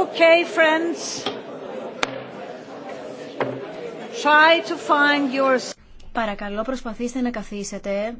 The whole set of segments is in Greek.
Okay, friends. Try to find yours. Παρακαλώ προσπαθήστε να καθίσετε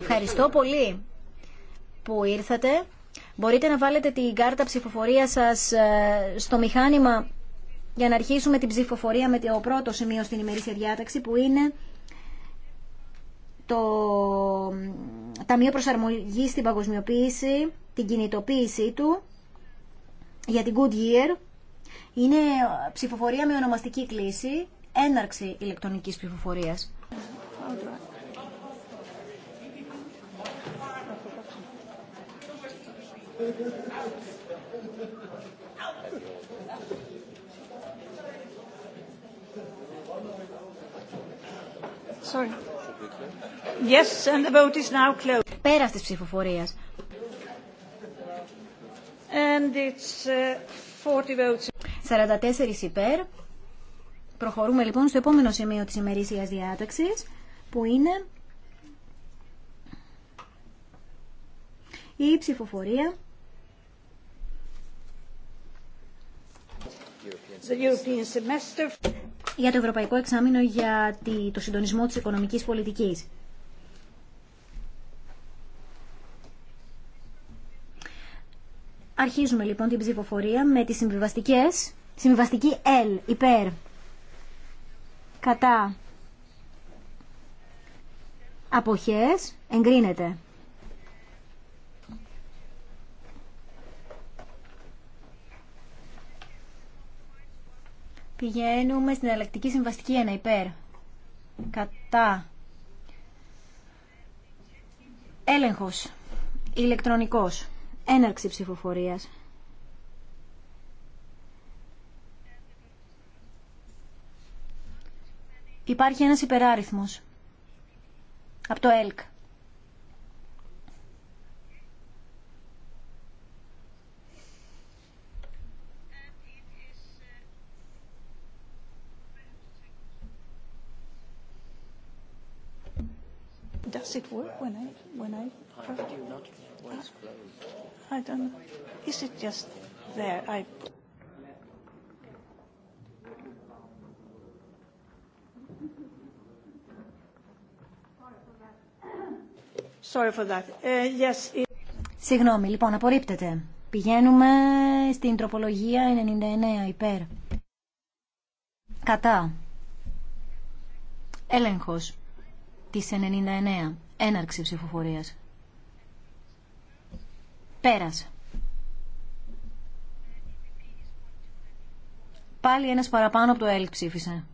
Ευχαριστώ πολύ που ήρθατε. Μπορείτε να βάλετε την κάρτα ψηφοφορία σας ε, στο μηχάνημα για να αρχίσουμε την ψηφοφορία με το πρώτο σημείο στην ημερήσια διάταξη που είναι το Ταμείο προσαρμογή στην Παγκοσμιοποίηση, την κινητοποίησή του για την Good Year. Είναι ε, ψηφοφορία με ονομαστική κλίση, έναρξη ηλεκτρονικής ψηφοφορίας. Sorry. Yes, and Πέρας ψηφοφορίας. And it's 40 uh, votes. 44 υπέρ. Προχωρούμε λοιπόν στο επόμενο σημείο της ημερήσιας διάταξης, που είναι η ψηφοφορία για το Ευρωπαϊκό Εξάμεινο για το συντονισμό της οικονομικής πολιτικής. Αρχίζουμε λοιπόν την ψηφοφορία με τις συμβιβαστικές. Συμβιβαστική L, υπέρ, κατά, αποχές, εγκρίνεται. Πηγαίνουμε στην αλλακτική συμβαστική 1 υπέρ. Κατά. Έλεγχος. Ηλεκτρονικός. Έναρξη ψηφοφορίας. Υπάρχει ένας υπεράριθμος. Από το ΕΛΚ. Does it work when I when I? How do you not when closed? I don't know. Is it just there? I. Sorry for that. Uh, yes. It... Συγγνώμη, λοιπόν, απορρίπτεται. Πηγαίνουμε στην τροπολογία 99 υπέρ. Κατά. Έλεγχος της 99. Έναρξη ψηφοφορίας. Πέρασε. Πάλι ένας παραπάνω από το ΕΛ ψήφισε.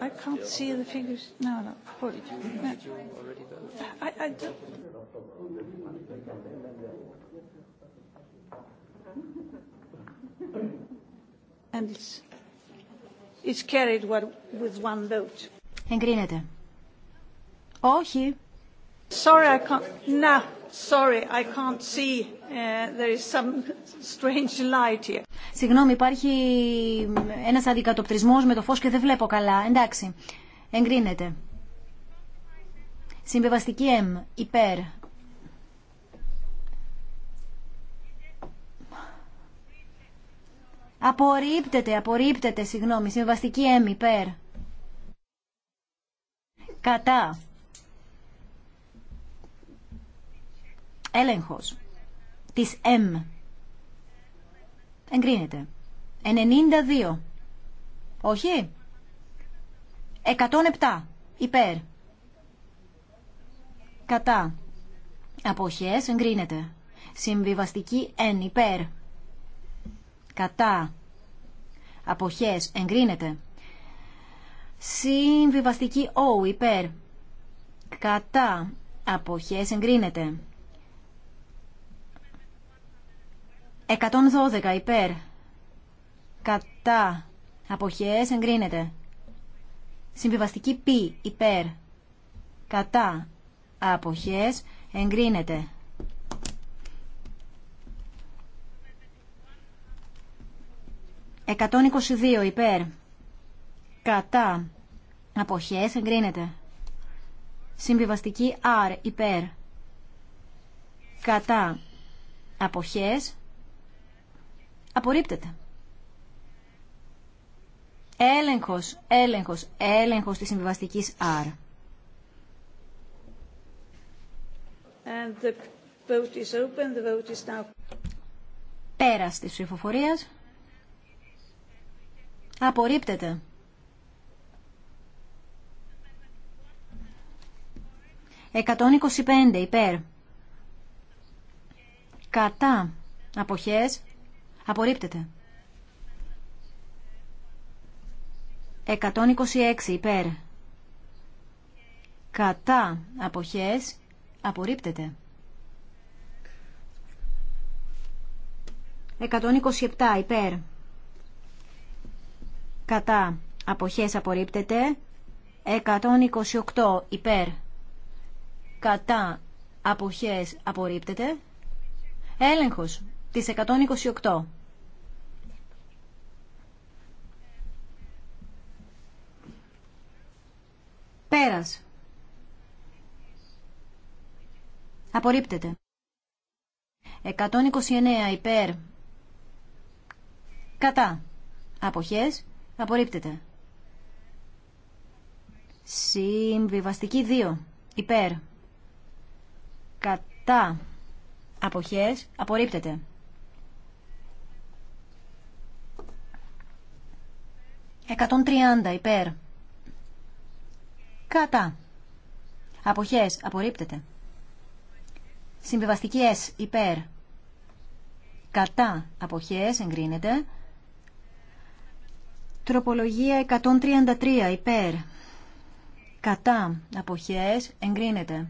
I can't see the figures. No, no. no. I, I don't... And it's, it's carried with one vote. Εγκρίνεται. Όχι. Συγγνώμη, υπάρχει ένας αδικατοπτρισμός με το φως και δεν βλέπω καλά. Εντάξει, εγκρίνεται. Συμπεβαστική M, υπέρ. Απορρίπτεται, απορρίπτεται, συγγνώμη. Συμπεβαστική M, υπέρ. Κατά. Έλεγχος της M. Εγκρίνεται. 92. Όχι. 107. Υπέρ. Κατά. Αποχές εγκρίνεται. Συμβιβαστική N υπέρ. Κατά. Αποχές εγκρίνεται. Συμβιβαστική O υπέρ. Κατά. Αποχές εγκρίνεται. 112 υπέρ. Κατά. Αποχές εγκρίνεται. Συμβιβαστική π υπέρ. Κατά. Αποχές εγκρίνεται. 122 υπέρ. Κατά. Αποχές εγκρίνεται. Συμβιβαστική R υπέρ. Κατά. Αποχές Απορρίπτεται. Έλεγχος, έλεγχος, έλεγχος της συμβιβαστικής R. And the vote is open. The vote is now... Πέρας της ψηφοφορίας. Απορρίπτεται. Εκατόν υπέρ. Κατά αποχές Απορρίπτεται. 126 υπέρ. Κατά αποχές απορρίπτεται. 127 υπέρ. Κατά αποχές απορρίπτεται. 128 υπέρ. Κατά αποχές απορρίπτεται. Έλεγχος της 128. Πέρας. Απορρίπτεται. 129 υπέρ. Κατά. Αποχές. Απορρίπτεται. Συμβιβαστική 2. Υπέρ. Κατά. Αποχές. Απορρίπτεται. 130 υπέρ. Κατά. Αποχές. Απορρίπτεται. Συμβιβαστική Υπέρ. Κατά. Αποχές. Εγκρίνεται. Τροπολογία 133. Υπέρ. Κατά. Αποχές. Εγκρίνεται.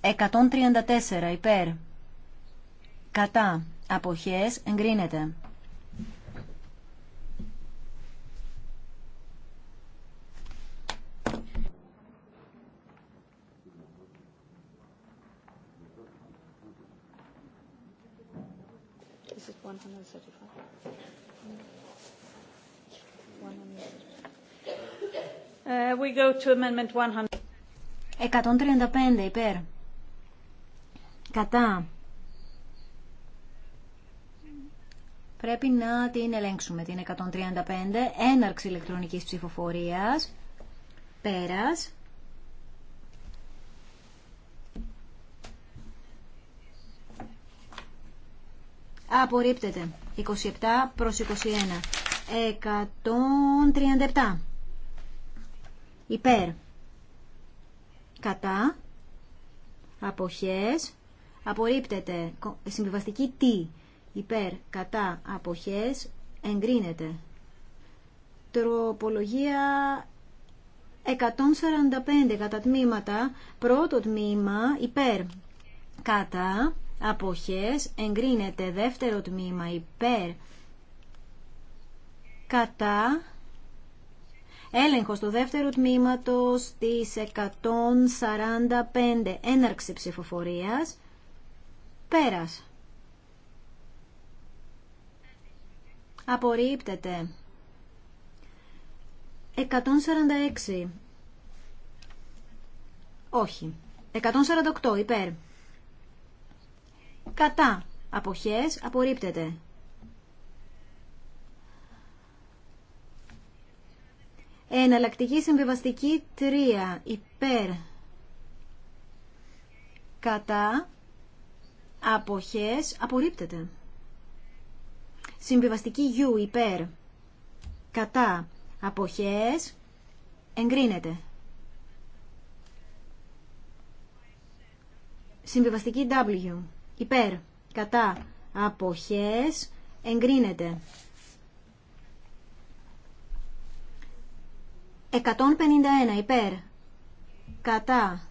134. Υπέρ. Κατά. Αποχές. Εγκρίνεται. Uh, we go to amendment 135 υπέρ. Κατά. Πρέπει να την ελέγξουμε την 135. Έναρξη ηλεκτρονικής ψηφοφορίας. Πέρας. Απορρίπτεται. 27 προς 21. 137. Υπέρ. Κατά. Αποχές. Απορρίπτεται. Συμβιβαστική τι. Υπέρ. Κατά. Αποχές. Εγκρίνεται. Τροπολογία 145 κατά τμήματα. Πρώτο τμήμα. Υπέρ. Κατά αποχές εγκρίνεται δεύτερο τμήμα υπέρ κατά έλεγχο του δεύτερου τμήματος της 145 έναρξη ψηφοφορίας πέρας απορρίπτεται 146 όχι 148 υπέρ κατά αποχές απορρίπτεται. Εναλλακτική συμβιβαστική 3 υπέρ κατά αποχές απορρίπτεται. Συμβιβαστική U υπέρ κατά αποχές εγκρίνεται. Συμβιβαστική W υπέρ κατά αποχές εγκρίνεται 151 υπέρ κατά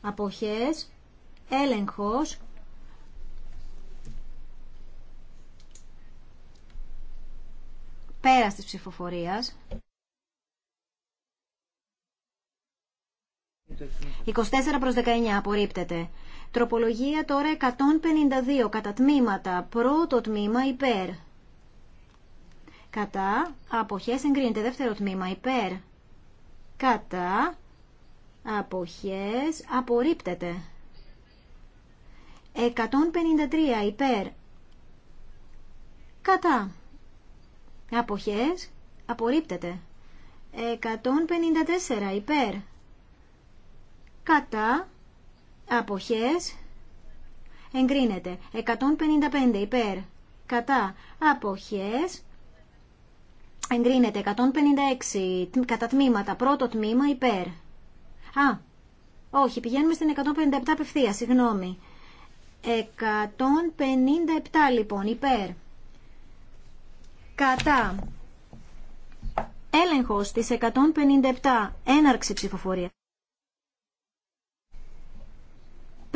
αποχές έλεγχος πέρας της ψηφοφορίας 24 προς 19 απορρίπτεται Τροπολογία τώρα 152 κατά τμήματα. Πρώτο τμήμα υπέρ. Κατά αποχές εγκρίνεται. Δεύτερο τμήμα υπέρ. Κατά αποχές απορρίπτεται. 153 υπέρ. Κατά αποχές απορρίπτεται. 154 υπέρ. Κατά αποχές εγκρίνεται 155 υπέρ κατά αποχές εγκρίνεται 156 κατά τμήματα πρώτο τμήμα υπέρ α όχι πηγαίνουμε στην 157 απευθεία συγγνώμη 157 λοιπόν υπέρ κατά έλεγχος της 157 έναρξη ψηφοφορία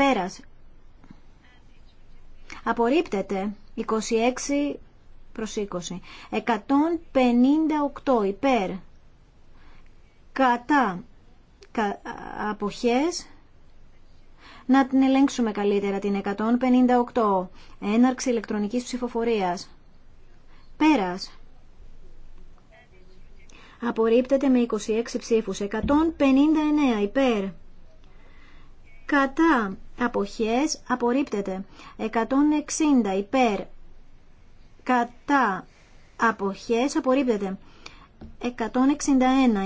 Πέρας. Απορρίπτεται. 26 προς 20. 158 υπέρ. Κατά αποχές. Να την ελέγξουμε καλύτερα την 158. Έναρξη ηλεκτρονικής ψηφοφορίας. Πέρας. Απορρίπτεται με 26 ψήφους. 159 υπέρ κατά αποχές απορρίπτεται 160 υπέρ κατά αποχές απορρίπτεται 161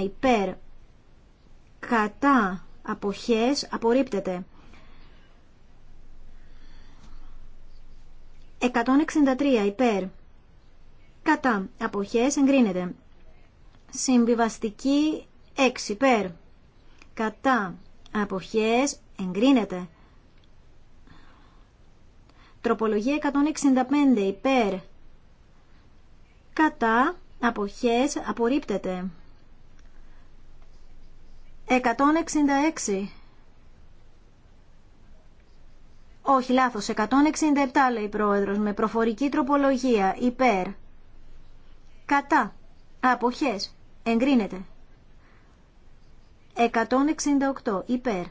υπέρ κατά αποχές απορρίπτεται 163 υπέρ κατά αποχές εγκρίνεται συμβιβαστική 6 υπέρ κατά αποχές εγκρίνεται. Τροπολογία 165 υπέρ κατά αποχές απορρίπτεται. 166 όχι, λάθος. 167 λέει πρόεδρος με προφορική τροπολογία υπέρ. Κατά. Αποχές. Εγκρίνεται. 168 υπέρ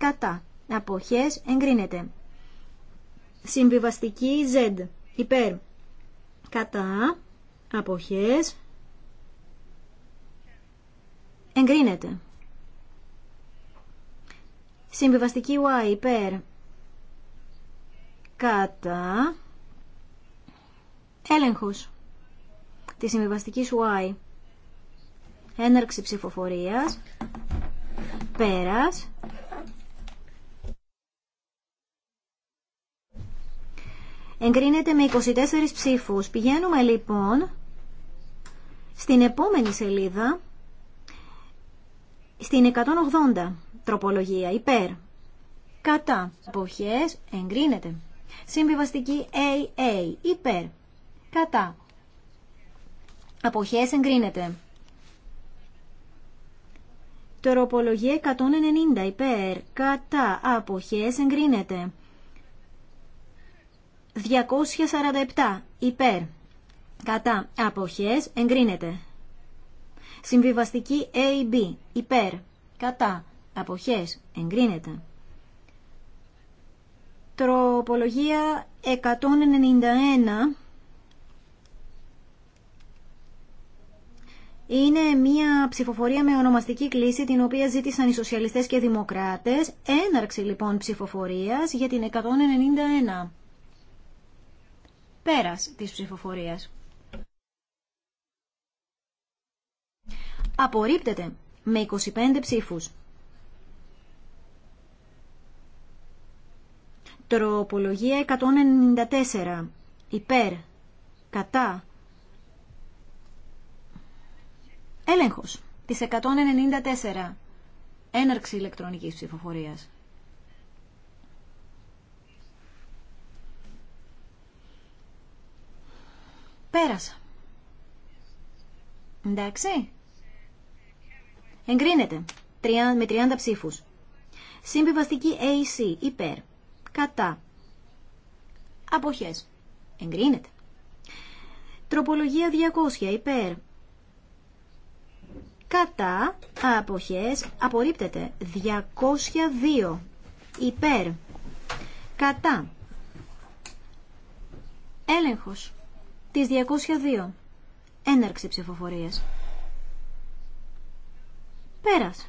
κατά, αποχές, εγκρίνεται. Συμβιβαστική Z, υπέρ, κατά, αποχές, εγκρίνεται. Συμβιβαστική Y, υπέρ, κατά, έλεγχος τη συμβιβαστική Y. Έναρξη ψηφοφορίας, πέρας, Εγκρίνεται με 24 ψήφους. Πηγαίνουμε λοιπόν στην επόμενη σελίδα, στην 180 τροπολογία, υπέρ. Κατά. Αποχές εγκρίνεται. Συμβιβαστική AA, υπέρ. Κατά. Αποχές εγκρίνεται. Τροπολογία 190 υπέρ, κατά, αποχές εγκρίνεται. 247 υπέρ κατά αποχές εγκρίνεται. Συμβιβαστική AB υπέρ κατά αποχές εγκρίνεται. Τροπολογία 191 είναι μια ψηφοφορία με ονομαστική κλίση την οποία ζήτησαν οι σοσιαλιστές και δημοκράτες. Έναρξη λοιπόν ψηφοφορίας για την 191. Πέρας της ψηφοφορίας. Απορρίπτεται με 25 ψήφους. Τροπολογία 194. Υπέρ. Κατά. Έλεγχος. Της 194. Έναρξη ηλεκτρονικής ψηφοφορίας. Πέρασα. Εντάξει. Εγκρίνεται. με 30 ψήφους. Συμβιβαστική AC. Υπέρ. Κατά. Αποχές. Εγκρίνεται. Τροπολογία 200. Υπέρ. Κατά. Αποχές. Απορρίπτεται. 202. Υπέρ. Κατά. Έλεγχος. Τις 202. Έναρξη ψηφοφορίας. Πέρας.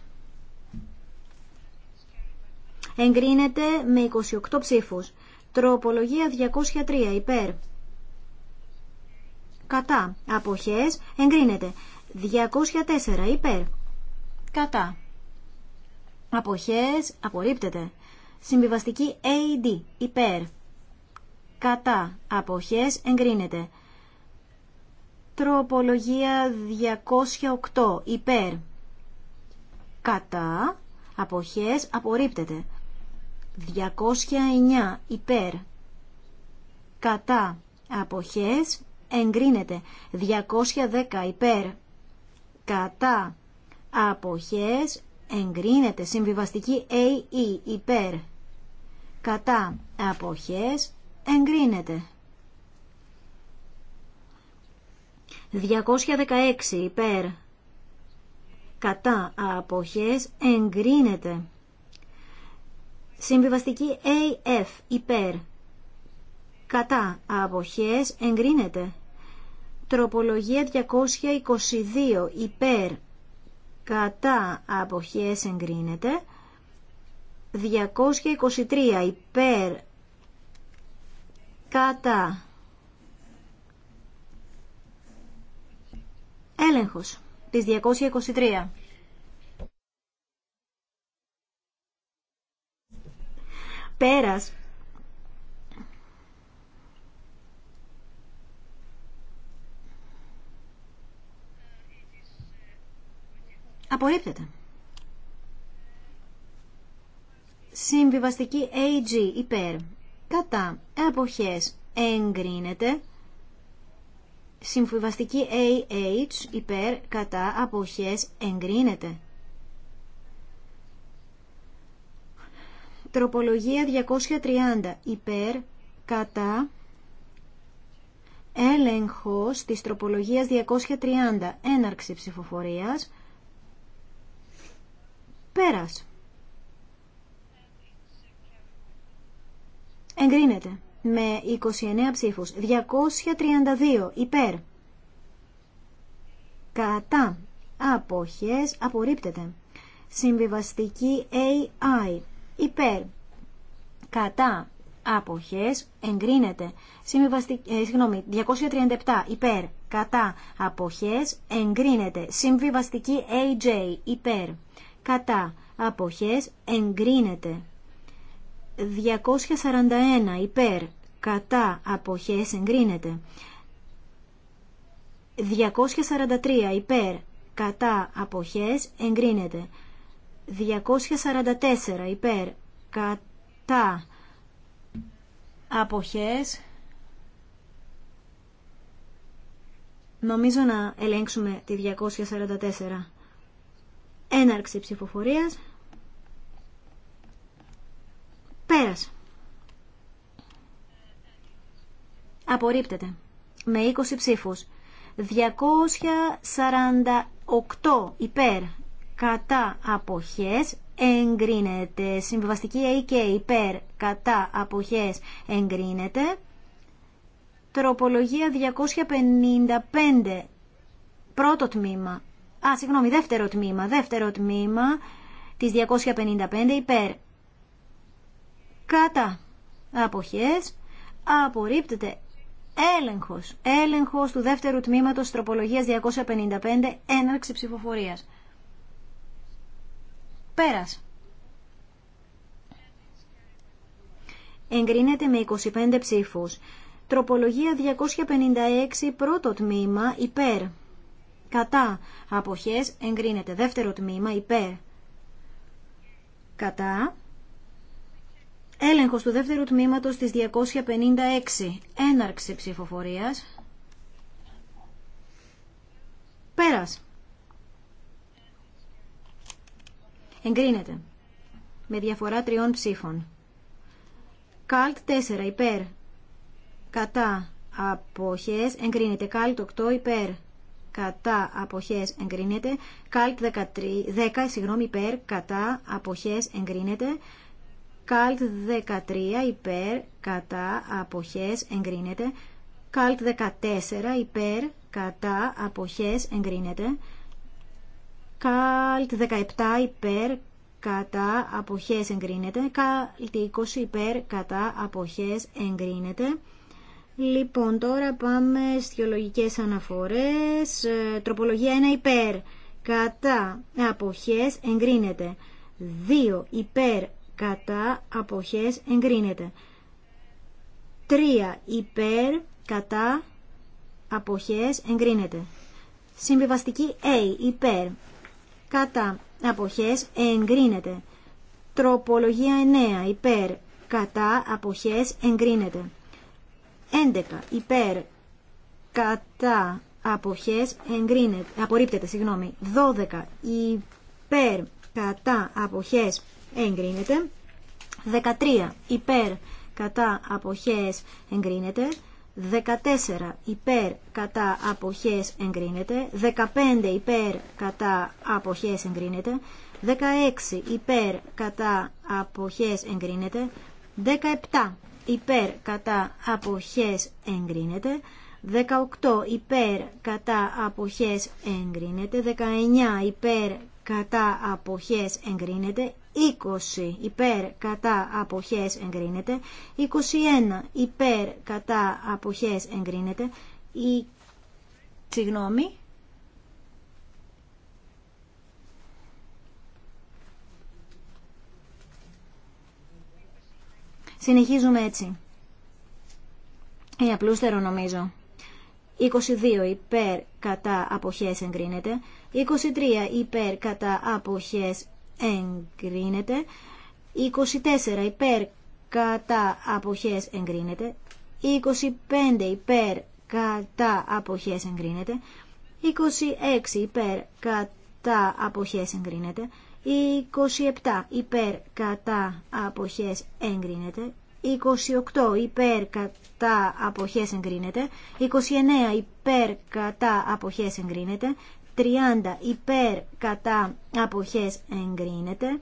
Εγκρίνεται με 28 ψήφους. Τροπολογία 203 υπέρ. Κατά. Αποχές. Εγκρίνεται. 204 υπέρ. Κατά. Αποχές. Απορρίπτεται. Συμβιβαστική AD υπέρ. Κατά. Αποχές. Εγκρίνεται. Τροπολογία 208 υπέρ. Κατά. Αποχές απορρίπτεται. 209 υπέρ. Κατά. Αποχές εγκρίνεται. 210 υπέρ. Κατά. Αποχές εγκρίνεται. Συμβιβαστική AE υπέρ. Κατά. Αποχές εγκρίνεται. 216 υπέρ κατά αποχές εγκρίνεται. Συμβιβαστική AF υπέρ κατά αποχές εγκρίνεται. Τροπολογία 222 υπέρ κατά αποχές εγκρίνεται. 223 υπέρ κατά Έλεγχος της 223. Πέρας. Απορρίπτεται. Συμβιβαστική AG υπέρ. Κατά εποχές εγκρίνεται Συμφιβαστική AH υπέρ κατά αποχές εγκρίνεται. Τροπολογία 230 υπέρ κατά έλεγχος της τροπολογίας 230 έναρξη ψηφοφορίας πέρας εγκρίνεται με 29 ψήφους. 232 υπέρ. Κατά. Αποχές απορρίπτεται. Συμβιβαστική AI ε, υπέρ. Κατά. Αποχές εγκρίνεται. Συμβιβαστική, ε, συγγνώμη, 237 υπέρ. Κατά. Αποχές εγκρίνεται. Συμβιβαστική AJ υπέρ. Κατά. Αποχές εγκρίνεται. 241 υπέρ κατά αποχές εγκρίνεται 243 υπέρ κατά αποχές εγκρίνεται 244 υπέρ κατά αποχές νομίζω να ελέγξουμε τη 244 έναρξη ψηφοφορίας Πέρας. Απορρίπτεται. Με 20 ψήφου. 248 υπέρ κατά αποχές εγκρίνεται. Συμβιβαστική ΑΕΚ υπέρ κατά αποχές εγκρίνεται. Τροπολογία 255. Πρώτο τμήμα. Α, συγγνώμη, δεύτερο τμήμα. Δεύτερο τμήμα της 255 υπέρ κατά αποχές απορρίπτεται έλεγχος έλεγχος του δεύτερου τμήματος τροπολογίας 255 έναρξη ψηφοφορίας πέρας εγκρίνεται με 25 ψήφους τροπολογία 256 πρώτο τμήμα υπέρ κατά αποχές εγκρίνεται δεύτερο τμήμα υπέρ κατά Έλεγχος του δεύτερου τμήματος της 256. Έναρξη ψηφοφορίας. Πέρας. Εγκρίνεται. Με διαφορά τριών ψήφων. Καλτ 4 υπέρ. Κατά αποχές εγκρίνεται. Καλτ 8 υπέρ. Κατά αποχές εγκρίνεται. Καλτ 10 συγγνώμη υπέρ. Κατά αποχές εγκρίνεται. Καλτ 13 υπέρ κατά αποχές εγκρίνεται. Καλτ 14 υπέρ κατά αποχές εγκρίνεται. Καλτ 17 υπέρ κατά αποχές εγκρίνεται. Καλτ 20 υπέρ κατά αποχές εγκρίνεται. Λοιπόν, τώρα πάμε στις αναφορές. Ε, τροπολογία 1 υπέρ κατά αποχές εγκρίνεται. 2 υπέρ κατά αποχές εγκρίνεται. ...τρία υπέρ κατά αποχές εγκρίνεται. Συμβιβαστική A υπέρ κατά αποχές εγκρίνεται. Τροπολογία 9 υπέρ κατά αποχές εγκρίνεται. 11 υπέρ κατά αποχές εγκρίνεται, απορρίπτεται, συγγνώμη, 12 υπέρ κατά αποχές εγκρίνεται. 13 υπέρ κατά αποχές εγκρίνεται. 14 υπέρ κατά αποχές εγκρίνεται. 15 υπέρ κατά αποχές εγκρίνεται. 16 υπέρ κατά αποχές εγκρίνεται. 17 υπέρ κατά αποχές εγκρίνεται. 18 υπέρ κατά αποχές εγκρίνεται, 19 υπέρ κατά αποχές εγκρίνεται, 20 υπέρ κατά αποχές εγκρίνεται, 21 υπέρ κατά αποχές εγκρίνεται, η... συγγνώμη, Συνεχίζουμε έτσι. ή απλούστερο νομίζω. 22 υπέρ κατά αποχές εγκρίνεται. 23 υπέρ κατά αποχές εγκρίνεται. 24 υπέρ κατά αποχές εγκρίνεται. 25 υπέρ κατά αποχές εγκρίνεται. 26 υπέρ κατά αποχές εγκρίνεται. 27 υπέρ κατά αποχές εγκρίνεται. 28 υπέρ κατά αποχές εγκρίνεται, 29 υπέρ κατά αποχές εγκρίνεται, 30 υπέρ κατά αποχές εγκρίνεται.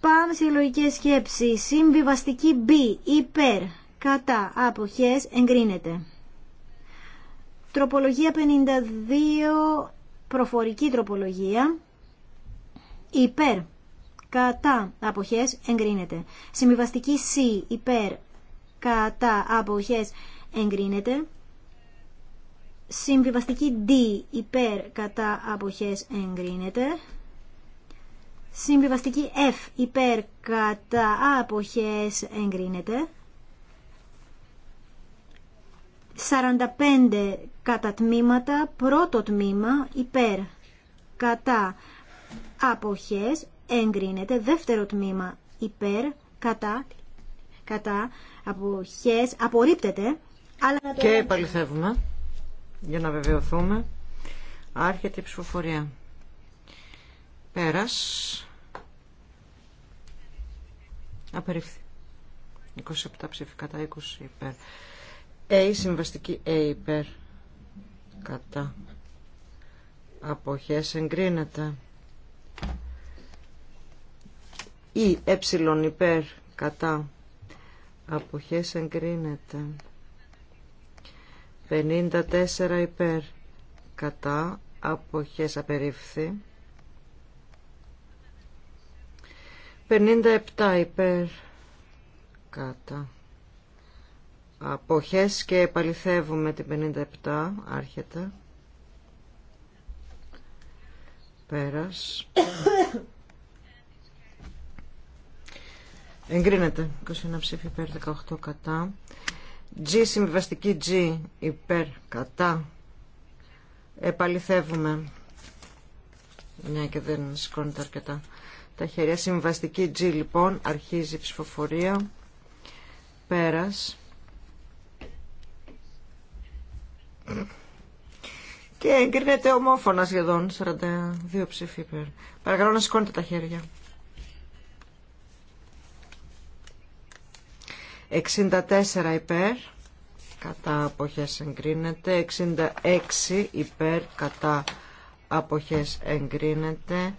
Πάμε σε λογικέ σκέψεις. Συμβιβαστική B υπέρ κατά αποχές εγκρίνεται. Τροπολογία 52 προφορική τροπολογία υπέρ κατά αποχές εγκρίνεται. Συμβιβαστική C υπέρ κατά αποχές εγκρίνεται. Συμβιβαστική D υπέρ κατά αποχές εγκρίνεται. Συμβιβαστική F υπέρ κατά αποχές εγκρίνεται. 45 κατά τμήματα, πρώτο τμήμα υπέρ κατά αποχές εγκρίνεται. Δεύτερο τμήμα υπέρ κατά, κατά αποχές απορρίπτεται. Αλλά Και επαληθεύουμε για να βεβαιωθούμε. Άρχεται η ψηφοφορία. Πέρας. Απερίφθη. 27 ψήφι κατά 20 υπέρ. A ε, συμβαστική A υπέρ. Κατά. Αποχές εγκρίνεται. Ή ε υπέρ κατά. Αποχές εγκρίνεται. 54 υπέρ κατά αποχές απερίφθη 57 υπέρ κατά αποχές και επαληθεύουμε την 57 άρχεται πέρας εγκρίνεται 21 ψήφι υπέρ 18 κατά G συμβιβαστική G υπέρ κατά επαληθεύουμε μια ναι, και δεν σηκώνεται αρκετά τα χέρια συμβαστική G λοιπόν αρχίζει η ψηφοφορία πέρας και εγκρίνεται ομόφωνα σχεδόν 42 ψήφοι υπέρ παρακαλώ να σηκώνετε τα χέρια 64 υπέρ κατά αποχές εγκρίνεται 66 υπέρ κατά αποχές εγκρίνεται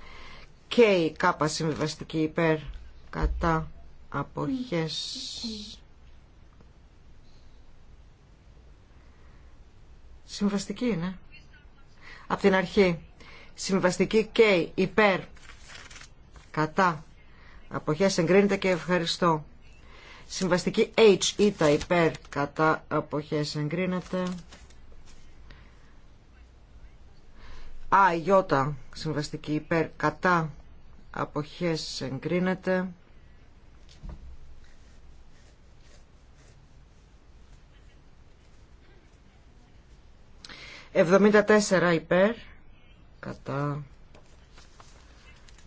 και η κάπα συμβιβαστική υπέρ κατά αποχές συμβαστική είναι από την αρχή συμβαστική και υπέρ κατά αποχές εγκρίνεται και ευχαριστώ Συμβαστική H ή τα υπέρ κατά αποχές εγκρίνεται. Α, Ι, συμβαστική υπέρ κατά αποχές εγκρίνεται. Εβδομήντα τέσσερα υπέρ κατά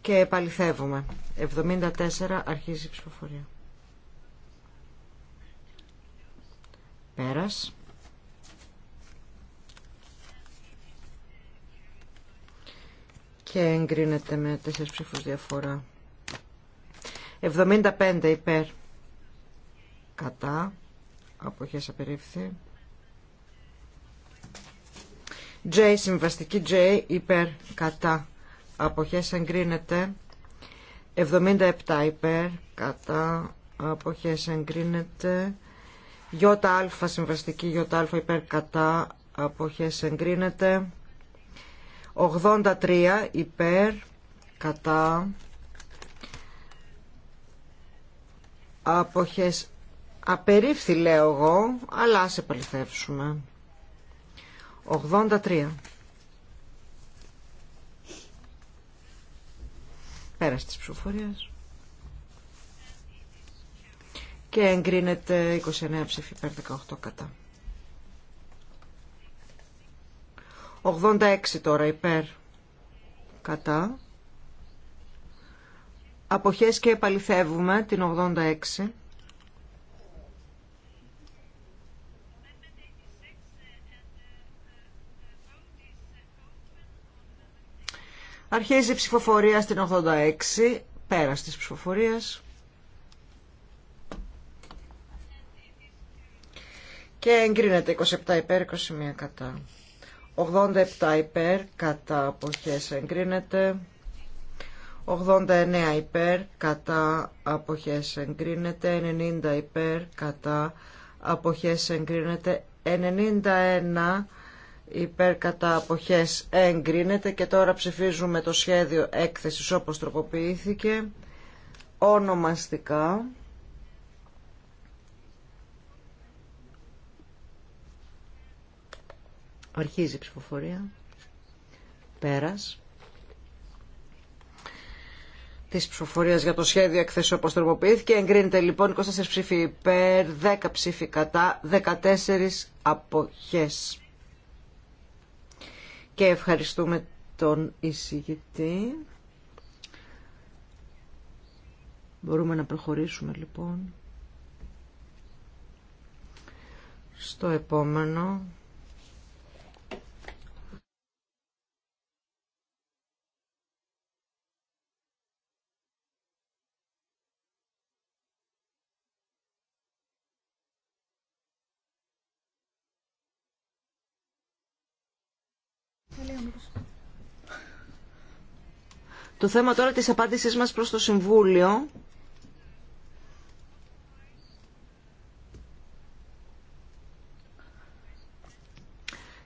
και επαληθεύουμε. Εβδομήντα τέσσερα αρχίζει η ψηφοφορία. Πέρας. Και εγκρίνεται με τέσσερις ψήφους διαφορά. 75 υπέρ. Κατά. Αποχές απερίφθη. J, συμβαστική J, υπέρ, κατά. Αποχές εγκρίνεται. 77 υπέρ, κατά. Αποχές εγκρίνεται. ΙΑ συμβαστική ΙΑ υπέρ κατά αποχές εγκρίνεται 83 υπέρ κατά αποχές απερίφθη λέω εγώ αλλά ας επαληθεύσουμε 83 Πέρα της ψηφοφορίας και εγκρίνεται 29 ψήφι υπέρ 18 κατά. 86 τώρα υπέρ κατά. Αποχές και επαληθεύουμε την 86. Αρχίζει η ψηφοφορία στην 86, πέρα της ψηφοφορίας. και εγκρίνεται 27 υπέρ, 21 κατά. 87 υπέρ, κατά αποχές εγκρίνεται. 89 υπέρ, κατά αποχές εγκρίνεται. 90 υπέρ, κατά αποχές εγκρίνεται. 91 υπέρ κατά αποχές εγκρίνεται και τώρα ψηφίζουμε το σχέδιο έκθεσης όπως τροποποιήθηκε ονομαστικά Αρχίζει η ψηφοφορία. Πέρας. Τη ψηφοφορία για το σχέδιο εκθέσεω όπω τροποποιήθηκε. Εγκρίνεται λοιπόν 24 ψήφοι υπέρ, 10 ψήφοι κατά, 14 αποχέ. Και ευχαριστούμε τον εισηγητή. Μπορούμε να προχωρήσουμε λοιπόν στο επόμενο. Το θέμα τώρα της απάντησής μας προς το Συμβούλιο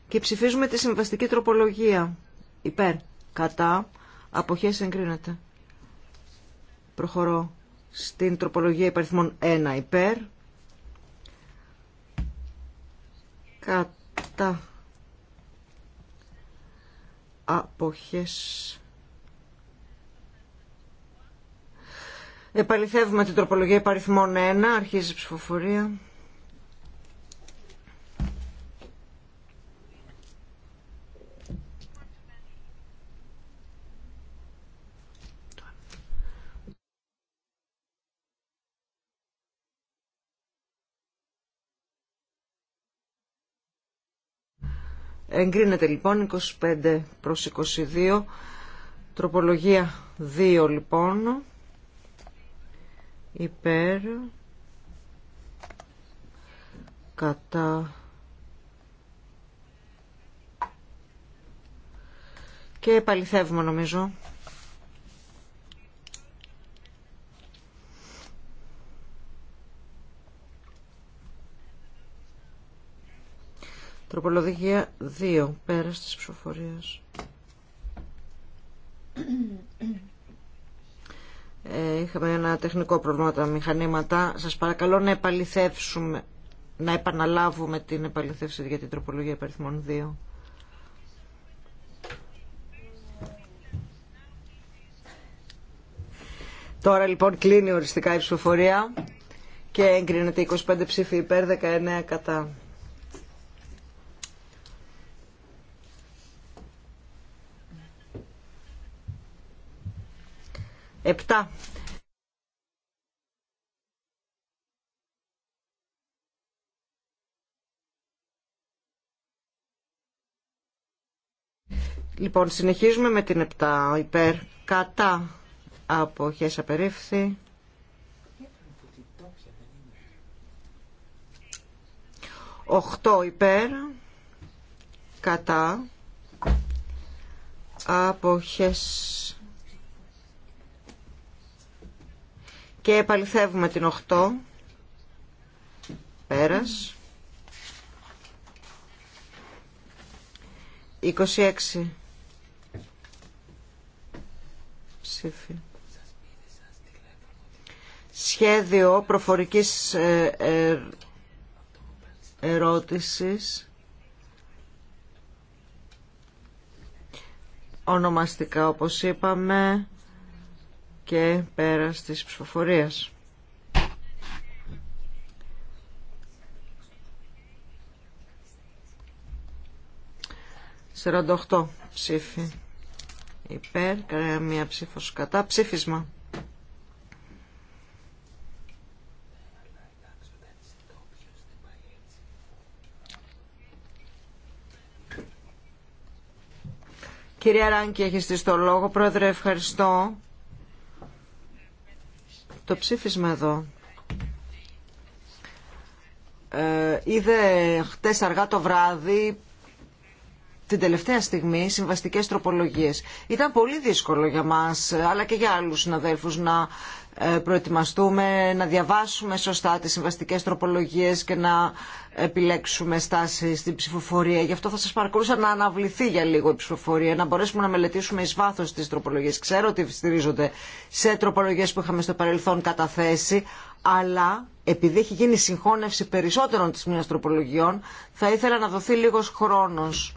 και ψηφίζουμε τη συμβαστική τροπολογία. Υπέρ, κατά, αποχές εγκρίνεται. Προχωρώ στην τροπολογία υπαριθμών 1 υπέρ, κατά αποχές. Επαληθεύουμε την τροπολογία υπαριθμών 1, αρχίζει η ψηφοφορία. Εγκρίνεται λοιπόν 25 προς 22. Τροπολογία 2 λοιπόν. Υπέρ. Κατά. Και επαληθεύουμε νομίζω. Τροπολογία 2. Πέρας της ψηφοφορίας. Ε, είχαμε ένα τεχνικό πρόβλημα τα μηχανήματα. Σας παρακαλώ να επαληθεύσουμε, να επαναλάβουμε την επαληθεύση για την τροπολογία υπαριθμών 2. Τώρα λοιπόν κλείνει οριστικά η ψηφοφορία και εγκρίνεται 25 ψήφοι υπέρ 19 κατά. 7. Λοιπόν, συνεχίζουμε με την 7 υπέρ κατά αποχές απερίφθη. Οχτώ υπέρ κατά χέσα... και επαληθεύουμε την 8 πέρας 26 ψήφι σχέδιο προφορικής ε, ε, ερώτησης ονομαστικά όπως είπαμε και πέρα της ψηφοφορίας. Σεραντοχτώ ψήφι υπέρ, κανένα μία ψήφος κατά, ψήφισμα. Κυρία Ράνκη, έχεις στήσει το λόγο. Πρόεδρε, ευχαριστώ. Το ψήφισμα εδώ ε, είδε χτες αργά το βράδυ την τελευταία στιγμή συμβαστικές τροπολογίες. Ήταν πολύ δύσκολο για μας, αλλά και για άλλους συναδέλφους να ε, προετοιμαστούμε, να διαβάσουμε σωστά τις συμβαστικές τροπολογίες και να επιλέξουμε στάσεις στην ψηφοφορία. Γι' αυτό θα σας παρακολούσα να αναβληθεί για λίγο η ψηφοφορία, να μπορέσουμε να μελετήσουμε εις βάθος τις τροπολογίες. Ξέρω ότι στηρίζονται σε τροπολογίες που είχαμε στο παρελθόν καταθέσει, αλλά επειδή έχει γίνει συγχώνευση περισσότερων της μιας τροπολογιών, θα ήθελα να δοθεί λίγος χρόνος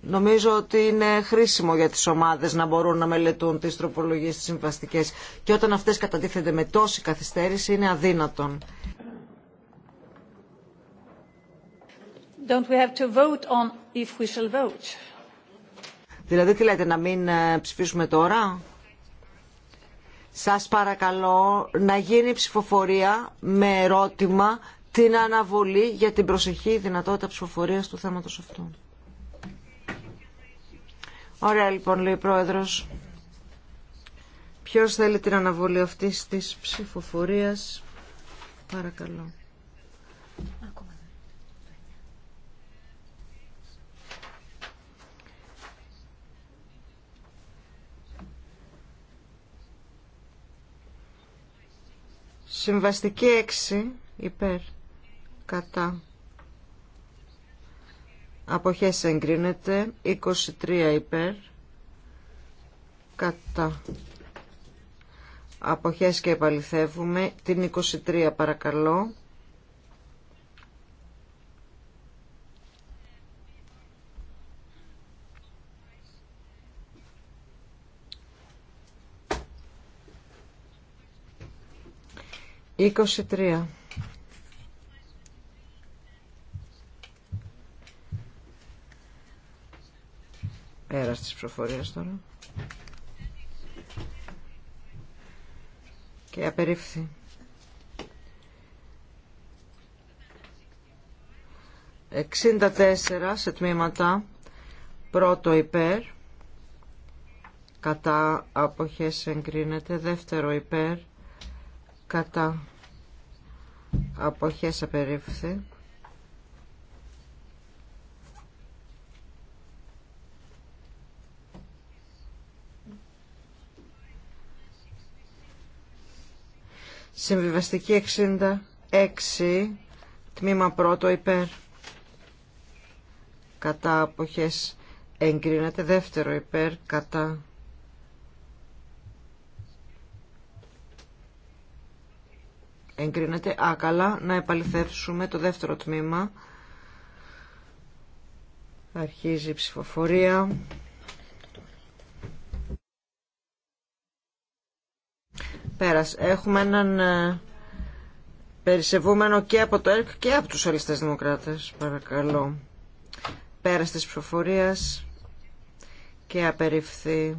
Νομίζω ότι είναι χρήσιμο για τις ομάδες να μπορούν να μελετούν τις τροπολογίες τις συμβαστικές και όταν αυτές κατατίθενται με τόση καθυστέρηση είναι αδύνατον. Δηλαδή τι λέτε να μην ε, ψηφίσουμε τώρα. Σας παρακαλώ να γίνει ψηφοφορία με ερώτημα την αναβολή για την προσεχή δυνατότητα ψηφοφορίας του θέματος αυτού. Ωραία λοιπόν λέει ο Πρόεδρος. Ποιος θέλει την αναβολή αυτής της ψηφοφορίας. Παρακαλώ. Συμβαστική 6 υπέρ κατά αποχές εγκρίνεται 23 υπέρ κατά αποχές και επαληθεύουμε την 23 παρακαλώ 23. Πέρας της τώρα. Και απερίφθη. 64 σε τμήματα πρώτο υπέρ κατά αποχές εγκρίνεται δεύτερο υπέρ κατά αποχές απερίφθη Συμβιβαστική 66, τμήμα πρώτο υπέρ. Κατά αποχές εγκρίνεται δεύτερο υπέρ κατά. Εγκρίνεται άκαλα να επαληθεύσουμε το δεύτερο τμήμα. Αρχίζει η ψηφοφορία. Πέρας. Έχουμε έναν ε, περισσευούμενο και από το ΕΡΚ και από τους αλληστές Δημοκράτες. Παρακαλώ. Πέρας της ψηφοφορίας και απεριφθεί.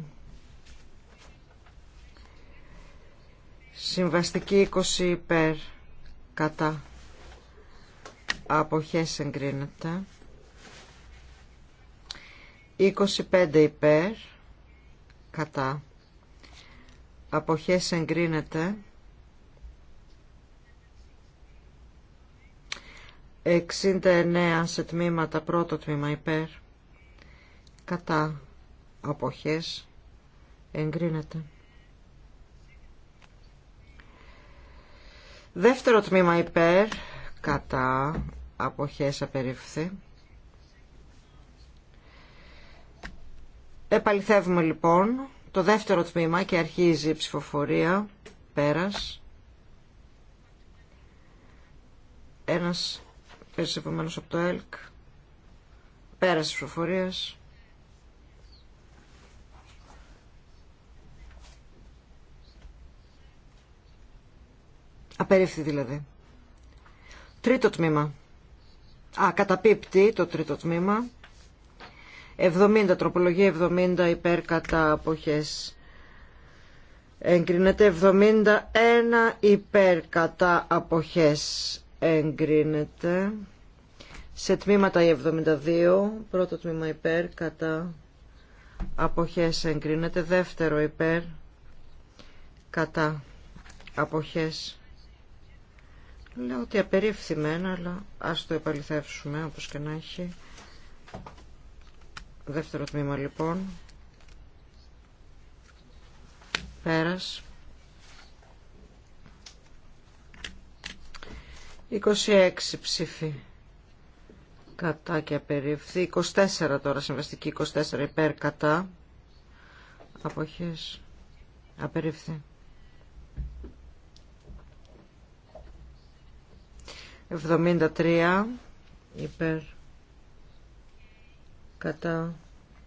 Συμβαστική 20 υπέρ κατά αποχές εγκρίνεται. 25 υπέρ κατά αποχές εγκρίνεται 69 σε τμήματα πρώτο τμήμα υπέρ κατά αποχές εγκρίνεται δεύτερο τμήμα υπέρ κατά αποχές απερίφθη επαληθεύουμε λοιπόν το δεύτερο τμήμα και αρχίζει η ψηφοφορία. Πέρας. Ένας περισσευμένος από το ΕΛΚ. Πέρας της ψηφοφορίας. Απερίφθη δηλαδή. Τρίτο τμήμα. Α, καταπίπτει το τρίτο τμήμα. 70, τροπολογία 70 υπέρ κατά αποχές. Εγκρίνεται 71 υπέρ κατά αποχές. Εγκρίνεται. Σε τμήματα η 72, πρώτο τμήμα υπέρ κατά αποχές εγκρίνεται. Δεύτερο υπέρ κατά αποχές. Λέω ότι απερίφθημένα, αλλά ας το επαληθεύσουμε όπως και να έχει. Δεύτερο τμήμα λοιπόν. Πέρας. 26 ψήφι κατά και απεριευθεί. 24 τώρα, συμβαστική 24 υπέρ κατά. Αποχές. Απεριευθεί. 73 υπέρ κατά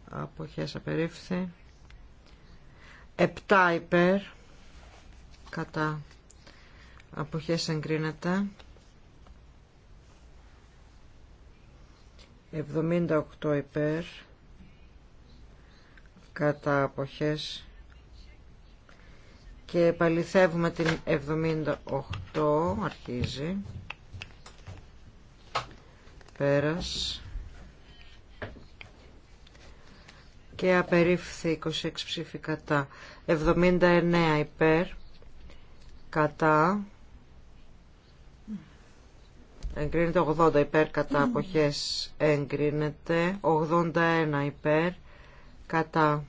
αποχές απερίφθη 7 υπέρ κατά αποχές εγκρίνεται 78 υπέρ κατά αποχές και επαληθεύουμε την 78 αρχίζει πέρας και απερίφθη 26 ψήφοι κατά 79 υπέρ κατά εγκρίνεται 80 υπέρ κατά αποχές εγκρίνεται 81 υπέρ κατά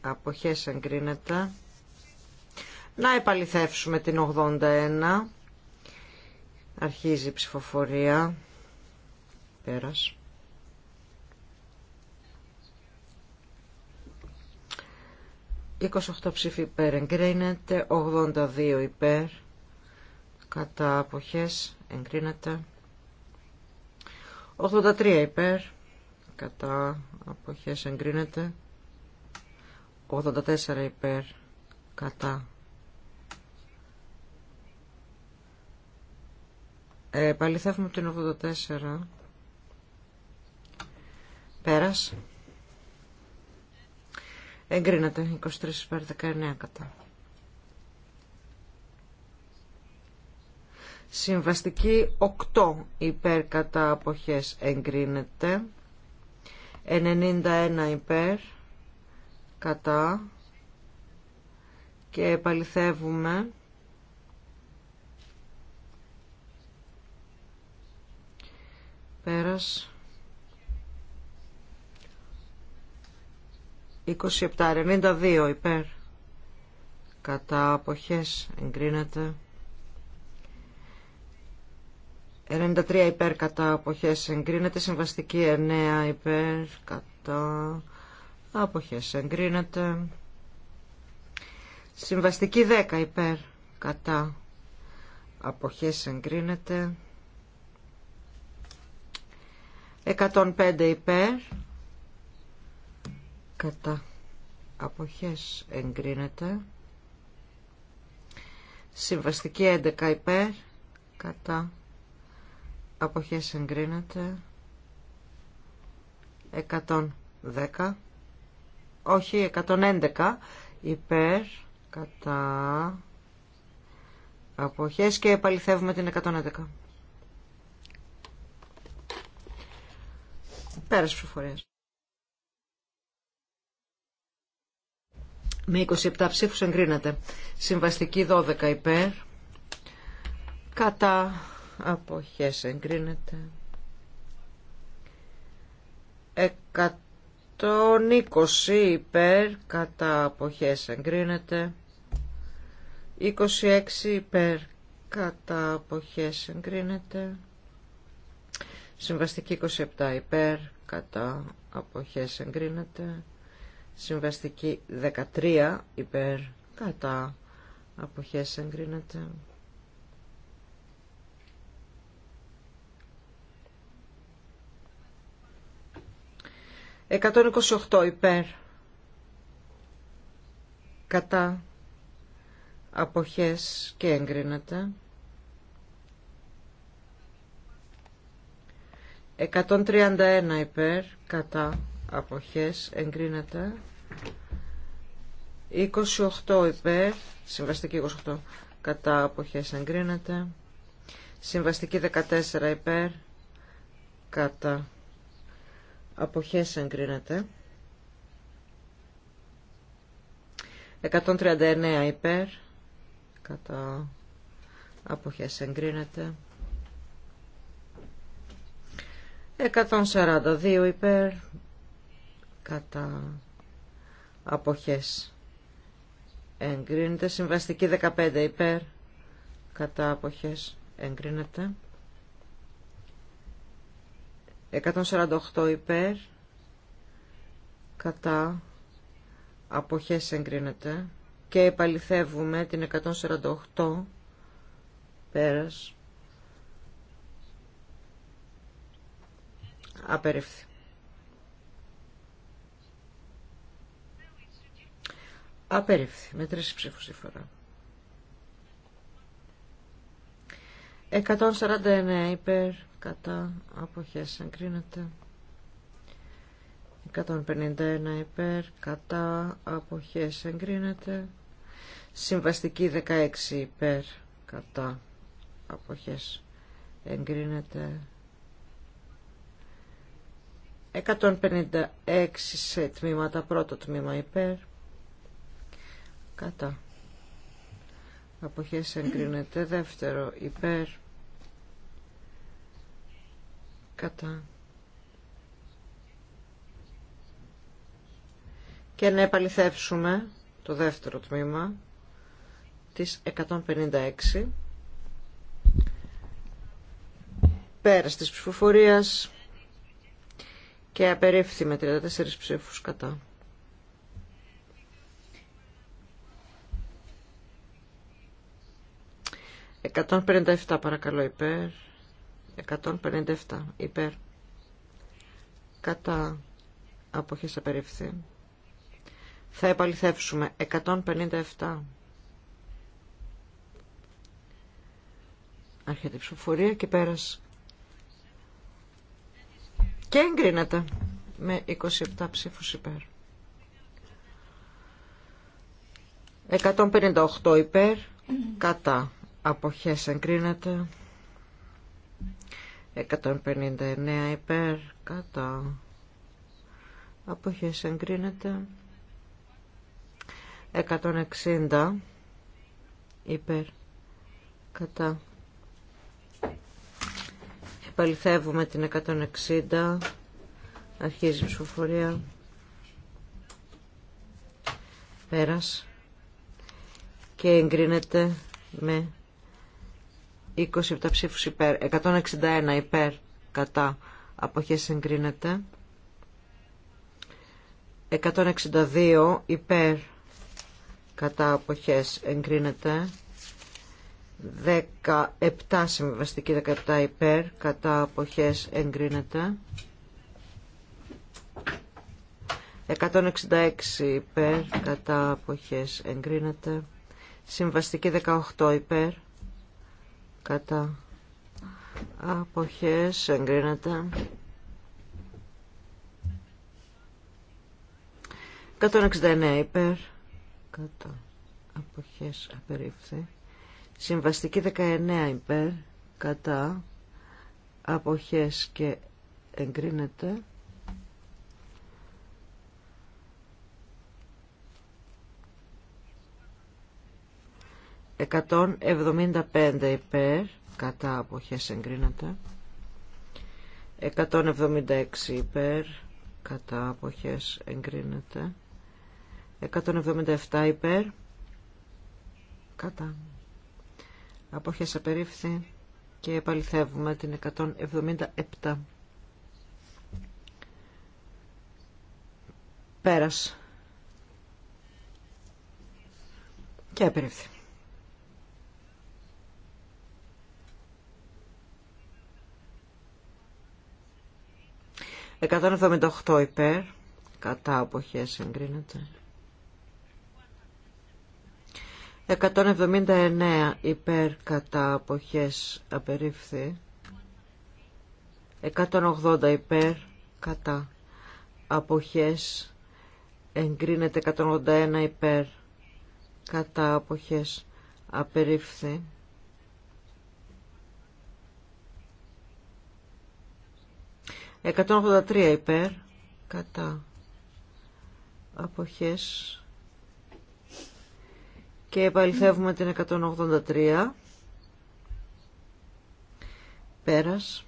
αποχές εγκρίνεται να επαληθεύσουμε την 81 αρχίζει η ψηφοφορία πέρας 28 ψήφοι υπέρ εγκρίνεται, 82 υπέρ κατά αποχές εγκρίνεται, 83 υπέρ κατά αποχές εγκρίνεται, 84 υπέρ κατά ε, την 84 πέρας Εγκρίνεται 23 υπέρ 19 κατά. Συμβαστική 8 υπέρ κατά αποχές εγκρίνεται. 91 υπέρ κατά και επαληθεύουμε πέρας 27.92 υπέρ κατά αποχές εγκρίνεται 93 υπέρ κατά αποχές εγκρίνεται συμβαστική 9 υπέρ κατά αποχές εγκρίνεται συμβαστική 10 υπέρ κατά αποχές εγκρίνεται 105 υπέρ κατά αποχές εγκρίνεται συμβαστική 11 υπέρ κατά αποχές εγκρίνεται 110 όχι 111 υπέρ κατά αποχές και επαληθεύουμε την 111 πέρας προφορίας. Με 27 ψήφους εγκρίνεται. Συμβαστική 12 υπέρ. Κατά αποχές εγκρίνεται. 120 υπέρ. Κατά αποχές εγκρίνεται. 26 υπέρ. Κατά αποχές εγκρίνεται. Συμβαστική 27 υπέρ. Κατά αποχές εγκρίνεται. Συμβαστική 13 υπέρ κατά αποχές εγκρίνεται. Εκατόν υπέρ κατά αποχές και εγκρίνεται. 131 υπέρ κατά αποχές εγκρίνεται 28 υπέρ συμβαστική 28 κατά αποχές εγκρίνεται συμβαστική 14 υπέρ κατά αποχές εγκρίνεται 139 υπέρ κατά αποχές εγκρίνεται 142 υπέρ κατά αποχές εγκρίνεται συμβαστική 15 υπέρ κατά αποχές εγκρίνεται 148 υπέρ κατά αποχές εγκρίνεται και επαληθεύουμε την 148 πέρας απερίφθη Απερίφθη. Με τρεις ψήφους η φορά. 149 υπέρ κατά αποχές εγκρίνεται. 151 υπέρ κατά αποχές εγκρίνεται. Συμβαστική 16 υπέρ κατά αποχές εγκρίνεται. 156 σε τμήματα πρώτο τμήμα υπέρ κατά αποχές εγκρίνεται δεύτερο υπέρ κατά και να επαληθεύσουμε το δεύτερο τμήμα της 156 πέρας της ψηφοφορίας και απερίφθη με 34 ψήφους κατά. 157 παρακαλώ υπέρ. 157 υπέρ. Κατά αποχές απεριφθή Θα επαληθεύσουμε 157. Αρχιετή ψηφοφορία και πέρας. Και εγκρίνεται με 27 ψήφους υπέρ. 158 υπέρ, κατά αποχές εγκρίνεται 159 υπέρ κατά αποχές εγκρίνεται 160 υπέρ κατά επαληθεύουμε την 160 αρχίζει η ψηφοφορία πέρας και εγκρίνεται με 27 ψήφους υπέρ, 161 υπέρ κατά αποχές εγκρίνεται. 162 υπέρ κατά αποχές εγκρίνεται. 17 συμβιβαστική 17 υπέρ κατά αποχές εγκρίνεται. 166 υπέρ κατά αποχές εγκρίνεται. Συμβαστική 18 υπέρ κατά αποχές εγκρίνεται 169 υπέρ κατά αποχές απερίφθη συμβαστική 19 υπέρ κατά αποχές και εγκρίνεται 175 υπέρ, κατά αποχές εγκρίνεται. 176 υπέρ, κατά αποχές εγκρίνεται. 177 υπέρ, κατά. Αποχές απερίφθη και επαληθεύουμε την 177. Πέρας. Και απερίφθη. 178 υπέρ. Κατά αποχές εγκρίνεται. 179 υπέρ κατά αποχές απερίφθη. 180 υπέρ κατά αποχές εγκρίνεται 181 υπέρ κατά αποχές απερίφθη 183 υπέρ κατά αποχές και επαληθεύουμε την 183 πέρας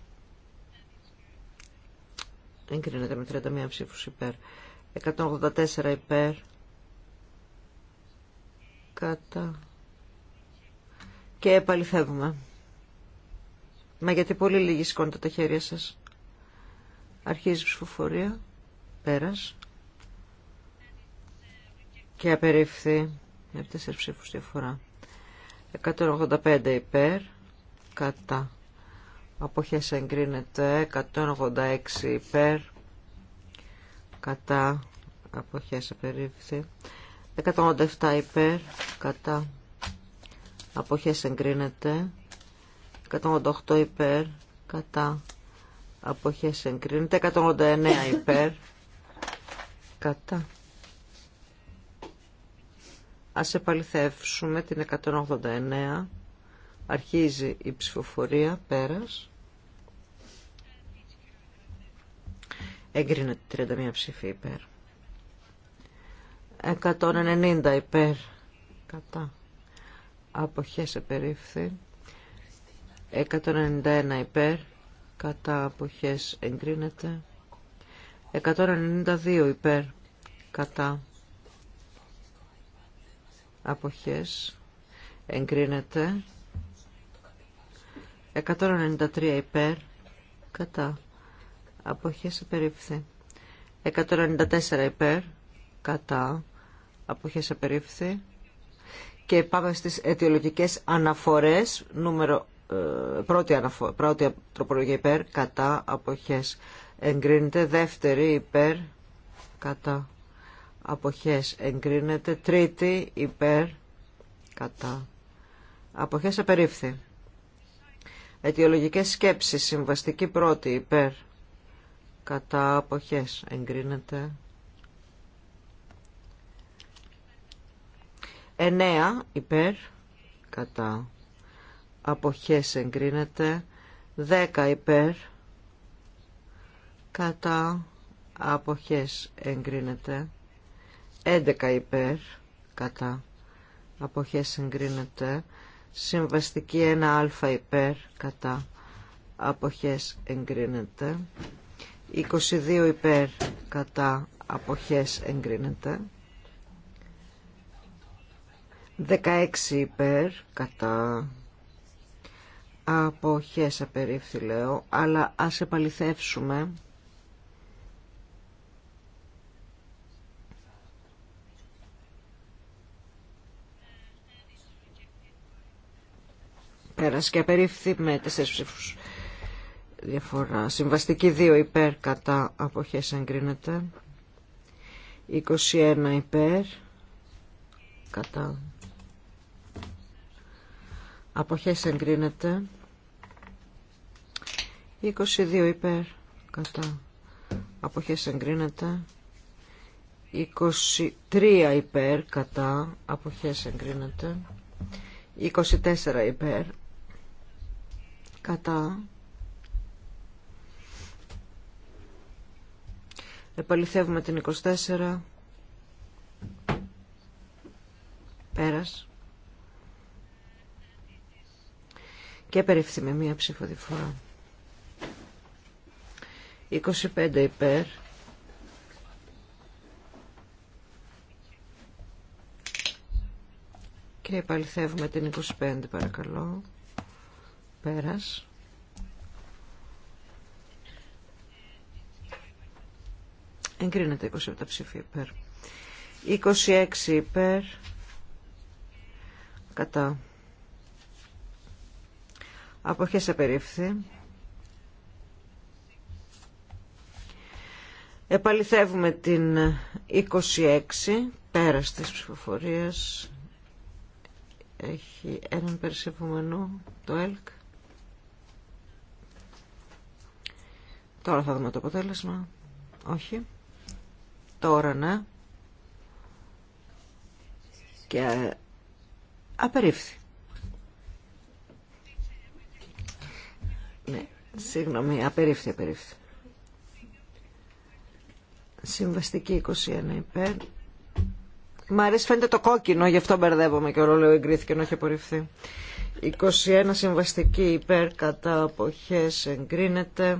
εγκρίνεται με 31 ψήφους υπέρ 184 υπέρ κατά και επαληθεύουμε μα γιατί πολύ λίγοι σηκώνετε τα χέρια σας Αρχίζει η ψηφοφορία. Πέρας. Και απερίφθη με τέσσερις ψήφους διαφορά. 185 υπέρ. Κατά. Αποχές εγκρίνεται. 186 υπέρ. Κατά. Αποχές απερίφθη. 187 υπέρ. Κατά. Αποχές εγκρίνεται. 188 υπέρ. Κατά αποχές εγκρίνεται 189 υπέρ κατά ας επαληθεύσουμε την 189 αρχίζει η ψηφοφορία πέρας εγκρίνεται 31 ψήφοι υπέρ 190 υπέρ κατά αποχές επερίφθη 191 υπέρ κατά αποχές εγκρίνεται 192 υπέρ κατά αποχές εγκρίνεται 193 υπέρ κατά αποχές απερίφθη 194 υπέρ κατά αποχές απερίφθη και πάμε στις αιτιολογικές αναφορές νούμερο ε, πρώτη, αναφο... πρώτη τροπολογία υπέρ κατά αποχές εγκρίνεται δεύτερη υπέρ κατά αποχές εγκρίνεται τρίτη υπέρ κατά αποχές απερίφθη αιτιολογικές σκέψεις συμβαστική πρώτη υπέρ κατά αποχές εγκρίνεται εννέα υπέρ κατά αποχές εγκρίνεται 10 υπέρ κατά αποχές εγκρίνεται 11 υπέρ κατά αποχές εγκρίνεται συμβαστική αλφα υπέρ κατά αποχές εγκρίνεται 22 υπέρ κατά αποχές εγκρίνεται 16 υπέρ κατά αποχές απερίφθη λέω, αλλά ας επαληθεύσουμε. Πέρασε και απερίφθη με τέσσερις ψήφους διαφορά. Συμβαστική 2 υπέρ κατά αποχές εγκρίνεται. 21 υπέρ κατά Αποχές εγκρίνεται. 22 υπέρ. Κατά. Αποχές εγκρίνεται. 23 υπέρ. Κατά. Αποχές εγκρίνεται. 24 υπέρ. Κατά. Επαληθεύουμε την 24. Πέρας. και περιφθεί με μία ψήφο 25 υπέρ. Και επαληθεύουμε την 25 παρακαλώ. Πέρας. Εγκρίνεται 27 ψήφοι υπέρ. 26 υπέρ. Κατά. Αποχές απερίφθη. Επαληθεύουμε την 26, πέρας της ψηφοφορίας. Έχει έναν περισφομενό το ΕΛΚ. Τώρα θα δούμε το αποτέλεσμα. Όχι. Τώρα ναι. Και απερίφθη. Συγγνώμη, απερίφθη, απερίφθη. Συμβαστική 21 υπέρ. Μ' αρέσει φαίνεται το κόκκινο, γι' αυτό μπερδεύομαι και ο λέω εγκρίθηκε, ενώ έχει απορριφθεί. 21 συμβαστική υπέρ κατά αποχές εγκρίνεται.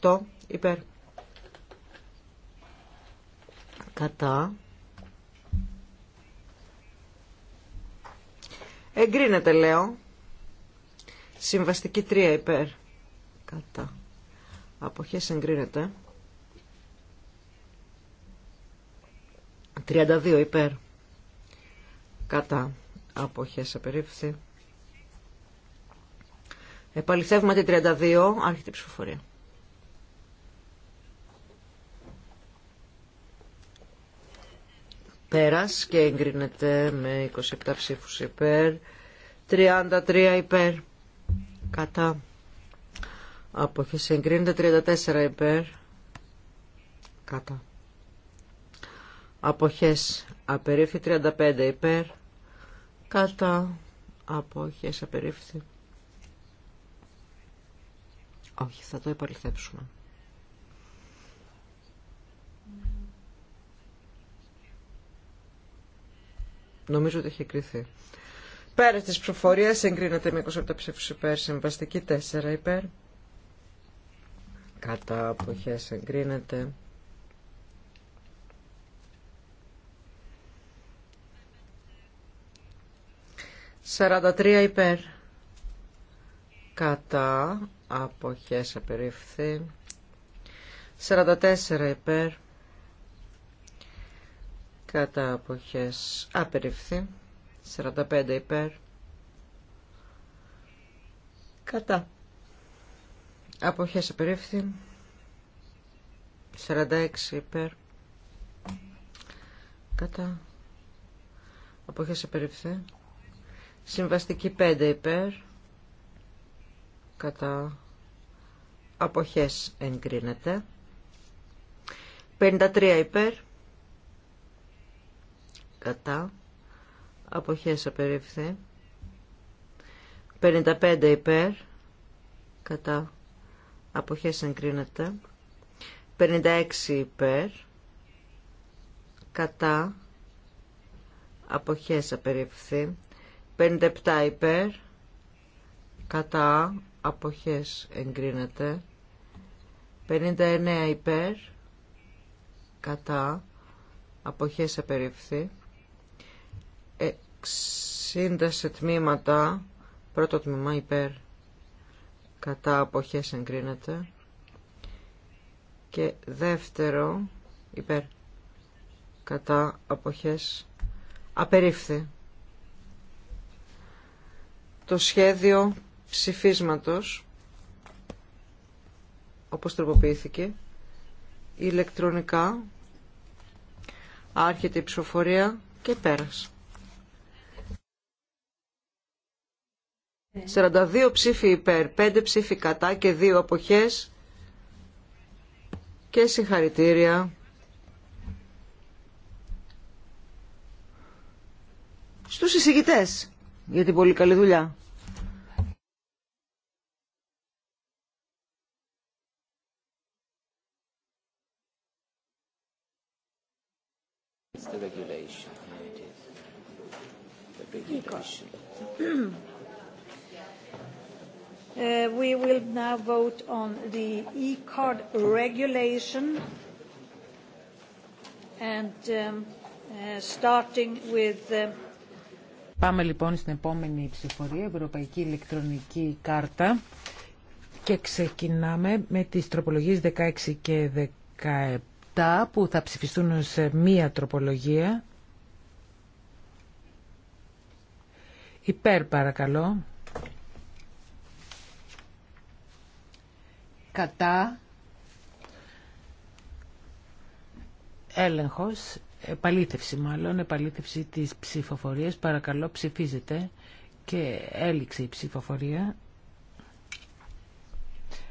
28 υπέρ. Κατά. Εγκρίνεται λέω. Συμβαστική 3 υπέρ. Κατά. Αποχές εγκρίνεται. 32 υπέρ. Κατά. Αποχές απερίφθη. Επαληθεύουμε την 32. Άρχεται η ψηφοφορία. Πέρας και εγκρίνεται με 27 ψήφους υπέρ. 33 υπέρ κατά αποχές εγκρίνεται 34 υπέρ κατά αποχές απερίφθη 35 υπέρ κατά αποχές απερίφθη όχι θα το επαληθέψουμε νομίζω ότι έχει κρυθεί. Πέρα τη προφορία εγκρίνεται με 28 ψήφου υπέρ. Συμβαστική 4 υπέρ. Κατά αποχέ εγκρίνεται. Σαράντα τρία υπέρ. Κατά αποχές απερίφθη. 44 υπέρ. Κατά αποχές απερίφθη. 45 υπέρ. Κατά. Αποχές απερίφθη. 46 υπέρ. Κατά. Αποχές απερίφθη. Συμβαστική 5 υπέρ. Κατά. Αποχές εγκρίνεται. 53 υπέρ. Κατά αποχές απερίφθη 55 υπέρ κατά αποχές εγκρίνεται 56 υπέρ κατά αποχές απερίφθη 57 υπέρ κατά αποχές εγκρίνεται 59 υπέρ κατά αποχές απερίφθη 60 σε τμήματα. Πρώτο τμήμα υπέρ κατά αποχές εγκρίνεται. Και δεύτερο υπέρ κατά αποχές απερίφθη. Το σχέδιο ψηφίσματος όπως τροποποιήθηκε ηλεκτρονικά άρχεται η ψηφοφορία και πέρασε. 42 ψήφοι υπέρ, 5 ψήφοι κατά και 2 αποχές και συγχαρητήρια στους εισηγητές για την πολύ καλή δουλειά. Πάμε λοιπόν στην επόμενη ψηφορία, Ευρωπαϊκή Ηλεκτρονική Κάρτα και ξεκινάμε με τις τροπολογίες 16 και 17 που θα ψηφιστούν σε μία τροπολογία. Υπέρ παρακαλώ. κατά έλεγχος, επαλήθευση μάλλον, επαλήθευση της ψηφοφορίας. Παρακαλώ ψηφίζετε και έληξε η ψηφοφορία.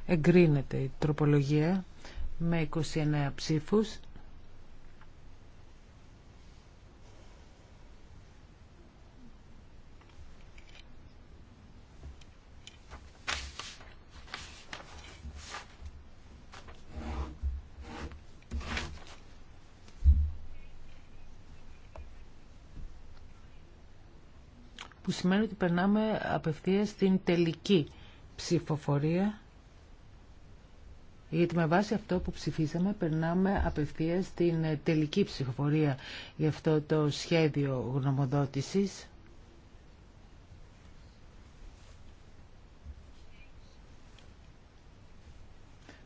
Εγκρίνεται η τροπολογία με 29 ψήφους. σημαίνει ότι περνάμε απευθείας στην τελική ψηφοφορία γιατί με βάση αυτό που ψηφίσαμε περνάμε απευθείας στην τελική ψηφοφορία για αυτό το σχέδιο γνωμοδότησης.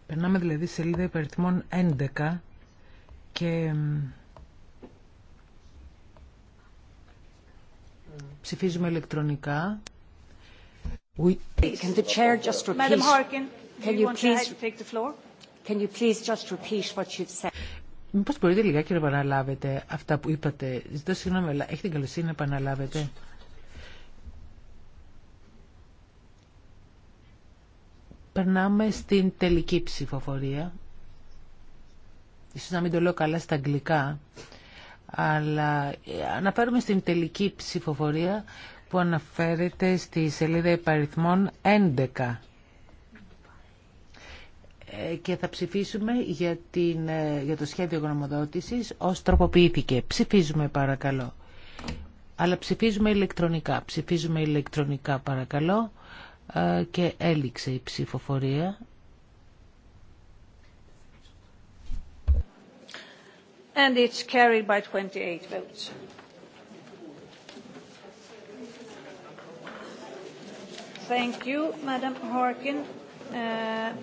Περνάμε δηλαδή σελίδα υπεριθμών 11 και Ψηφίζουμε ηλεκτρονικά. Can Μήπως μπορείτε λιγάκι να επαναλάβετε αυτά που είπατε. Ζητώ συγγνώμη, αλλά έχετε την καλοσύνη να επαναλάβετε. Περνάμε στην τελική ψηφοφορία. Ίσως να μην το λέω καλά στα αγγλικά αλλά ε, αναφέρουμε στην τελική ψηφοφορία που αναφέρεται στη σελίδα υπαριθμών 11 ε, και θα ψηφίσουμε για, την, ε, για το σχέδιο γνωμοδότησης ως τροποποιήθηκε. Ψηφίζουμε παρακαλώ. Αλλά ψηφίζουμε ηλεκτρονικά. Ψηφίζουμε ηλεκτρονικά παρακαλώ και έληξε η ψηφοφορία. and it's carried by 28 votes. Thank you, Madam Harkin. Uh,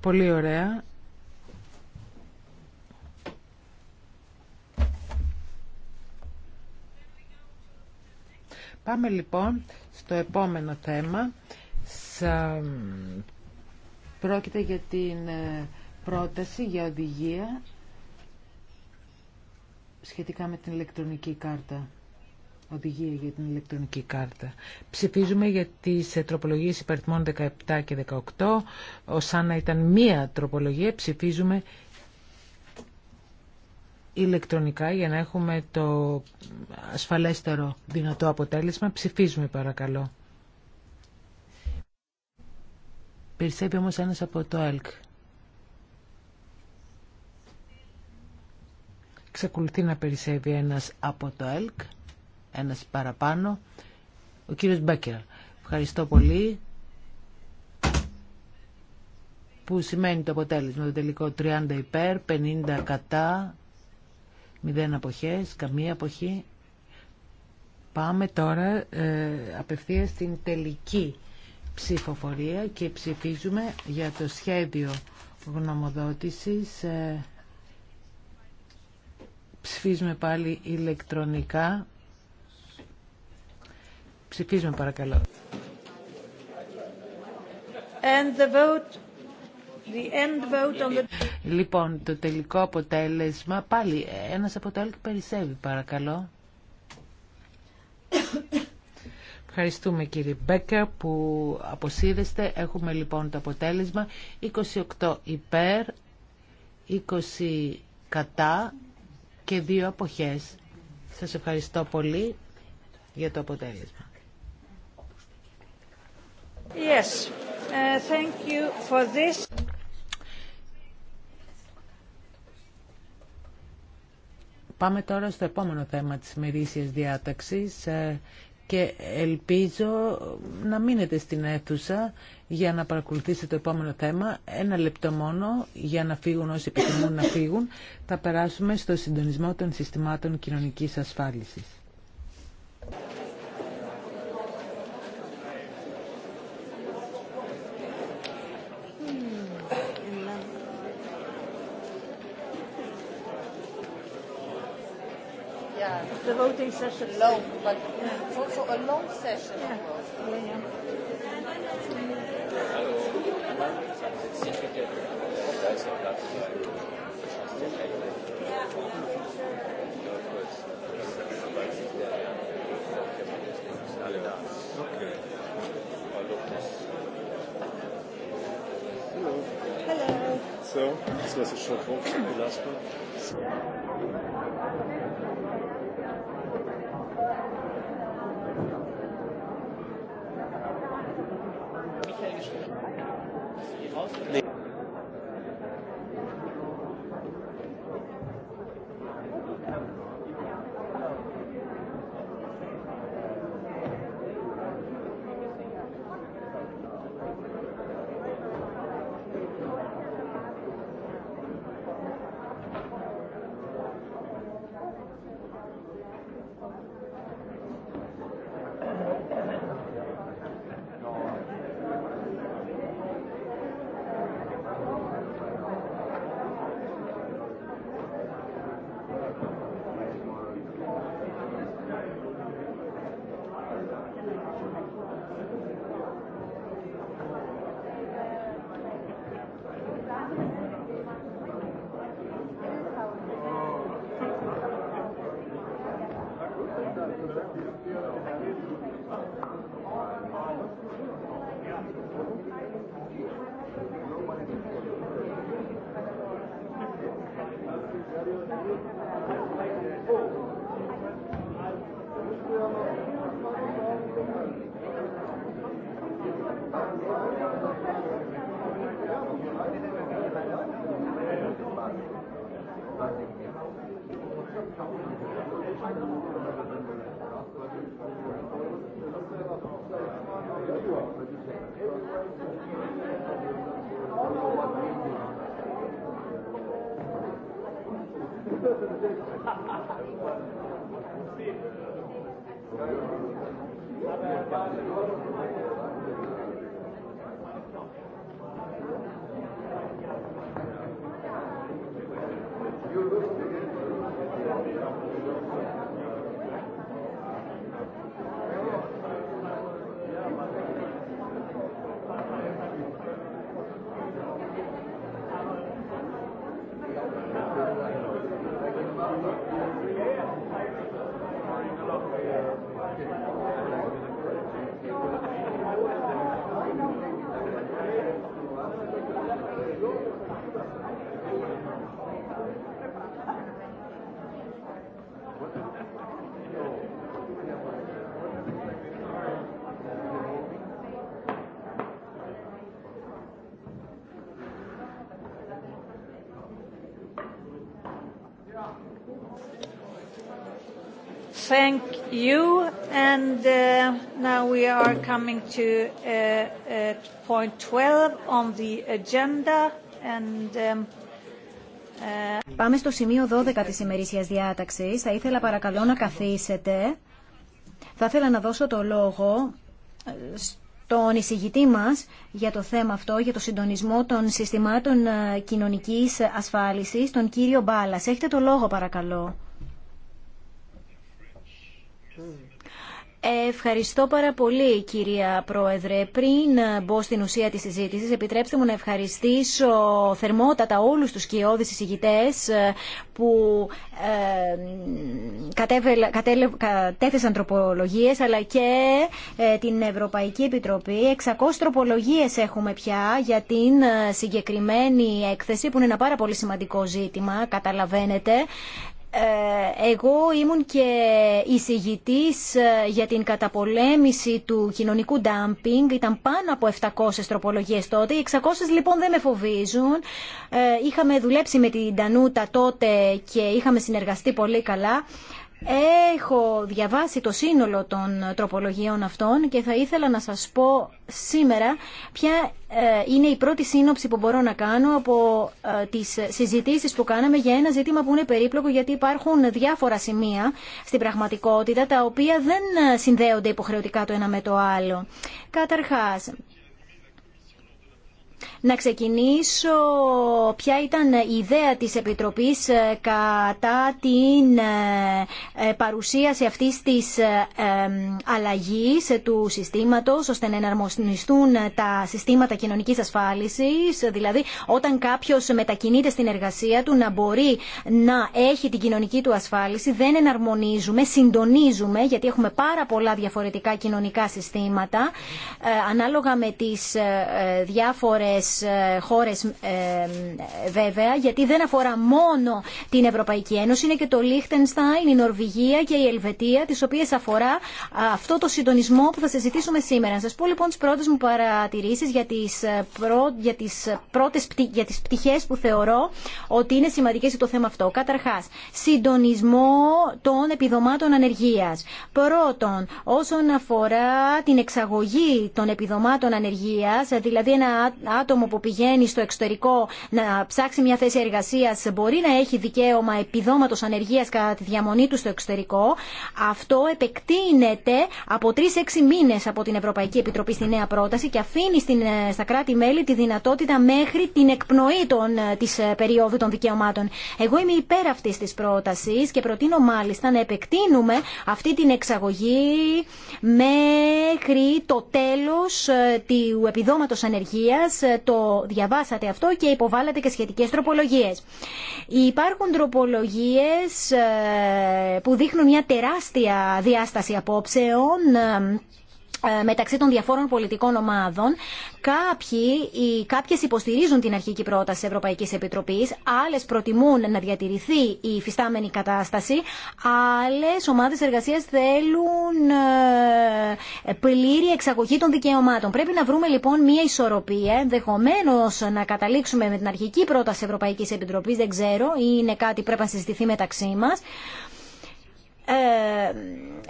Πολύ ωραία. Πάμε λοιπόν στο επόμενο θέμα. Πρόκειται για την ε, πρόταση για οδηγία σχετικά με την ηλεκτρονική κάρτα. Οδηγία για την ηλεκτρονική κάρτα. Ψηφίζουμε για τι ε, τροπολογίε υπαριθμών 17 και 18. Σαν να ήταν μία τροπολογία ψηφίζουμε ηλεκτρονικά για να έχουμε το ασφαλέστερο δυνατό αποτέλεσμα. Ψηφίζουμε παρακαλώ. Περισσεύει όμως ένας από το ΕΛΚ. Ξεκολουθεί να περισσεύει ένας από το ΕΛΚ, ένας παραπάνω. Ο κύριος Μπέκερ. Ευχαριστώ πολύ. Που σημαίνει το αποτέλεσμα, το τελικό 30 υπέρ, 50 κατά, 0 αποχές, καμία αποχή. Πάμε τώρα ε, στην τελική ψηφοφορία και ψηφίζουμε για το σχέδιο γνωμοδότησης ε, Ψηφίζουμε πάλι ηλεκτρονικά. Ψηφίζουμε παρακαλώ. And the vote, the end vote on the... Λοιπόν, το τελικό αποτέλεσμα, πάλι ένας από το άλλο και περισσεύει παρακαλώ. Ευχαριστούμε κύριε Μπέκερ που αποσύρεστε. Έχουμε λοιπόν το αποτέλεσμα 28 υπέρ, 20 κατά, και δύο αποχές. Σας ευχαριστώ πολύ για το αποτέλεσμα. Yes. Ε, thank you for this. Πάμε τώρα στο επόμενο θέμα της μερίσιας διάταξης ε, και ελπίζω να μείνετε στην αίθουσα για να παρακολουθήσετε το επόμενο θέμα. Ένα λεπτό μόνο για να φύγουν όσοι επιθυμούν να φύγουν. Θα περάσουμε στο συντονισμό των συστημάτων κοινωνικής ασφάλισης. the voting session. Long, but it's also a long session. Yeah. Hello. Hello. So, this was a short walk from the last one. Thank you. And uh, now we are coming to uh, uh, on the agenda. Um, Πάμε στο σημείο 12 της ημερήσιας διάταξης. Θα ήθελα παρακαλώ να καθίσετε. Θα ήθελα να δώσω το λόγο ε, στον εισηγητή μας για το θέμα αυτό, για το συντονισμό των συστημάτων ε, κοινωνικής ασφάλισης, τον κύριο Μπάλας. Έχετε το λόγο παρακαλώ. Ευχαριστώ πάρα πολύ κυρία Πρόεδρε. Πριν μπω στην ουσία της συζήτησης, επιτρέψτε μου να ευχαριστήσω θερμότατα όλους τους κοιόδης συζητητές ε, που ε, κατέθεσαν τροπολογίες αλλά και ε, την Ευρωπαϊκή Επιτροπή. 600 τροπολογίες έχουμε πια για την συγκεκριμένη έκθεση που είναι ένα πάρα πολύ σημαντικό ζήτημα, καταλαβαίνετε. Ε, εγώ ήμουν και εισηγητής ε, για την καταπολέμηση του κοινωνικού ντάμπινγκ. Ήταν πάνω από 700 τροπολογίες τότε. Οι 600 λοιπόν δεν με φοβίζουν. Ε, είχαμε δουλέψει με την Τανούτα τότε και είχαμε συνεργαστεί πολύ καλά. Έχω διαβάσει το σύνολο των ε, τροπολογιών αυτών και θα ήθελα να σας πω σήμερα ποια ε, είναι η πρώτη σύνοψη που μπορώ να κάνω από ε, τις συζητήσεις που κάναμε για ένα ζήτημα που είναι περίπλοκο γιατί υπάρχουν διάφορα σημεία στην πραγματικότητα τα οποία δεν συνδέονται υποχρεωτικά το ένα με το άλλο. Καταρχάς, να ξεκινήσω ποια ήταν η ιδέα της Επιτροπής ε, κατά την ε, ε, παρουσίαση αυτής της αλλαγής του συστήματος ώστε να εναρμονιστούν τα συστήματα κοινωνικής ασφάλισης δηλαδή όταν κάποιος μετακινείται στην εργασία του να μπορεί να έχει την κοινωνική του ασφάλιση δεν εναρμονίζουμε, συντονίζουμε γιατί έχουμε πάρα πολλά διαφορετικά κοινωνικά συστήματα ανάλογα με τις διάφορες ε, χώρες ε, βέβαια, γιατί δεν αφορά μόνο την Ευρωπαϊκή Ένωση, είναι και το Λίχτενστάιν, η Νορβηγία και η Ελβετία, τις οποίες αφορά αυτό το συντονισμό που θα συζητήσουμε σήμερα. σας πω λοιπόν τις πρώτες μου παρατηρήσεις για τις, ε, για τις, ε, πρώτες... για τις πτυχές που θεωρώ ότι είναι σημαντικές για το θέμα αυτό. Καταρχάς, συντονισμό των επιδομάτων ανεργίας. Πρώτον, όσον αφορά την εξαγωγή των επιδομάτων ανεργίας, δηλαδή ένα άτομο άτομο που πηγαίνει στο εξωτερικό να ψάξει μια θέση εργασία μπορεί να έχει δικαίωμα επιδόματο ανεργία κατά τη διαμονή του στο εξωτερικό. Αυτό επεκτείνεται από τρει-έξι μήνε από την Ευρωπαϊκή Επιτροπή στη νέα πρόταση και αφήνει στην, ε, στα κράτη-μέλη τη δυνατότητα μέχρι την εκπνοή ε, τη ε, περίοδου των δικαιωμάτων. Εγώ είμαι υπέρ αυτή τη πρόταση και προτείνω μάλιστα να επεκτείνουμε αυτή την εξαγωγή μέχρι το τέλο του επιδόματο ανεργία το διαβάσατε αυτό και υποβάλλατε και σχετικές τροπολογίες. Υπάρχουν τροπολογίες ε, που δείχνουν μια τεράστια διάσταση απόψεων ε, ε, μεταξύ των διαφόρων πολιτικών ομάδων. Κάποιοι, οι, κάποιες υποστηρίζουν την αρχική πρόταση Ευρωπαϊκής Επιτροπής, άλλες προτιμούν να διατηρηθεί η υφιστάμενη κατάσταση, άλλες ομάδες εργασίας θέλουν ε, πλήρη εξαγωγή των δικαιωμάτων. Πρέπει να βρούμε λοιπόν μια ισορροπία, ενδεχομένω να καταλήξουμε με την αρχική πρόταση Ευρωπαϊκής Επιτροπής, δεν ξέρω, είναι κάτι πρέπει να συζητηθεί μεταξύ μας. Ε,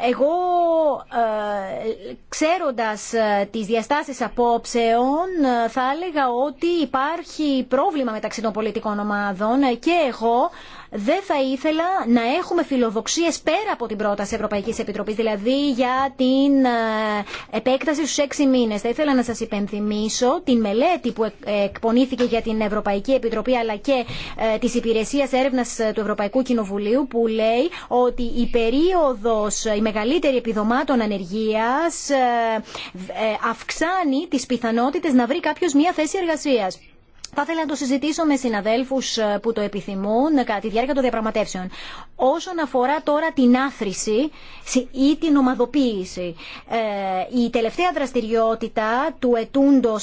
εγώ ε, ξέροντας ε, τις διαστάσεις απόψεων ε, θα έλεγα ότι υπάρχει πρόβλημα μεταξύ των πολιτικών ομάδων και εγώ δεν θα ήθελα να έχουμε φιλοδοξίες πέρα από την πρόταση Ευρωπαϊκής Επιτροπής, δηλαδή για την ε, επέκταση στους έξι μήνες. Θα ήθελα να σας υπενθυμίσω την μελέτη που εκπονήθηκε για την Ευρωπαϊκή Επιτροπή αλλά και ε, της Υπηρεσίας Έρευνας ε, του Ευρωπαϊκού Κοινοβουλίου που λέει ότι η περίοδος, η μεγαλύτερη επιδομάτων ανεργίας αυξάνει τις πιθανότητες να βρει κάποιος μια θέση εργασίας. Θα ήθελα να το συζητήσω με συναδέλφου ε, που το επιθυμούν κατά τη διάρκεια των διαπραγματεύσεων. Όσον αφορά τώρα την άθρηση ή την ομαδοποίηση, ε, η τελευταία δραστηριότητα του ετούντο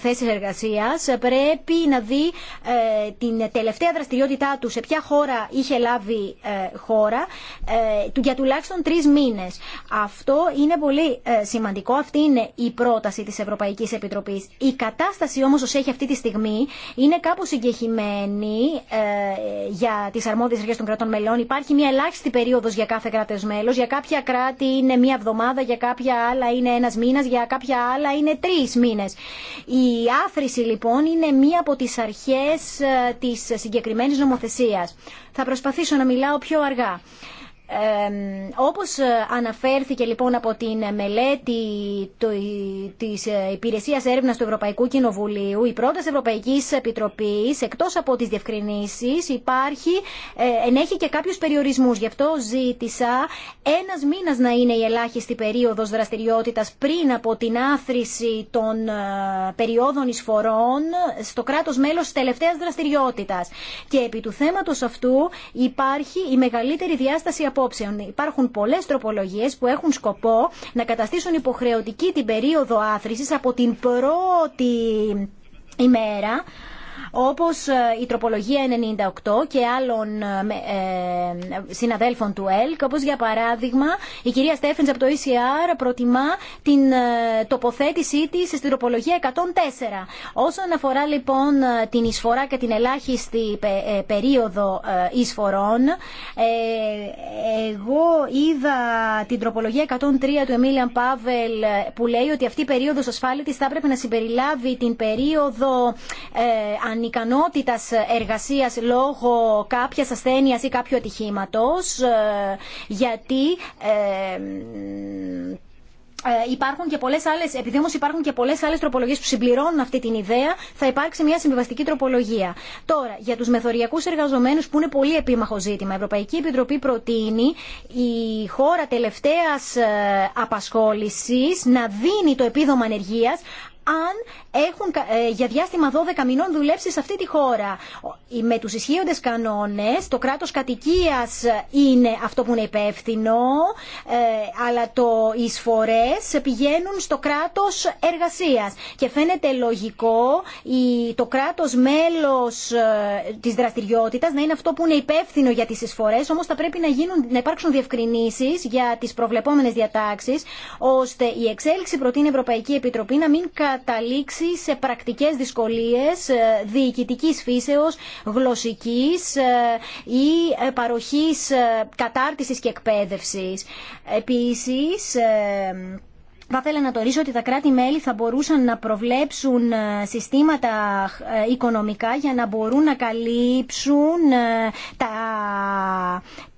θέση εργασία πρέπει να δει ε, την τελευταία δραστηριότητά του σε ποια χώρα είχε λάβει χώρα για τουλάχιστον τρει μήνε. Αυτό είναι πολύ σημαντικό. Αυτή είναι η πρόταση τη Ευρωπαϊκή Επιτροπή. Η κατάσταση όμω έχει αυτή τη στιγμή είναι κάπου συγκεχημένη ε, για τι αρμόδιες αρχέ των κρατών μελών. Υπάρχει μια ελάχιστη περίοδος για κάθε κράτο μέλο. Για κάποια κράτη είναι μια εβδομάδα, για κάποια άλλα είναι ένα μήνας, για κάποια άλλα είναι τρει μήνες. Η άθρηση λοιπόν είναι μια από τις αρχές ε, της συγκεκριμένη νομοθεσία. Θα προσπαθήσω να μιλάω πιο αργά. Ε, όπως αναφέρθηκε λοιπόν από την μελέτη το, της ε, Υπηρεσίας Έρευνας του Ευρωπαϊκού Κοινοβουλίου, η πρόταση Ευρωπαϊκής Επιτροπής, εκτός από τις διευκρινήσεις, υπάρχει, ε, ενέχει και κάποιους περιορισμούς. Γι' αυτό ζήτησα ένας μήνας να είναι η ελάχιστη περίοδος δραστηριότητας πριν από την άθρηση των ε, περιόδων εισφορών στο κράτος μέλος της τελευταίας δραστηριότητας. Και επί του θέματος αυτού υπάρχει η μεγαλύτερη διάσταση απόψεων. Υπάρχουν πολλές τροπολογίες που έχουν σκοπό να καταστήσουν υποχρεωτική την περίοδο άθρησης από την πρώτη ημέρα όπως ε, η τροπολογία 98 και άλλων ε, ε, συναδέλφων του ΕΛΚ, όπως για παράδειγμα η κυρία Στέφενς από το ECR προτιμά την τοποθέτησή της στην τροπολογία 104. Όσον αφορά λοιπόν την εισφορά και την ελάχιστη περίοδο εισφορών, εγώ είδα την τροπολογία 103 του Εμίλιαν Πάβελ που λέει ότι αυτή η περίοδος ασφάλιτης θα έπρεπε να συμπεριλάβει την περίοδο ε, ικανότητα εργασίας λόγω κάποια ασθένεια ή κάποιου ατυχήματο, ε, γιατί ε, ε, υπάρχουν και πολλές άλλες, επειδή όμως υπάρχουν και πολλές άλλες τροπολογίες που συμπληρώνουν αυτή την ιδέα, θα υπάρξει μια συμβιβαστική τροπολογία. Τώρα, για τους μεθοριακούς εργαζομένους που είναι πολύ επίμαχο ζήτημα, η Ευρωπαϊκή Επιτροπή προτείνει η χώρα τελευταίας απασχόλησης να δίνει το επίδομα ανεργίας αν έχουν ε, για διάστημα 12 μηνών δουλέψει σε αυτή τη χώρα. Με τους ισχύοντες κανόνες το κράτος κατοικίας ε, είναι αυτό που είναι υπεύθυνο ε, αλλά το εισφορές πηγαίνουν στο κράτος εργασίας και φαίνεται λογικό το κράτος μέλος της δραστηριότητας να είναι αυτό που είναι υπεύθυνο για τις εισφορές όμως θα πρέπει να, γίνουν, να υπάρξουν διευκρινήσει για τις προβλεπόμενες διατάξεις ώστε η εξέλιξη προτείνει την Ευρωπαϊκή Επιτροπή να μην καταλήξει σε πρακτικές δυσκολίες ε, διοικητικής φύσεως, γλωσσικής ε, ή ε, παροχής κατάρτισης και εκπαίδευσης. Επίσης, θα ήθελα να τονίσω ότι τα κράτη-μέλη θα μπορούσαν να προβλέψουν συστήματα οικονομικά για να μπορούν να καλύψουν τα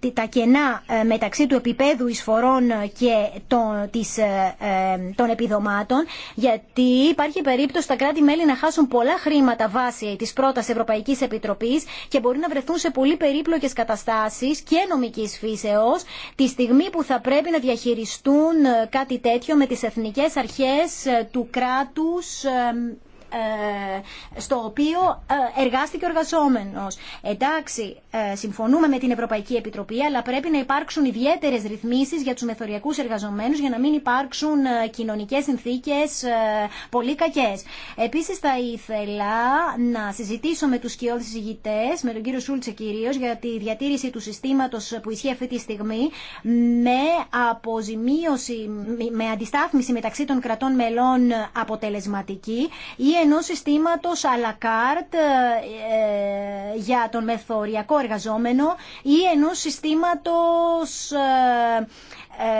τα κενά ε, μεταξύ του επίπεδου εισφορών και των, της, ε, ε, των επιδομάτων, γιατί υπάρχει περίπτωση τα κράτη-μέλη να χάσουν πολλά χρήματα βάσει της πρώτα Ευρωπαϊκής Επιτροπής και μπορεί να βρεθούν σε πολύ περίπλοκες καταστάσεις και νομική φύσεως τη στιγμή που θα πρέπει να διαχειριστούν κάτι τέτοιο με τις εθνικέ αρχέ του κράτους ε, στο οποίο ε, εργάστηκε ο εργαζόμενος. Εντάξει, ε, συμφωνούμε με την Ευρωπαϊκή Επιτροπή, αλλά πρέπει να υπάρξουν ιδιαίτερες ρυθμίσεις για τους μεθοριακούς εργαζομένους για να μην υπάρξουν κοινωνικές συνθήκες πολύ κακές. Επίσης θα ήθελα να συζητήσω με τους σκιώδεις συζητητές, με τον κύριο Σούλτσε κυρίως, για τη διατήρηση του συστήματος που ισχύει αυτή τη στιγμή με αποζημίωση, με αντιστάθμιση μεταξύ των κρατών μελών αποτελεσματική Ενό συστήματο à la ε, για τον μεθοριακό εργαζόμενο ή ενός συστήματος ε,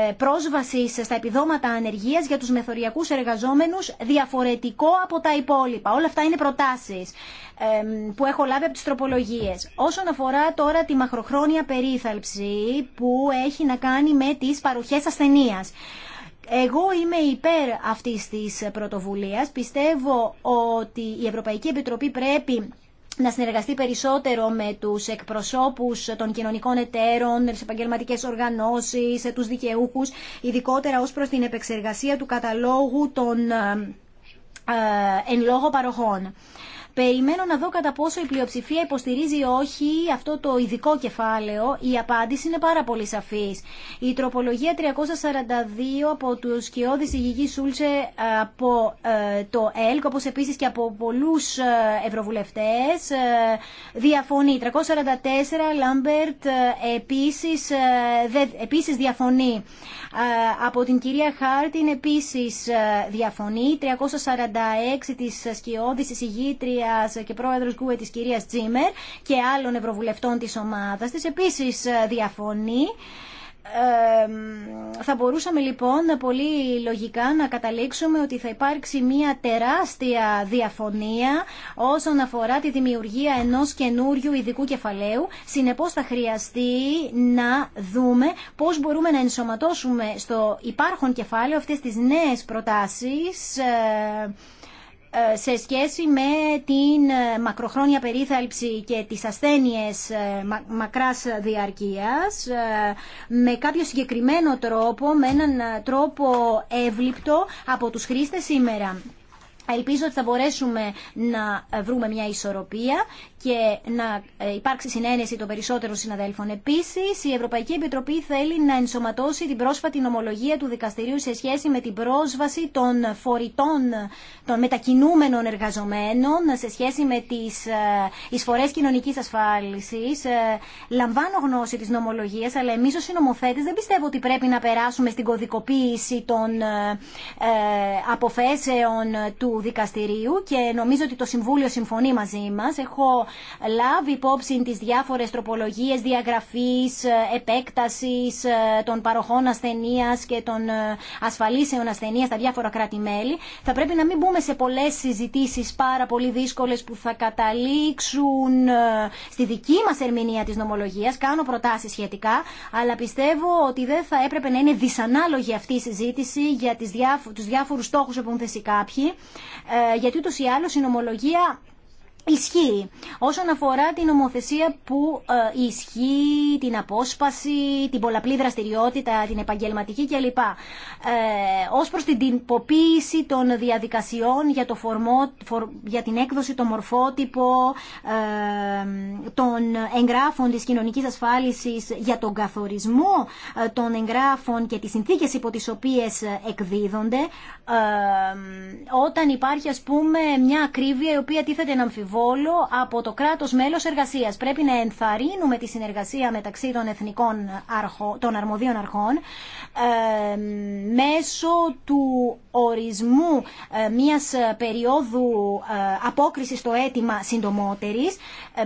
ε, πρόσβασης στα επιδόματα ανεργία για τους μεθοριακούς εργαζόμενους διαφορετικό από τα υπόλοιπα. Όλα αυτά είναι προτάσεις που έχω λάβει από τις τροπολογίες. Όσον αφορά τώρα τη μαχροχρόνια περίθαλψη που έχει να κάνει με τις παροχές ασθενείας. Εγώ είμαι υπέρ αυτής της πρωτοβουλίας. Πιστεύω ότι η Ευρωπαϊκή Επιτροπή πρέπει να συνεργαστεί περισσότερο με τους εκπροσώπους των κοινωνικών εταίρων, τις επαγγελματικέ οργανώσεις, τους δικαιούχους, ειδικότερα ως προς την επεξεργασία του καταλόγου των ε, ε, εν λόγω παροχών. Περιμένω να δω κατά πόσο η πλειοψηφία υποστηρίζει ή όχι αυτό το ειδικό κεφάλαιο. απάντηση είναι πάρα πολύ σαφής. Η απαντηση ειναι παρα πολυ σαφή. η τροπολογια 342 από του σκιώδη ηγηγή Σούλτσε ε, από ε, το ΕΛΚ, όπω επίση και από πολλούς ε, ευρωβουλευτές, διαφωνεί. 344 Λάμπερτ επίσης, διαφωνεί. Από την κυρία Χάρτιν επίσης διαφωνεί. 346 της σκιώδης εισηγήτρια και πρόεδρο Γκουε τη κυρία Τζίμερ και άλλων ευρωβουλευτών τη ομάδα, τη επίση ε, διαφωνεί. Θα μπορούσαμε λοιπόν πολύ λογικά να καταλήξουμε ότι θα υπάρξει μια τεράστια διαφωνία όσον αφορά τη δημιουργία ενός καινούριου ειδικού κεφαλαίου. Συνεπώς θα χρειαστεί να δούμε πώς μπορούμε να ενσωματώσουμε στο υπάρχον κεφάλαιο αυτές τις νέες προτάσεις ε, ε, σε σχέση με την ε, μακροχρόνια περίθαλψη και τις ασθένειες ε, μακράς διαρκείας με κάποιο συγκεκριμένο τρόπο, με έναν τρόπο εύληπτο από τους χρήστες σήμερα. Ελπίζω ότι θα μπορέσουμε να βρούμε μια ισορροπία και να ε, υπάρξει συνένεση των περισσότερων συναδέλφων. Επίση, η Ευρωπαϊκή Επιτροπή θέλει να ενσωματώσει την πρόσφατη νομολογία του δικαστηρίου σε σχέση με την πρόσβαση των φορητών, των μετακινούμενων εργαζομένων σε σχέση με τι ε, εισφορέ κοινωνική ασφάλιση. Ε, λαμβάνω γνώση τη νομολογία, αλλά εμεί ω συνομοθέτε δεν πιστεύω ότι πρέπει να περάσουμε στην κωδικοποίηση των αποφέσεων του δικαστηρίου και νομίζω ότι το Συμβούλιο συμφωνεί μαζί μα. Έχω λάβει υπόψη τις διάφορες τροπολογίες διαγραφής, ε, επέκτασης ε, των παροχών ασθενείας και των ε, ασφαλίσεων ασθενείας στα διάφορα κράτη-μέλη. Θα πρέπει να μην μπούμε σε πολλές συζητήσεις πάρα πολύ δύσκολες που θα καταλήξουν στη δική μας ερμηνεία της νομολογίας. Κάνω προτάσεις σχετικά, αλλά πιστεύω ότι δεν θα έπρεπε να είναι δυσανάλογη αυτή η συζήτηση για του διάφορου τους που έχουν θέσει κάποιοι, γιατί ούτως ή άλλως η νομολογία ισχύει όσον αφορά την νομοθεσία που ε, ισχύει, την απόσπαση, την πολλαπλή δραστηριότητα, την επαγγελματική κλπ. Ε, ως προς την τυποποίηση των διαδικασιών για, το φορμό, για την έκδοση, το μορφότυπο ε, των εγγράφων της κοινωνικής ασφάλισης για τον καθορισμό ε, των εγγράφων και τις συνθήκες υπό τις οποίες εκδίδονται όταν υπάρχει ας πούμε μια ακρίβεια η οποία τίθεται να από το κράτος μέλος εργασίας. Πρέπει να ενθαρρύνουμε τη συνεργασία μεταξύ των εθνικών των αρμοδίων αρχών μέσω του ορισμού ε, μιας ε, περίοδου ε, απόκρισης στο αίτημα συντομότερης. Ε,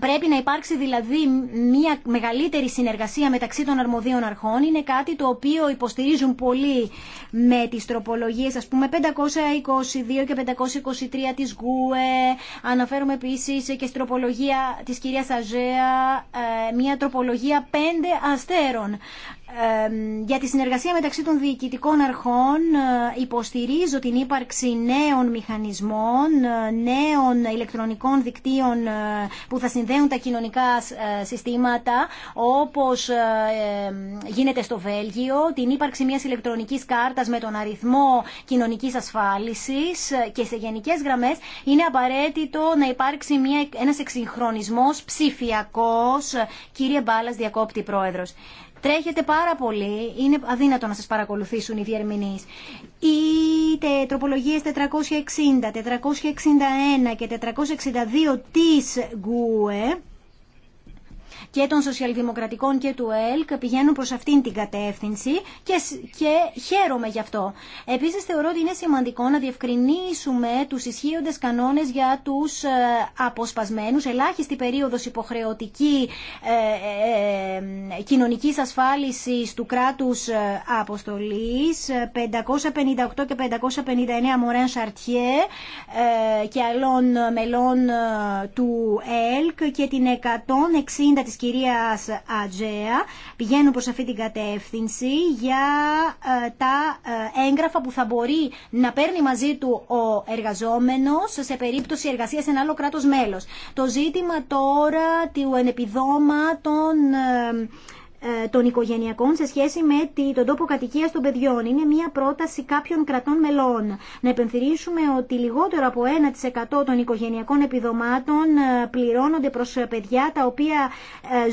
Πρέπει να υπάρξει δηλαδή μια μεγαλύτερη συνεργασία μεταξύ των αρμοδίων αρχών. Είναι κάτι το οποίο υποστηρίζουν πολύ με τις τροπολογίες, ας πούμε 522 και 523 της ΓΟΕ. Αναφέρομαι επίση και στην τροπολογία της κυρίας Αζέα, ε, μια τροπολογία 5 αστέρων για τη συνεργασία μεταξύ των διοικητικών αρχών ε, υποστηρίζω την ύπαρξη νέων μηχανισμών, ε, νέων ηλεκτρονικών δικτύων ε, που θα συνδέουν τα κοινωνικά συστήματα όπως γίνεται στο Βέλγιο, την ύπαρξη μιας ηλεκτρονικής κάρτας με τον αριθμό κοινωνικής ασφάλισης και σε γενικές γραμμές είναι απαραίτητο να υπάρξει μια, ένας εξυγχρονισμός ψηφιακός. Κύριε Μπάλας, διακόπτη πρόεδρος τρέχετε πάρα πολύ, είναι αδύνατο να σας παρακολουθήσουν οι διερμηνεί. Οι τροπολογίες 460, 461 και 462 τη ΓΟΥΕ και των Σοσιαλδημοκρατικών και του ΕΛΚ πηγαίνουν προς αυτήν την κατεύθυνση και, και χαίρομαι γι' αυτό. Επίσης θεωρώ ότι είναι σημαντικό να διευκρινίσουμε τους ισχύοντες κανόνες για τους ε, αποσπασμένους, ελάχιστη περίοδος υποχρεωτική ε, ε, ε κοινωνικής ασφάλισης του κράτους ε, αποστολής, 558 και 559 Μωρέν Σαρτιέ και άλλων μελών του ΕΛΚ και την 160 της κυρίας Ατζέα πηγαίνουν προς αυτή την κατεύθυνση για ε, τα ε, έγγραφα που θα μπορεί να παίρνει μαζί του ο εργαζόμενος σε περίπτωση εργασίας σε ένα άλλο κράτος μέλος. Το ζήτημα τώρα του ενεπιδόματων ε, ε, των οικογενειακών σε σχέση με τον τόπο κατοικία των παιδιών. Είναι μια πρόταση κάποιων κρατών μελών. Να επενθυρίσουμε ότι λιγότερο από 1% των οικογενειακών επιδομάτων ε, πληρώνονται προ ε, παιδιά τα οποία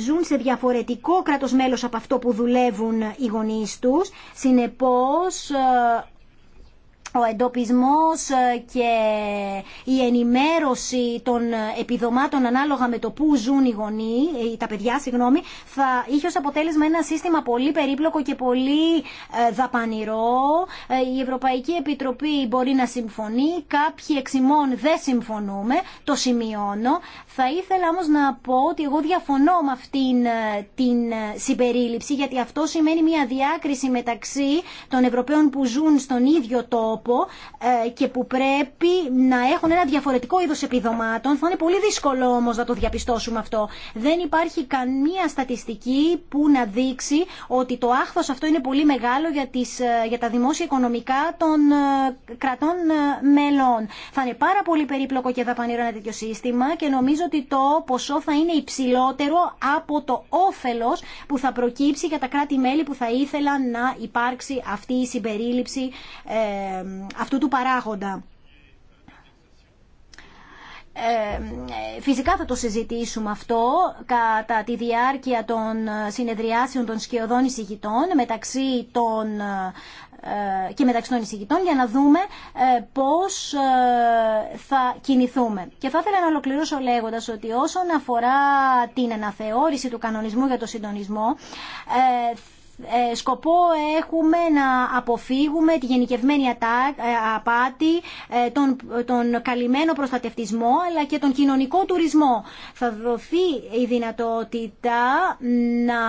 ζουν σε διαφορετικό κράτος μέλος από αυτό που δουλεύουν οι γονείς του, συνεπώ ο εντοπισμός ε, και η ενημέρωση των ε, επιδομάτων ανάλογα με το πού ζουν οι γονείς, ε, τα παιδιά, συγγνώμη, θα είχε ως αποτέλεσμα ένα σύστημα πολύ περίπλοκο και πολύ δαπανηρό. Η Ευρωπαϊκή Επιτροπή μπορεί να συμφωνεί, κάποιοι ημών δεν συμφωνούμε, το σημειώνω. Θα ήθελα όμως να πω ότι εγώ διαφωνώ με αυτήν την συμπερίληψη, γιατί αυτό σημαίνει μια διάκριση μεταξύ των Ευρωπαίων που ζουν στον ίδιο τόπο, ε, και που πρέπει να έχουν ένα διαφορετικό είδος επιδομάτων. Θα είναι πολύ δύσκολο όμω να το διαπιστώσουμε αυτό. Δεν υπάρχει καμία στατιστική που να δείξει ότι το άχθο αυτό είναι πολύ μεγάλο για, τις, ε, για τα δημόσια οικονομικά των ε, κρατών μελών. Θα είναι πάρα πολύ περίπλοκο και δαπανηρό ένα τέτοιο σύστημα και νομίζω ότι το ποσό θα είναι υψηλότερο από το όφελο που θα προκύψει για τα κράτη-μέλη που θα ήθελαν να υπάρξει αυτή η συμπερίληψη ε, αυτού του παράγοντα. Ε, φυσικά θα το συζητήσουμε αυτό κατά τη διάρκεια των συνεδριάσεων των σκιωδών εισηγητών μεταξύ των ε, και μεταξύ των εισηγητών για να δούμε ε, πώς θα κινηθούμε. Και θα ήθελα να ολοκληρώσω λέγοντας ότι όσον αφορά την αναθεώρηση του κανονισμού για το συντονισμό ε, σκοπό έχουμε να αποφύγουμε τη γενικευμένη ε, απάτη, ε, τον, τον καλυμμένο προστατευτισμό αλλά και τον κοινωνικό τουρισμό. Θα δοθεί η δυνατότητα να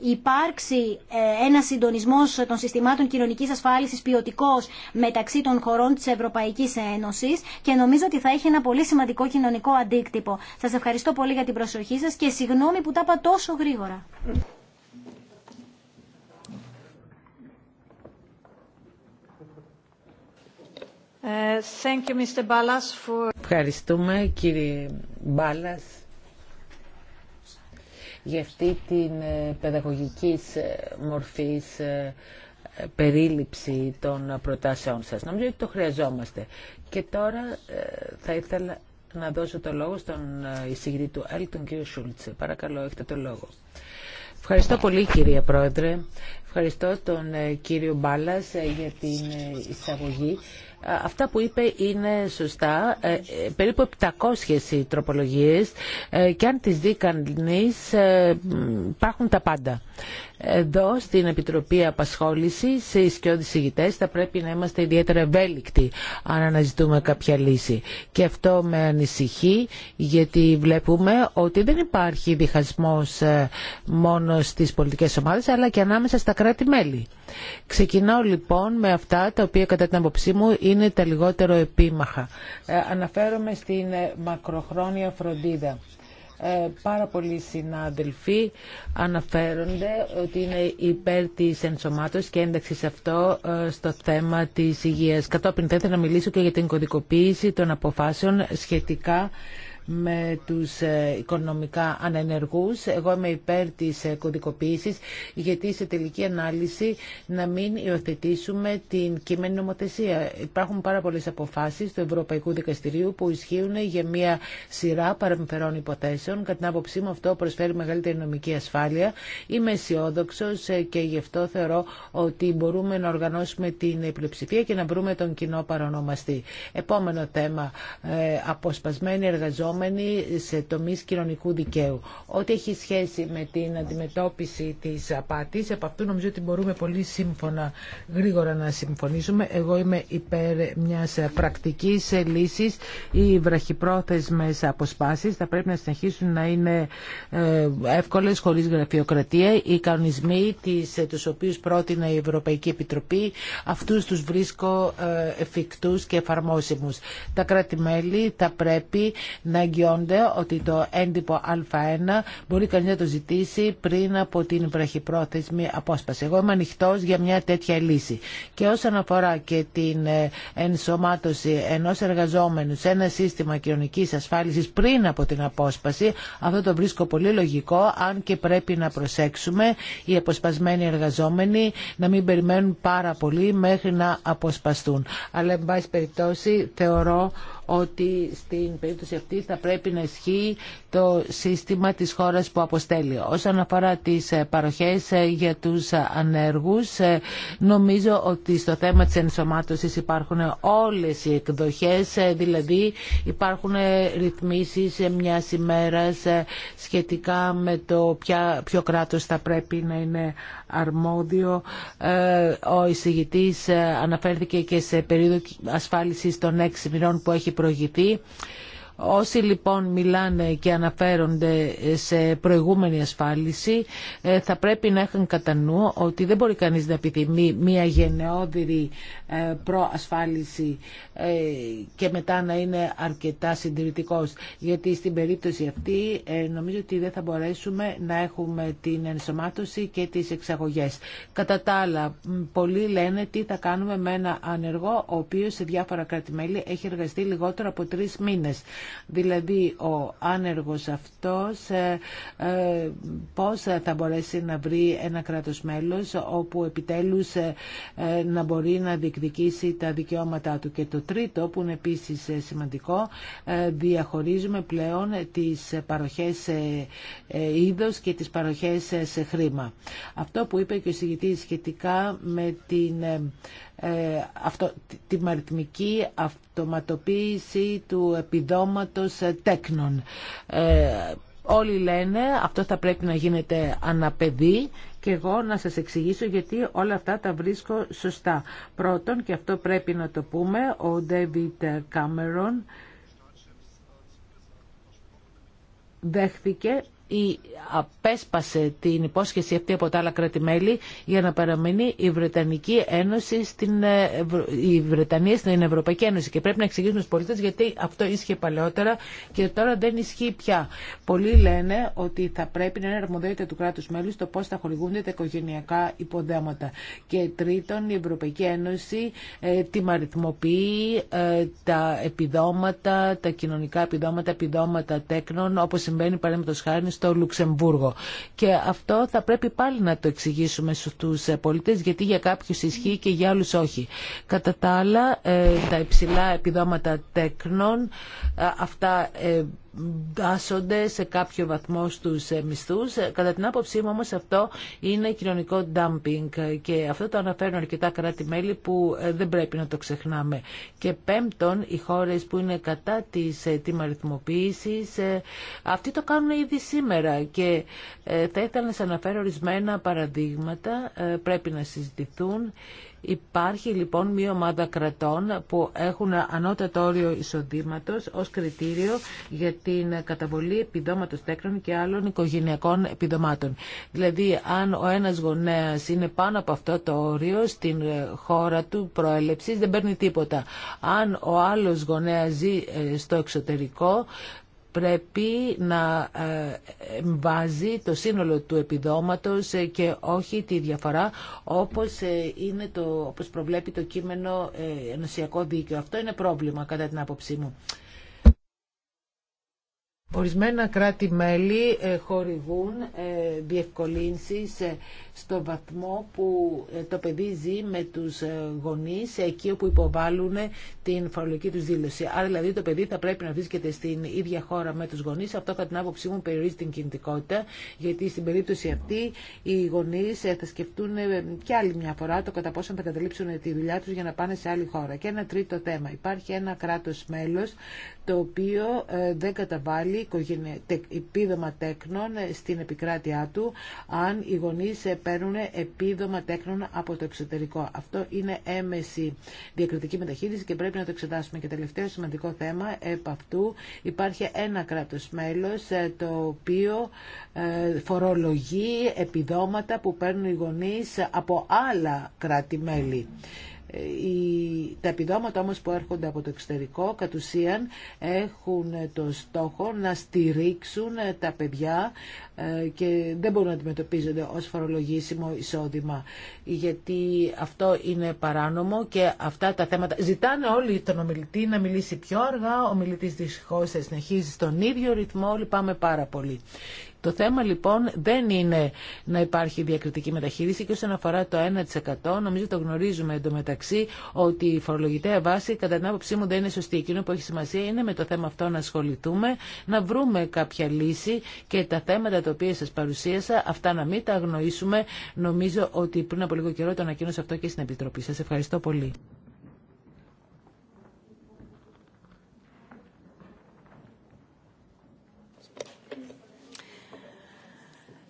υπάρξει ε, ένα συντονισμό των συστημάτων κοινωνική ασφάλισης ποιοτικό μεταξύ των χωρών της Ευρωπαϊκής Ένωση και νομίζω ότι θα έχει ένα πολύ σημαντικό κοινωνικό αντίκτυπο. Σα ευχαριστώ πολύ για την προσοχή σας και συγγνώμη που τα είπα τόσο γρήγορα. Ε, Ευχαριστούμε κύριε Μπάλας για αυτή την ε, παιδαγωγικής ε, μορφής ε, περίληψη των προτάσεών σας. Νομίζω ότι το χρειαζόμαστε. Και τώρα θα ήθελα να δώσω το λόγο στον εισηγητή του ΕΛ, τον κύριο Σούλτσε. Παρακαλώ, έχετε το λόγο. Ευχαριστώ πολύ κύριε Πρόεδρε. Ευχαριστώ τον κύριο Μπάλλας για την εισαγωγή ε, αυτά που είπε είναι σωστά. Ε, περίπου 700 οι ε, και αν τις δει κανείς υπάρχουν τα πάντα. Εδώ στην Επιτροπή Απασχόληση, σε σκιώδεις ηγητές, θα πρέπει να είμαστε ιδιαίτερα ευέλικτοι αν αναζητούμε κάποια λύση. Και αυτό με ανησυχεί γιατί βλέπουμε ότι δεν υπάρχει διχασμός μόνο στις πολιτικές ομάδε, αλλά και ανάμεσα στα κράτη-μέλη. Ξεκινάω λοιπόν με αυτά τα οποία κατά την αποψή μου είναι τα λιγότερο επίμαχα. Ε, αναφέρομαι στην ε, μακροχρόνια φροντίδα. Ε, πάρα πολλοί συνάδελφοι αναφέρονται ότι είναι υπέρ της ενσωμάτωσης και σε αυτό στο θέμα της υγείας. Κατόπιν θα ήθελα να μιλήσω και για την κωδικοποίηση των αποφάσεων σχετικά με τους ε, οικονομικά ανενεργούς. Εγώ είμαι υπέρ της ε, κωδικοποίησης γιατί σε τελική ανάλυση να μην υιοθετήσουμε την κείμενη νομοθεσία. Υπάρχουν πάρα πολλές αποφάσεις του Ευρωπαϊκού Δικαστηρίου που ισχύουν για μια σειρά παραμφερών υποθέσεων. Κατά την άποψή μου αυτό προσφέρει μεγαλύτερη νομική ασφάλεια. Είμαι αισιόδοξο ε, και γι' αυτό θεωρώ ότι μπορούμε να οργανώσουμε την πλειοψηφία και να βρούμε τον κοινό παρονομαστή. Επόμενο θέμα, αποσπασμένοι εργαζόμενοι σε τομείς κοινωνικού δικαίου. Ό,τι έχει σχέση με την αντιμετώπιση της απάτης, από αυτού νομίζω ότι μπορούμε πολύ σύμφωνα γρήγορα να συμφωνήσουμε. Εγώ είμαι υπέρ μιας πρακτικής λύσης. Οι βραχυπρόθεσμες αποσπάσεις θα πρέπει να συνεχίσουν να είναι ε, εύκολες, χωρίς γραφειοκρατία. Οι κανονισμοί τις, τους οποίους πρότεινε η Ευρωπαϊκή Επιτροπή, αυτούς τους βρίσκω ε, εφικτούς και εφαρμόσιμους. Τα κράτη-μέλη θα πρέπει να να εγγυώνται ότι το έντυπο Α1 μπορεί κανεί να το ζητήσει πριν από την βραχυπρόθεσμη απόσπαση. Εγώ είμαι ανοιχτό για μια τέτοια λύση. Και όσον αφορά και την ε, ενσωμάτωση ενό εργαζόμενου σε ένα σύστημα κοινωνική ασφάλιση πριν από την απόσπαση, αυτό το βρίσκω πολύ λογικό, αν και πρέπει να προσέξουμε οι αποσπασμένοι εργαζόμενοι να μην περιμένουν πάρα πολύ μέχρι να αποσπαστούν. Αλλά, εν πάση περιπτώσει, θεωρώ ότι στην περίπτωση αυτή θα πρέπει να ισχύει το σύστημα της χώρας που αποστέλει. Όσον αφορά τις ε, παροχές ε, για τους ε, ανέργους, νομίζω ότι στο θέμα της ενσωμάτωσης υπάρχουν όλες οι εκδοχές, δηλαδή υπάρχουν ρυθμίσεις μια ημέρα σχετικά με το ποιο κράτος θα πρέπει να είναι αρμόδιο. Ε, ο εισηγητή ε, αναφέρθηκε και σε περίοδο ασφάλισης των έξι μηνών που έχει προηγηθεί. Όσοι λοιπόν μιλάνε και αναφέρονται σε προηγούμενη ασφάλιση ε, θα πρέπει να έχουν κατά νου ότι δεν μπορεί κανείς να επιθυμεί μια γενναιόδηρη ε, προασφάλιση ε, και μετά να είναι αρκετά συντηρητικός. Γιατί στην περίπτωση αυτή νομίζω ότι δεν θα μπορέσουμε να έχουμε την ενσωμάτωση και τις εξαγωγές. Κατά τα άλλα, πολλοί λένε τι θα κάνουμε με ένα ανεργό ο οποίος σε διάφορα έχει εργαστεί λιγότερο από τρεις μήνες. Δηλαδή ο άνεργος αυτός ε, ε, πώς θα μπορέσει να βρει ένα κράτος μέλος όπου επιτέλους ε, να μπορεί να διεκδικήσει τα δικαιώματά του. Και το τρίτο που είναι επίσης σημαντικό, διαχωρίζουμε πλέον τις παροχές είδους είδος και τις παροχές σε χρήμα. Αυτό που είπε και ο σχετικά με την ε, αυτο, τη αυτοματοποίηση του επιδόματος ε, τέκνων. Ε, όλοι λένε αυτό θα πρέπει να γίνεται αναπαιδί και εγώ να σας εξηγήσω γιατί όλα αυτά τα βρίσκω σωστά. Πρώτον, και αυτό πρέπει να το πούμε, ο David Cameron δέχθηκε ή απέσπασε την υπόσχεση αυτή από τα άλλα κράτη-μέλη για να παραμείνει η Βρετανική Ένωση στην ε, η Βρετανία στην Ευρωπαϊκή Ένωση. Και πρέπει να εξηγήσουμε στους πολίτες γιατί αυτό ίσχυε παλαιότερα και τώρα δεν ισχύει πια. Πολλοί λένε ότι θα πρέπει να είναι αρμοδιότητα του κράτους μέλους το πώς θα χορηγούνται τα οικογενειακά υποδέματα. Και τρίτον, η Ευρωπαϊκή Ένωση ε, τιμαριθμοποιεί ε, τα επιδόματα, τα κοινωνικά επιδόματα, επιδόματα τέκνων, όπως συμβαίνει παραδείγματος χάρη στο Λουξεμβούργο. Και αυτό θα πρέπει πάλι να το εξηγήσουμε στου ε, πολιτέ, γιατί για κάποιου ισχύει και για άλλου όχι. Κατά τα άλλα, ε, τα υψηλά επιδόματα τέκνων, ε, αυτά δάσονται σε κάποιο βαθμό στους ε, μισθούς. Ε, κατά την άποψή μου όμως αυτό είναι κοινωνικό dumping και αυτό το αναφέρουν αρκετά κράτη-μέλη που ε, δεν πρέπει να το ξεχνάμε. Και πέμπτον, οι χώρες που είναι κατά της τιμαριθμοποίησης, αυτοί το κάνουν ήδη σήμερα και θα ήθελα να σας αναφέρω ορισμένα παραδείγματα, πρέπει να συζητηθούν. Υπάρχει λοιπόν μία ομάδα κρατών που έχουν ανώτατο όριο εισοδήματο ως κριτήριο για την καταβολή επιδόματος τέκνων και άλλων οικογενειακών επιδομάτων. Δηλαδή αν ο ένας γονέας είναι πάνω από αυτό το όριο στην ε, χώρα του προέλευση, δεν παίρνει τίποτα. Αν ο άλλος γονέας ζει ε, στο εξωτερικό πρέπει να ε, βάζει το σύνολο του επιδόματος ε, και όχι τη διαφορά όπως, ε, είναι το, όπως προβλέπει το κείμενο ενωσιακό δίκαιο. Αυτό είναι πρόβλημα κατά την άποψή μου. Ορισμένα κράτη-μέλη χορηγούν διευκολύνσεις στο βαθμό που ε, το παιδί ζει με τους ε, γονείς εκεί όπου υποβάλλουν ε, την φορολογική τους δήλωση. Άρα δηλαδή το παιδί θα πρέπει να βρίσκεται στην ίδια χώρα με τους γονείς. Αυτό κατά την άποψή μου περιορίζει την κινητικότητα γιατί στην περίπτωση αυτή οι γονείς θα σκεφτούν και άλλη μια φορά το κατά πόσο θα καταλήψουν τη δουλειά τους για να πάνε σε άλλη χώρα. Και ένα τρίτο θέμα. Υπάρχει ένα κράτος μέλος το οποίο δεν καταβάλει επίδομα τέκνων στην επικράτειά του αν οι γονείς παίρνουν επίδομα τέκνων από το εξωτερικό. Αυτό είναι έμεση διακριτική μεταχείριση και πρέπει να το εξετάσουμε. Και τελευταίο σημαντικό θέμα επ' αυτού υπάρχει ένα κράτος μέλος ε, το οποίο ε, φορολογεί επιδόματα που παίρνουν οι γονείς από άλλα κράτη-μέλη. Τα επιδόματα όμως που έρχονται από το εξωτερικό κατ' ουσίαν έχουν το στόχο να στηρίξουν τα παιδιά ε, και δεν μπορούν να αντιμετωπίζονται ως φορολογήσιμο εισόδημα γιατί αυτό είναι παράνομο και αυτά τα θέματα ζητάνε όλοι τον ομιλητή να μιλήσει πιο αργά ο ομιλητής δυστυχώς συνεχίζει στον ίδιο ρυθμό πάμε πάρα πολύ το θέμα λοιπόν δεν είναι να υπάρχει διακριτική μεταχείριση και όσον αφορά το 1% νομίζω το γνωρίζουμε εντωμεταξύ ότι η φορολογητέα βάση κατά την άποψή μου δεν είναι σωστή. Εκείνο που έχει σημασία είναι με το θέμα αυτό να ασχοληθούμε, να βρούμε κάποια λύση και τα θέματα τα οποία σας παρουσίασα αυτά να μην τα αγνοήσουμε. Νομίζω ότι πριν από λίγο καιρό το ανακοίνωσα αυτό και στην Επιτροπή. Σας ευχαριστώ πολύ.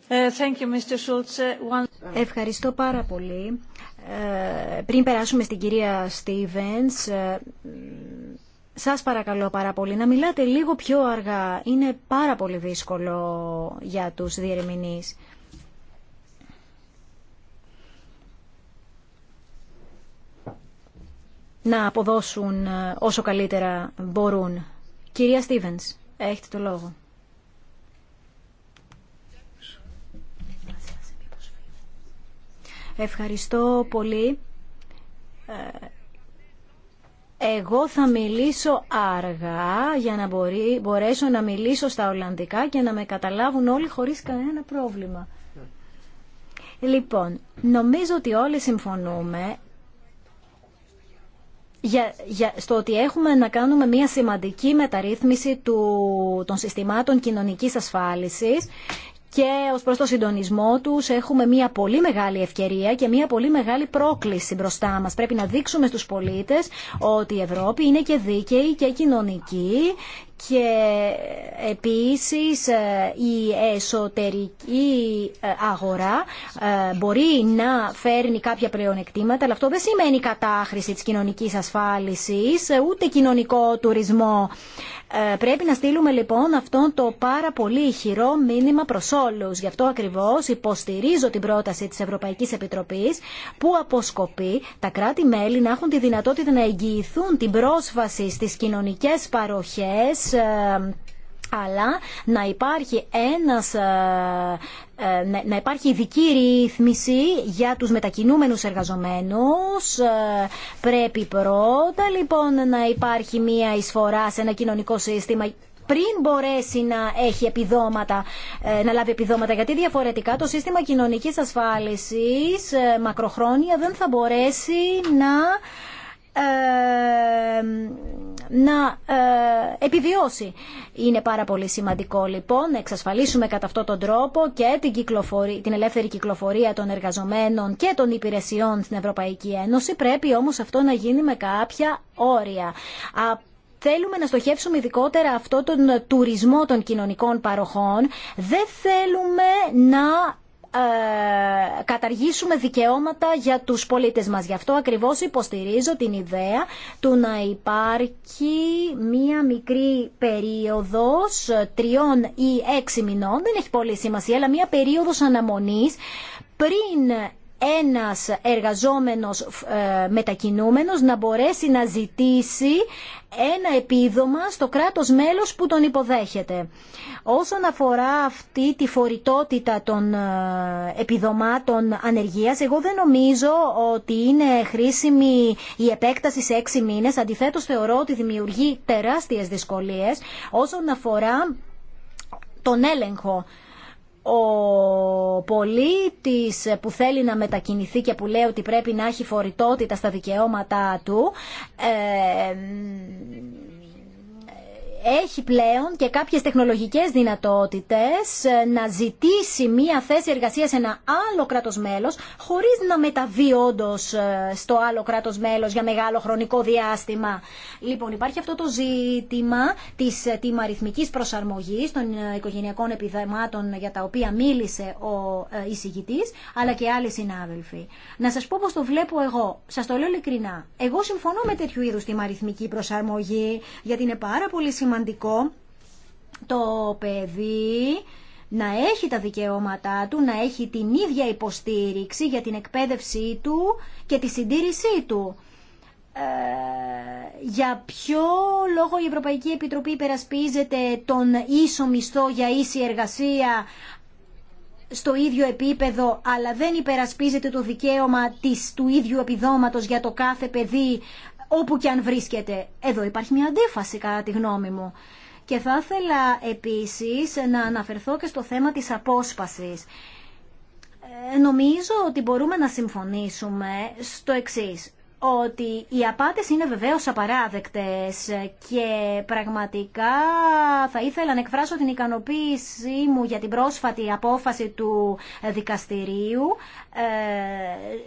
Ε, Ευχαριστώ πάρα πολύ. Ε, πριν περάσουμε στην κυρία Στίβενς, ε, σας παρακαλώ πάρα πολύ να μιλάτε λίγο πιο αργά. Είναι πάρα πολύ δύσκολο για τους διερμηνείς. να αποδώσουν όσο καλύτερα μπορούν. Κυρία Στίβενς, έχετε το λόγο. Ευχαριστώ πολύ. Ε, εγώ θα μιλήσω αργά για να μπορέσω να μιλήσω στα Ολλανδικά και να με καταλάβουν όλοι χωρίς κανένα πρόβλημα. Λοιπόν, νομίζω ότι όλοι συμφωνούμε για, για, στο ότι έχουμε να κάνουμε μια σημαντική μεταρρύθμιση του, των συστημάτων κοινωνικής ασφάλισης και ως προς το συντονισμό τους έχουμε μια πολύ μεγάλη ευκαιρία και μια πολύ μεγάλη πρόκληση μπροστά μας. Πρέπει να δείξουμε στους πολίτες ότι η Ευρώπη είναι και δίκαιη και κοινωνική και επίσης ε, η εσωτερική ε, αγορά ε, μπορεί να φέρνει κάποια πλεονεκτήματα αλλά αυτό δεν σημαίνει κατάχρηση της κοινωνικής ασφάλισης ούτε κοινωνικό τουρισμό ε, πρέπει να στείλουμε λοιπόν αυτό το πάρα πολύ ηχηρό μήνυμα προ όλου. Γι' αυτό ακριβώ υποστηρίζω την πρόταση τη Ευρωπαϊκή Επιτροπή που αποσκοπεί τα κράτη-μέλη να έχουν τη δυνατότητα να εγγυηθούν την πρόσβαση στι κοινωνικέ παροχέ ε, αλλά να υπάρχει ένας ε, ε, να υπάρχει ειδική ρύθμιση για τους μετακινούμενους εργαζομένους. Ε, πρέπει πρώτα λοιπόν να υπάρχει μία εισφορά σε ένα κοινωνικό σύστημα πριν μπορέσει να έχει επιδόματα, ε, να λάβει επιδόματα, γιατί διαφορετικά το σύστημα κοινωνικής ασφάλισης μακροχρόνια δεν θα μπορέσει να ε, να ε, επιβιώσει. Είναι πάρα πολύ σημαντικό λοιπόν να εξασφαλίσουμε κατά αυτόν τον τρόπο και την, κυκλοφορία, την ελεύθερη κυκλοφορία των εργαζομένων και των υπηρεσιών στην Ευρωπαϊκή Ένωση. Πρέπει όμως αυτό να γίνει με κάποια όρια. Θέλουμε να στοχεύσουμε ειδικότερα αυτό τον τουρισμό των κοινωνικών παροχών. Δεν θέλουμε να ε, καταργήσουμε δικαιώματα για τους πολίτες μας. Γι' αυτό ακριβώς υποστηρίζω την ιδέα του να υπάρχει μία μικρή περίοδος ε, τριών ή έξι μηνών, δεν έχει πολύ σημασία, αλλά μία περίοδος αναμονής πριν ένας εργαζόμενος ε, μετακινούμενος να μπορέσει να ζητήσει ένα επίδομα στο κράτος μέλος που τον υποδέχεται. Όσον αφορά αυτή τη φορητότητα των ε, επιδομάτων ανεργίας, εγώ δεν νομίζω ότι είναι χρήσιμη η επέκταση σε έξι μήνες. Αντιθέτως θεωρώ ότι δημιουργεί τεράστιες δυσκολίες όσον αφορά τον έλεγχο ο πολίτης που θέλει να μετακινηθεί και που λέει ότι πρέπει να έχει φορητότητα στα δικαιώματά του ε, έχει πλέον και κάποιες τεχνολογικές δυνατότητες ε, να ζητήσει μία θέση εργασίας σε ένα άλλο κράτος μέλος χωρίς να μεταβεί όντω ε, στο άλλο κράτος μέλος για μεγάλο χρονικό διάστημα. Λοιπόν, υπάρχει αυτό το ζήτημα της ε, τιμαριθμικής προσαρμογής των οικογενειακών επιδεμάτων για τα οποία μίλησε ο εισηγητής, αλλά και άλλοι συνάδελφοι. Να σας πω πώς το βλέπω εγώ. Σας το λέω ειλικρινά. Εγώ συμφωνώ με τέτοιου είδους τιμαριθμική προσαρμογή, γιατί είναι πάρα πολύ σημαντικό σημαντικό το παιδί να έχει τα δικαιώματά του, να έχει την ίδια υποστήριξη για την εκπαίδευσή του και τη συντήρησή του. Ε, για ποιο λόγο η Ευρωπαϊκή Επιτροπή υπερασπίζεται τον ίσο μισθό για ίση εργασία στο ίδιο επίπεδο, αλλά δεν υπερασπίζεται το δικαίωμα της, του ίδιου επιδόματος για το κάθε παιδί όπου και αν βρίσκεται. Εδώ υπάρχει μια αντίφαση κατά τη γνώμη μου. Και θα ήθελα επίσης να αναφερθώ και στο θέμα της απόσπασης. Ε, νομίζω ότι μπορούμε να συμφωνήσουμε στο εξής ότι οι απάτες είναι βεβαίως απαράδεκτες και πραγματικά θα ήθελα να εκφράσω την ικανοποίησή μου για την πρόσφατη απόφαση του δικαστηρίου ε,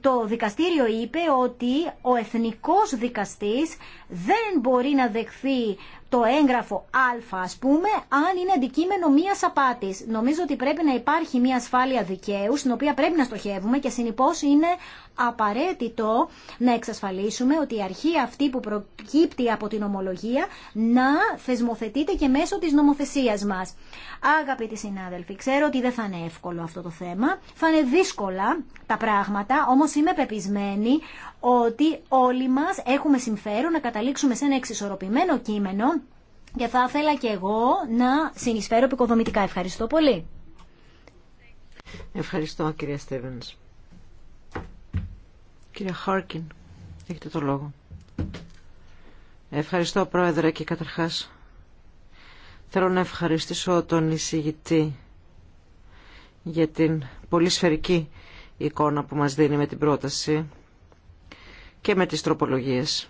το δικαστήριο είπε ότι ο εθνικός δικαστής δεν μπορεί να δεχθεί το έγγραφο Α, ας πούμε, αν είναι αντικείμενο μίας απάτης. Νομίζω ότι πρέπει να υπάρχει μια ασφάλεια δικαίου, στην οποία πρέπει να στοχεύουμε και συνεπώ είναι απαραίτητο να εξασφαλίσουμε ότι η αρχή αυτή που προκύπτει από την ομολογία να θεσμοθετείται και μέσω τη νομοθεσία μας. Αγαπητοί συνάδελφοι, ξέρω ότι δεν θα είναι εύκολο αυτό το θέμα, θα είναι δύσκολα τα πράγματα, όμω είμαι πεπισμένη ότι όλοι μας έχουμε συμφέρον να καταλήξουμε σε ένα εξισορροπημένο κείμενο και θα ήθελα και εγώ να συνεισφέρω επικοδομητικά. Ευχαριστώ πολύ. Ευχαριστώ κυρία Στέβενς. Κυρία Χάρκιν, έχετε το λόγο. Ευχαριστώ πρόεδρε και καταρχάς θέλω να ευχαριστήσω τον εισηγητή για την πολύ σφαιρική εικόνα που μας δίνει με την πρόταση και με τις τροπολογίες.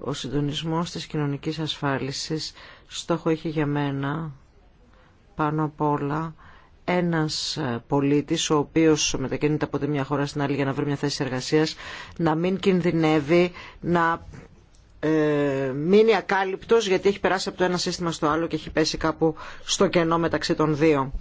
Ο συντονισμός της κοινωνικής ασφάλισης στόχο έχει για μένα πάνω απ' όλα ένας πολίτης ο οποίος μετακινείται από τη μια χώρα στην άλλη για να βρει μια θέση εργασίας να μην κινδυνεύει να ε, μείνει ακάλυπτος γιατί έχει περάσει από το ένα σύστημα στο άλλο και έχει πέσει κάπου στο κενό μεταξύ των δύο.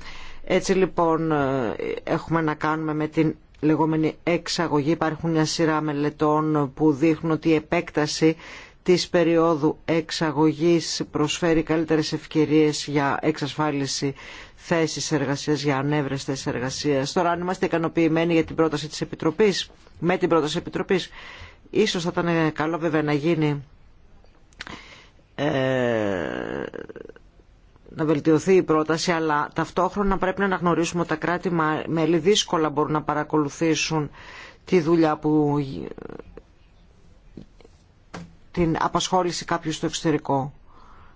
Έτσι λοιπόν ε, έχουμε να κάνουμε με την λεγόμενη εξαγωγή. Υπάρχουν μια σειρά μελετών που δείχνουν ότι η επέκταση της περίοδου εξαγωγής προσφέρει καλύτερες ευκαιρίες για εξασφάλιση θέσης εργασίας, για ανέβρεστες εργασίας. Τώρα αν είμαστε ικανοποιημένοι για την πρόταση της Επιτροπής, με την πρόταση της Επιτροπής, ίσως θα ήταν καλό βέβαια να γίνει ε, να βελτιωθεί η πρόταση, αλλά ταυτόχρονα πρέπει να αναγνωρίσουμε ότι τα κράτη-μέλη δύσκολα μπορούν να παρακολουθήσουν τη δουλειά που την απασχόληση κάποιου στο εξωτερικό.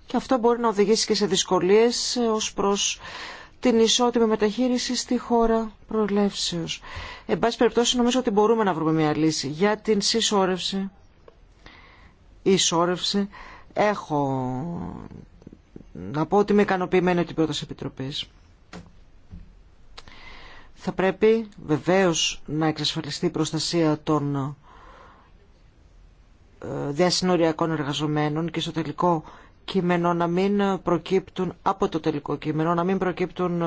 Και αυτό μπορεί να οδηγήσει και σε δυσκολίες ως προς την ισότιμη μεταχείριση στη χώρα προελεύσεως. Εν πάση περιπτώσει νομίζω ότι μπορούμε να βρούμε μια λύση για την συσσόρευση. Η έχω να πω ότι είμαι ικανοποιημένη από την πρόταση Επιτροπής. Θα πρέπει βεβαίως να εξασφαλιστεί η προστασία των ε, διασυνοριακών εργαζομένων και στο τελικό κείμενο να μην προκύπτουν από το τελικό κείμενο να μην προκύπτουν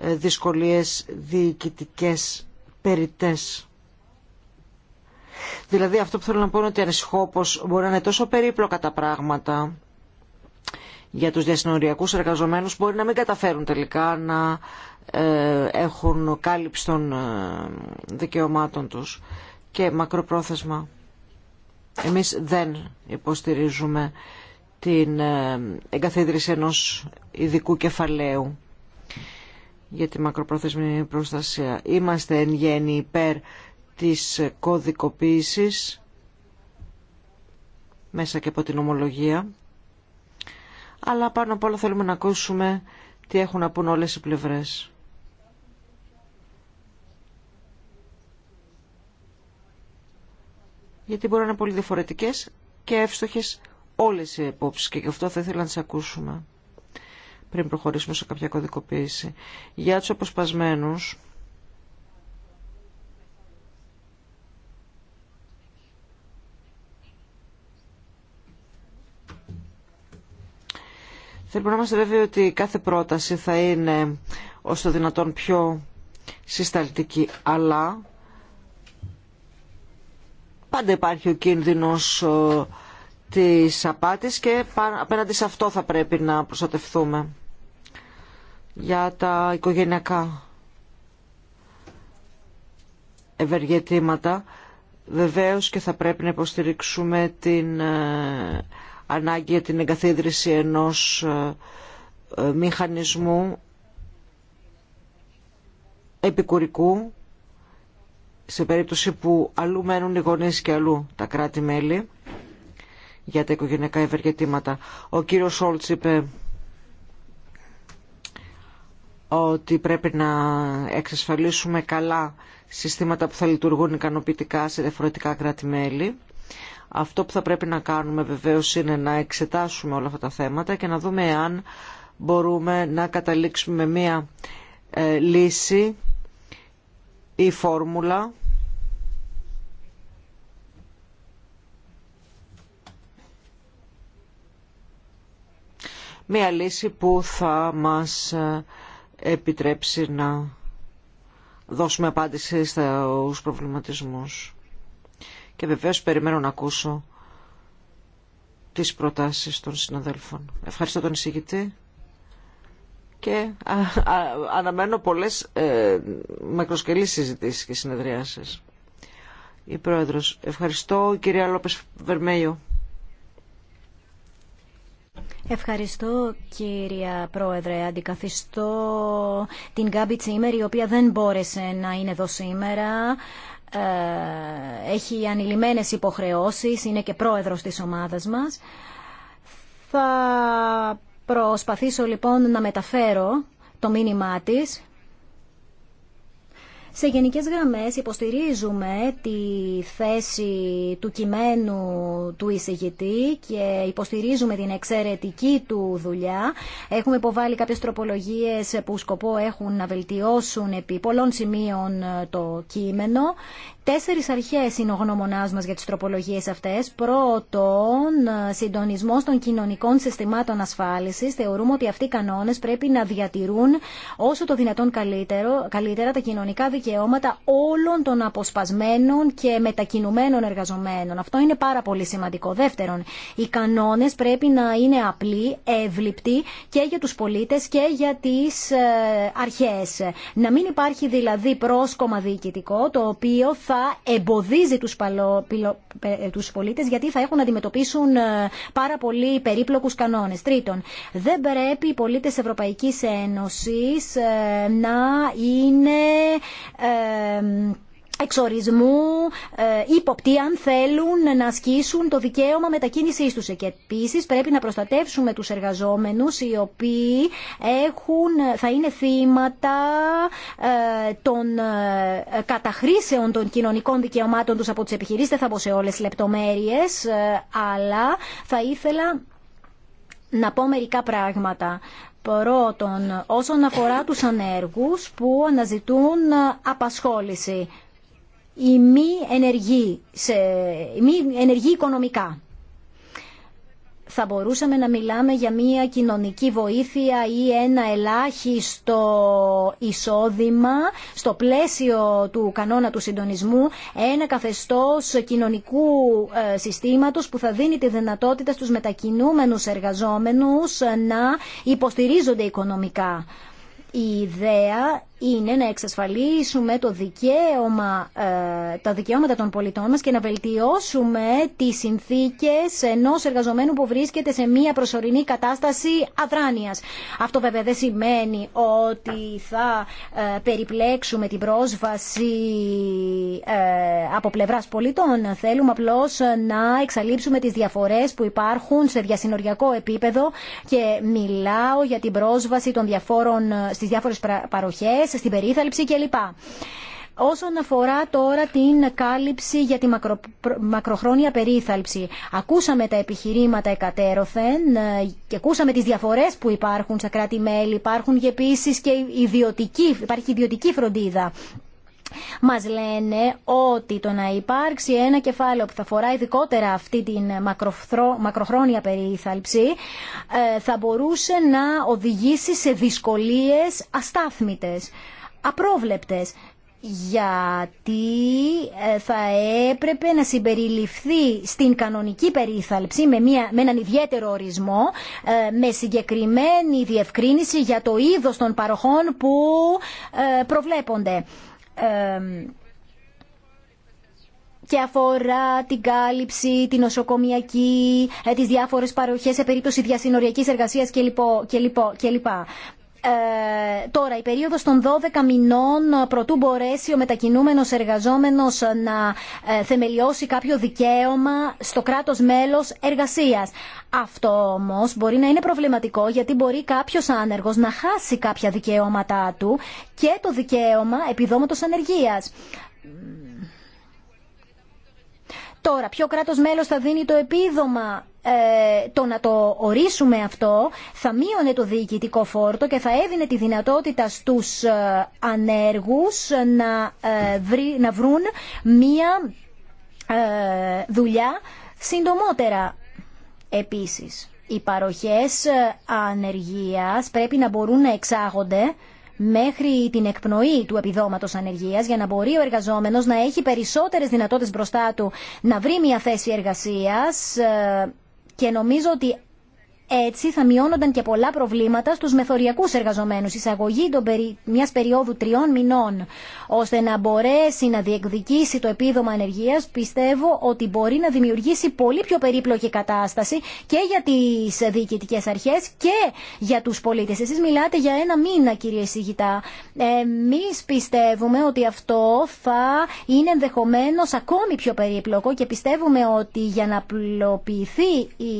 ε, δυσκολίες διοικητικές περιτές. Δηλαδή αυτό που θέλω να πω είναι ότι ανησυχώ πως μπορεί να είναι τόσο περίπλοκα τα πράγματα για τους διασυνοριακούς εργαζομένους μπορεί να μην καταφέρουν τελικά να ε, έχουν κάλυψη των ε, δικαιωμάτων τους και μακροπρόθεσμα. Εμείς δεν υποστηρίζουμε την ε, εγκαθίδρυση ενός ειδικού κεφαλαίου για τη μακροπρόθεσμη προστασία. Είμαστε εν γέννη υπέρ της κωδικοποίησης μέσα και από την ομολογία αλλά πάνω απ' όλα θέλουμε να ακούσουμε τι έχουν να πούν όλες οι πλευρές. Γιατί μπορεί να είναι πολύ διαφορετικές και εύστοχες όλες οι απόψεις και γι' αυτό θα ήθελα να τις ακούσουμε πριν προχωρήσουμε σε κάποια κωδικοποίηση. Για τους αποσπασμένους, μπορούμε να είμαστε βέβαιοι ότι κάθε πρόταση θα είναι ως το δυνατόν πιο συσταλτική, αλλά πάντα υπάρχει ο κίνδυνος ε, της απάτης και απέναντι σε αυτό θα πρέπει να προστατευθούμε για τα οικογενειακά ευεργετήματα. Βεβαίως και θα πρέπει να υποστηρίξουμε την ε, ανάγκη για την εγκαθίδρυση ενός ε, ε, μηχανισμού επικουρικού σε περίπτωση που αλλού μένουν οι γονείς και αλλού τα κράτη-μέλη για τα οικογενειακά ευεργετήματα. Ο κύριος Σόλτς είπε ότι πρέπει να εξασφαλίσουμε καλά συστήματα που θα λειτουργούν ικανοποιητικά σε διαφορετικά κράτη-μέλη αυτό που θα πρέπει να κάνουμε βεβαίως είναι να εξετάσουμε όλα αυτά τα θέματα και να δούμε αν μπορούμε να καταλήξουμε μία ε, λύση ή φόρμουλα μία λύση που θα μας ε, επιτρέψει να δώσουμε απάντηση στους προβληματισμούς και βεβαίως περιμένω να ακούσω τις προτάσεις των συναδέλφων. Ευχαριστώ τον εισηγητή και αναμένω πολλές ε, μακροσκελείς συζητήσεις και συνεδριάσεις. Η Πρόεδρος. Ευχαριστώ, κυρία Λόπες Βερμέιο. Ευχαριστώ κύρια Πρόεδρε. Αντικαθιστώ την Γκάμπι Τσίμερ η οποία δεν μπόρεσε να είναι εδώ σήμερα. Ε, έχει ανηλυμένες υποχρεώσεις, είναι και πρόεδρος της ομάδας μας. Θα προσπαθήσω λοιπόν να μεταφέρω το μήνυμά της σε γενικές γραμμές υποστηρίζουμε τη θέση του κειμένου του εισηγητή και υποστηρίζουμε την εξαιρετική του δουλειά. Έχουμε υποβάλει κάποιες τροπολογίες που σκοπό έχουν να βελτιώσουν επί πολλών σημείων ε, το κείμενο. Τέσσερις αρχές είναι ο γνωμονάς μας για τις τροπολογίες αυτές. Πρώτον, ε, συντονισμό των κοινωνικών συστημάτων ασφάλισης. Θεωρούμε ότι αυτοί οι κανόνες πρέπει να διατηρούν όσο το δυνατόν καλύτερο, καλύτερα τα κοινωνικά δικαιώματα όλων των αποσπασμένων και μετακινουμένων εργαζομένων. Αυτό είναι πάρα πολύ σημαντικό. Δεύτερον, οι κανόνες πρέπει να είναι απλοί, εύληπτοι και για τους πολίτες και για τις ε, αρχές. Να μην υπάρχει δηλαδή πρόσκομα διοικητικό το οποίο θα εμποδίζει του παλο... Ε, τους πολίτες γιατί θα έχουν να αντιμετωπίσουν ε, πάρα πολύ περίπλοκους κανόνες. Τρίτον, δεν πρέπει οι πολίτε Ευρωπαϊκή Ένωσης να είναι ε, εξορισμού ε, αν θέλουν να ασκήσουν το δικαίωμα μετακίνησής τους. Και επίσης πρέπει να προστατεύσουμε τους εργαζόμενους οι οποίοι έχουν, θα είναι θύματα ε, των ε, καταχρήσεων των κοινωνικών δικαιωμάτων τους από τις επιχειρήσεις. Δεν θα πω σε όλες τις λεπτομέρειες, ε, αλλά θα ήθελα να πω μερικά πράγματα. Πρώτον, όσον αφορά τους ανέργους που αναζητούν ε, απασχόληση, η μη ενεργοί σε, οικονομικά θα μπορούσαμε να μιλάμε για μια κοινωνική βοήθεια ή ένα ελάχιστο εισόδημα στο πλαίσιο του κανόνα του συντονισμού, ένα καθεστώς κοινωνικού ε, συστήματος που θα δίνει τη δυνατότητα στους μετακινούμενους εργαζόμενους να υποστηρίζονται οικονομικά. Η ιδέα είναι να εξασφαλίσουμε το δικαίωμα, ε, τα δικαιώματα των πολιτών μας και να βελτιώσουμε τις συνθήκες ενός εργαζομένου που βρίσκεται σε μια προσωρινή κατάσταση αδράνειας. Αυτό βέβαια δεν σημαίνει ότι θα ε, περιπλέξουμε την πρόσβαση ε, από πλευράς πολιτών. Θέλουμε απλώς να εξαλείψουμε τις διαφορές που υπάρχουν σε διασυνοριακό επίπεδο και μιλάω για την πρόσβαση των διαφόρων, στις διάφορες παροχές στην περίθαλψη κλπ. Όσον αφορά τώρα την κάλυψη για τη μακροχρόνια περίθαλψη, ακούσαμε τα επιχειρήματα εκατέρωθεν ε, και ακούσαμε τις διαφορές που υπάρχουν στα κράτη-μέλη, υπάρχουν και επίσης και ιδιωτική, υπάρχει ιδιωτική φροντίδα μας λένε ότι το να υπάρξει ένα κεφάλαιο που θα φορά ειδικότερα αυτή την μακροχρόνια περίθαλψη ε, θα μπορούσε να οδηγήσει σε δυσκολίες αστάθμητες, απρόβλεπτες γιατί ε, θα έπρεπε να συμπεριληφθεί στην κανονική περίθαλψη με, μια, με έναν ιδιαίτερο ορισμό ε, με συγκεκριμένη διευκρίνηση για το είδος των παροχών που προβλέπονται και αφορά την κάλυψη, την νοσοκομιακή, ε, τις διάφορες παροχές σε περίπτωση διασυνοριακής εργασίας κλπ. Ε, τώρα, η περίοδος των 12 μηνών ε, προτού μπορέσει ο μετακινούμενος εργαζόμενος να ε, θεμελιώσει κάποιο δικαίωμα στο κράτος μέλος εργασίας. Αυτό όμως μπορεί να είναι προβληματικό γιατί μπορεί κάποιος άνεργος να χάσει κάποια δικαιώματά του και το δικαίωμα επιδόματος ανεργίας. Τώρα, ποιο κράτος μέλος θα δίνει το επίδομα ε, το να το ορίσουμε αυτό θα μείωνε το διοικητικό φόρτο και θα έδινε τη δυνατότητα στους ε, ανέργους να, ε, να βρουν μία δουλειά συντομότερα επίσης. Οι παροχές ανεργίας πρέπει να μπορούν να εξάγονται μέχρι την εκπνοή του επιδόματος ανεργίας για να μπορεί ο εργαζόμενος να έχει περισσότερες δυνατότητες μπροστά του να βρει μια θέση εργασίας και νομίζω ότι έτσι θα μειώνονταν και πολλά προβλήματα στους μεθοριακούς εργαζομένους. Η εισαγωγή περι... μιας περίοδου τριών μηνών ώστε να μπορέσει να διεκδικήσει το επίδομα ανεργίας πιστεύω ότι μπορεί να δημιουργήσει πολύ πιο περίπλοκη κατάσταση και για τις διοικητικές αρχές και για τους πολίτες. Εσείς μιλάτε για ένα μήνα κύριε Σιγητά. Εμείς πιστεύουμε ότι αυτό θα είναι ενδεχομένω ακόμη πιο περίπλοκο και πιστεύουμε ότι για να απλοποιηθεί η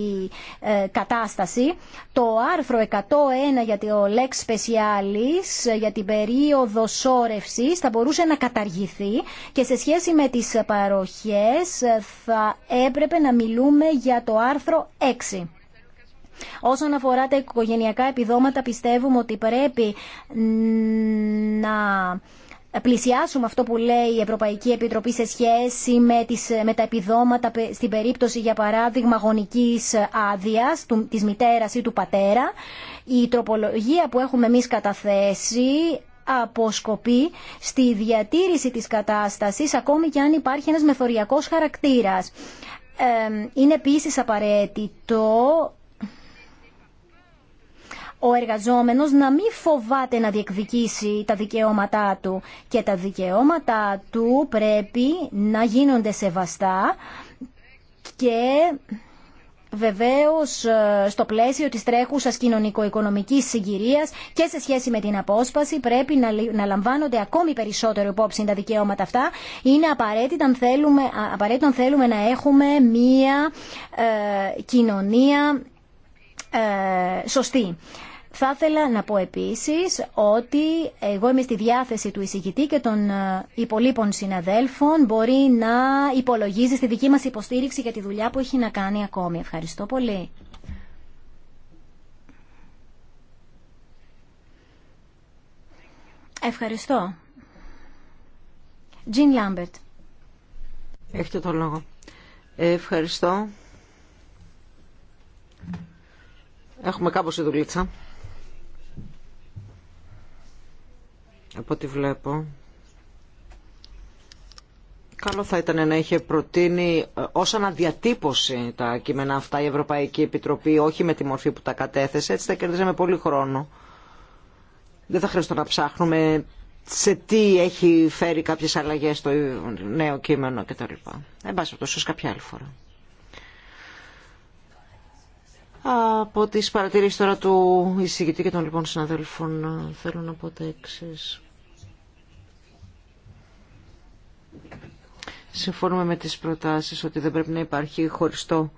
ε, κατάσταση κατάσταση. Το άρθρο 101 για το Lex Specialis, για την περίοδο σόρευσης, θα μπορούσε να καταργηθεί και σε σχέση με τις παροχές θα έπρεπε να μιλούμε για το άρθρο 6. Όσον αφορά τα οικογενειακά επιδόματα, πιστεύουμε ότι πρέπει να πλησιάσουμε αυτό που λέει η Ευρωπαϊκή Επιτροπή σε σχέση με, τις, με τα επιδόματα στην περίπτωση για παράδειγμα γονικής άδειας του, της μητέρας ή του πατέρα. Η τροπολογία που έχουμε εμείς καταθέσει αποσκοπεί στη διατήρηση της κατάστασης ακόμη και αν υπάρχει ένας μεθοριακός χαρακτήρας. Ε, είναι επίσης απαραίτητο ο εργαζόμενος να μην φοβάται να διεκδικήσει τα δικαιώματά του και τα δικαιώματά του πρέπει να γίνονται σεβαστά και βεβαίως ε, στο πλαίσιο της τρέχουσας κοινωνικο-οικονομικής συγκυρίας και σε σχέση με την απόσπαση πρέπει να, λαμβάνονται ακόμη περισσότερο υπόψη τα δικαιώματα αυτά. Είναι απαραίτητο αν θέλουμε, απαραίτητο αν θέλουμε να έχουμε μία ε, κοινωνία ε, σωστή. Θα ήθελα να πω επίσης ότι εγώ είμαι στη διάθεση του εισηγητή και των ε, υπολείπων συναδέλφων μπορεί να υπολογίζει στη δική μας υποστήριξη για τη δουλειά που έχει να κάνει ακόμη. Ευχαριστώ πολύ. Ευχαριστώ. Τζιν Λάμπερτ. Έχετε το λόγο. Ευχαριστώ. Έχουμε κάπως η δουλίτσα. Από ό,τι βλέπω. Καλό θα ήταν να είχε προτείνει ε, ως αναδιατύπωση τα κείμενα αυτά η Ευρωπαϊκή Επιτροπή, όχι με τη μορφή που τα κατέθεσε, έτσι θα κερδίζαμε πολύ χρόνο. Δεν θα χρειαστώ να ψάχνουμε σε τι έχει φέρει κάποιες αλλαγές στο νέο κείμενο κτλ. Εν πάση κάποια άλλη φορά. Από τι παρατηρήσει τώρα του εισηγητή και των λοιπόν συναδέλφων θέλω να πω τα Συμφωνούμε με τις προτάσεις ότι δεν πρέπει να υπάρχει χωριστό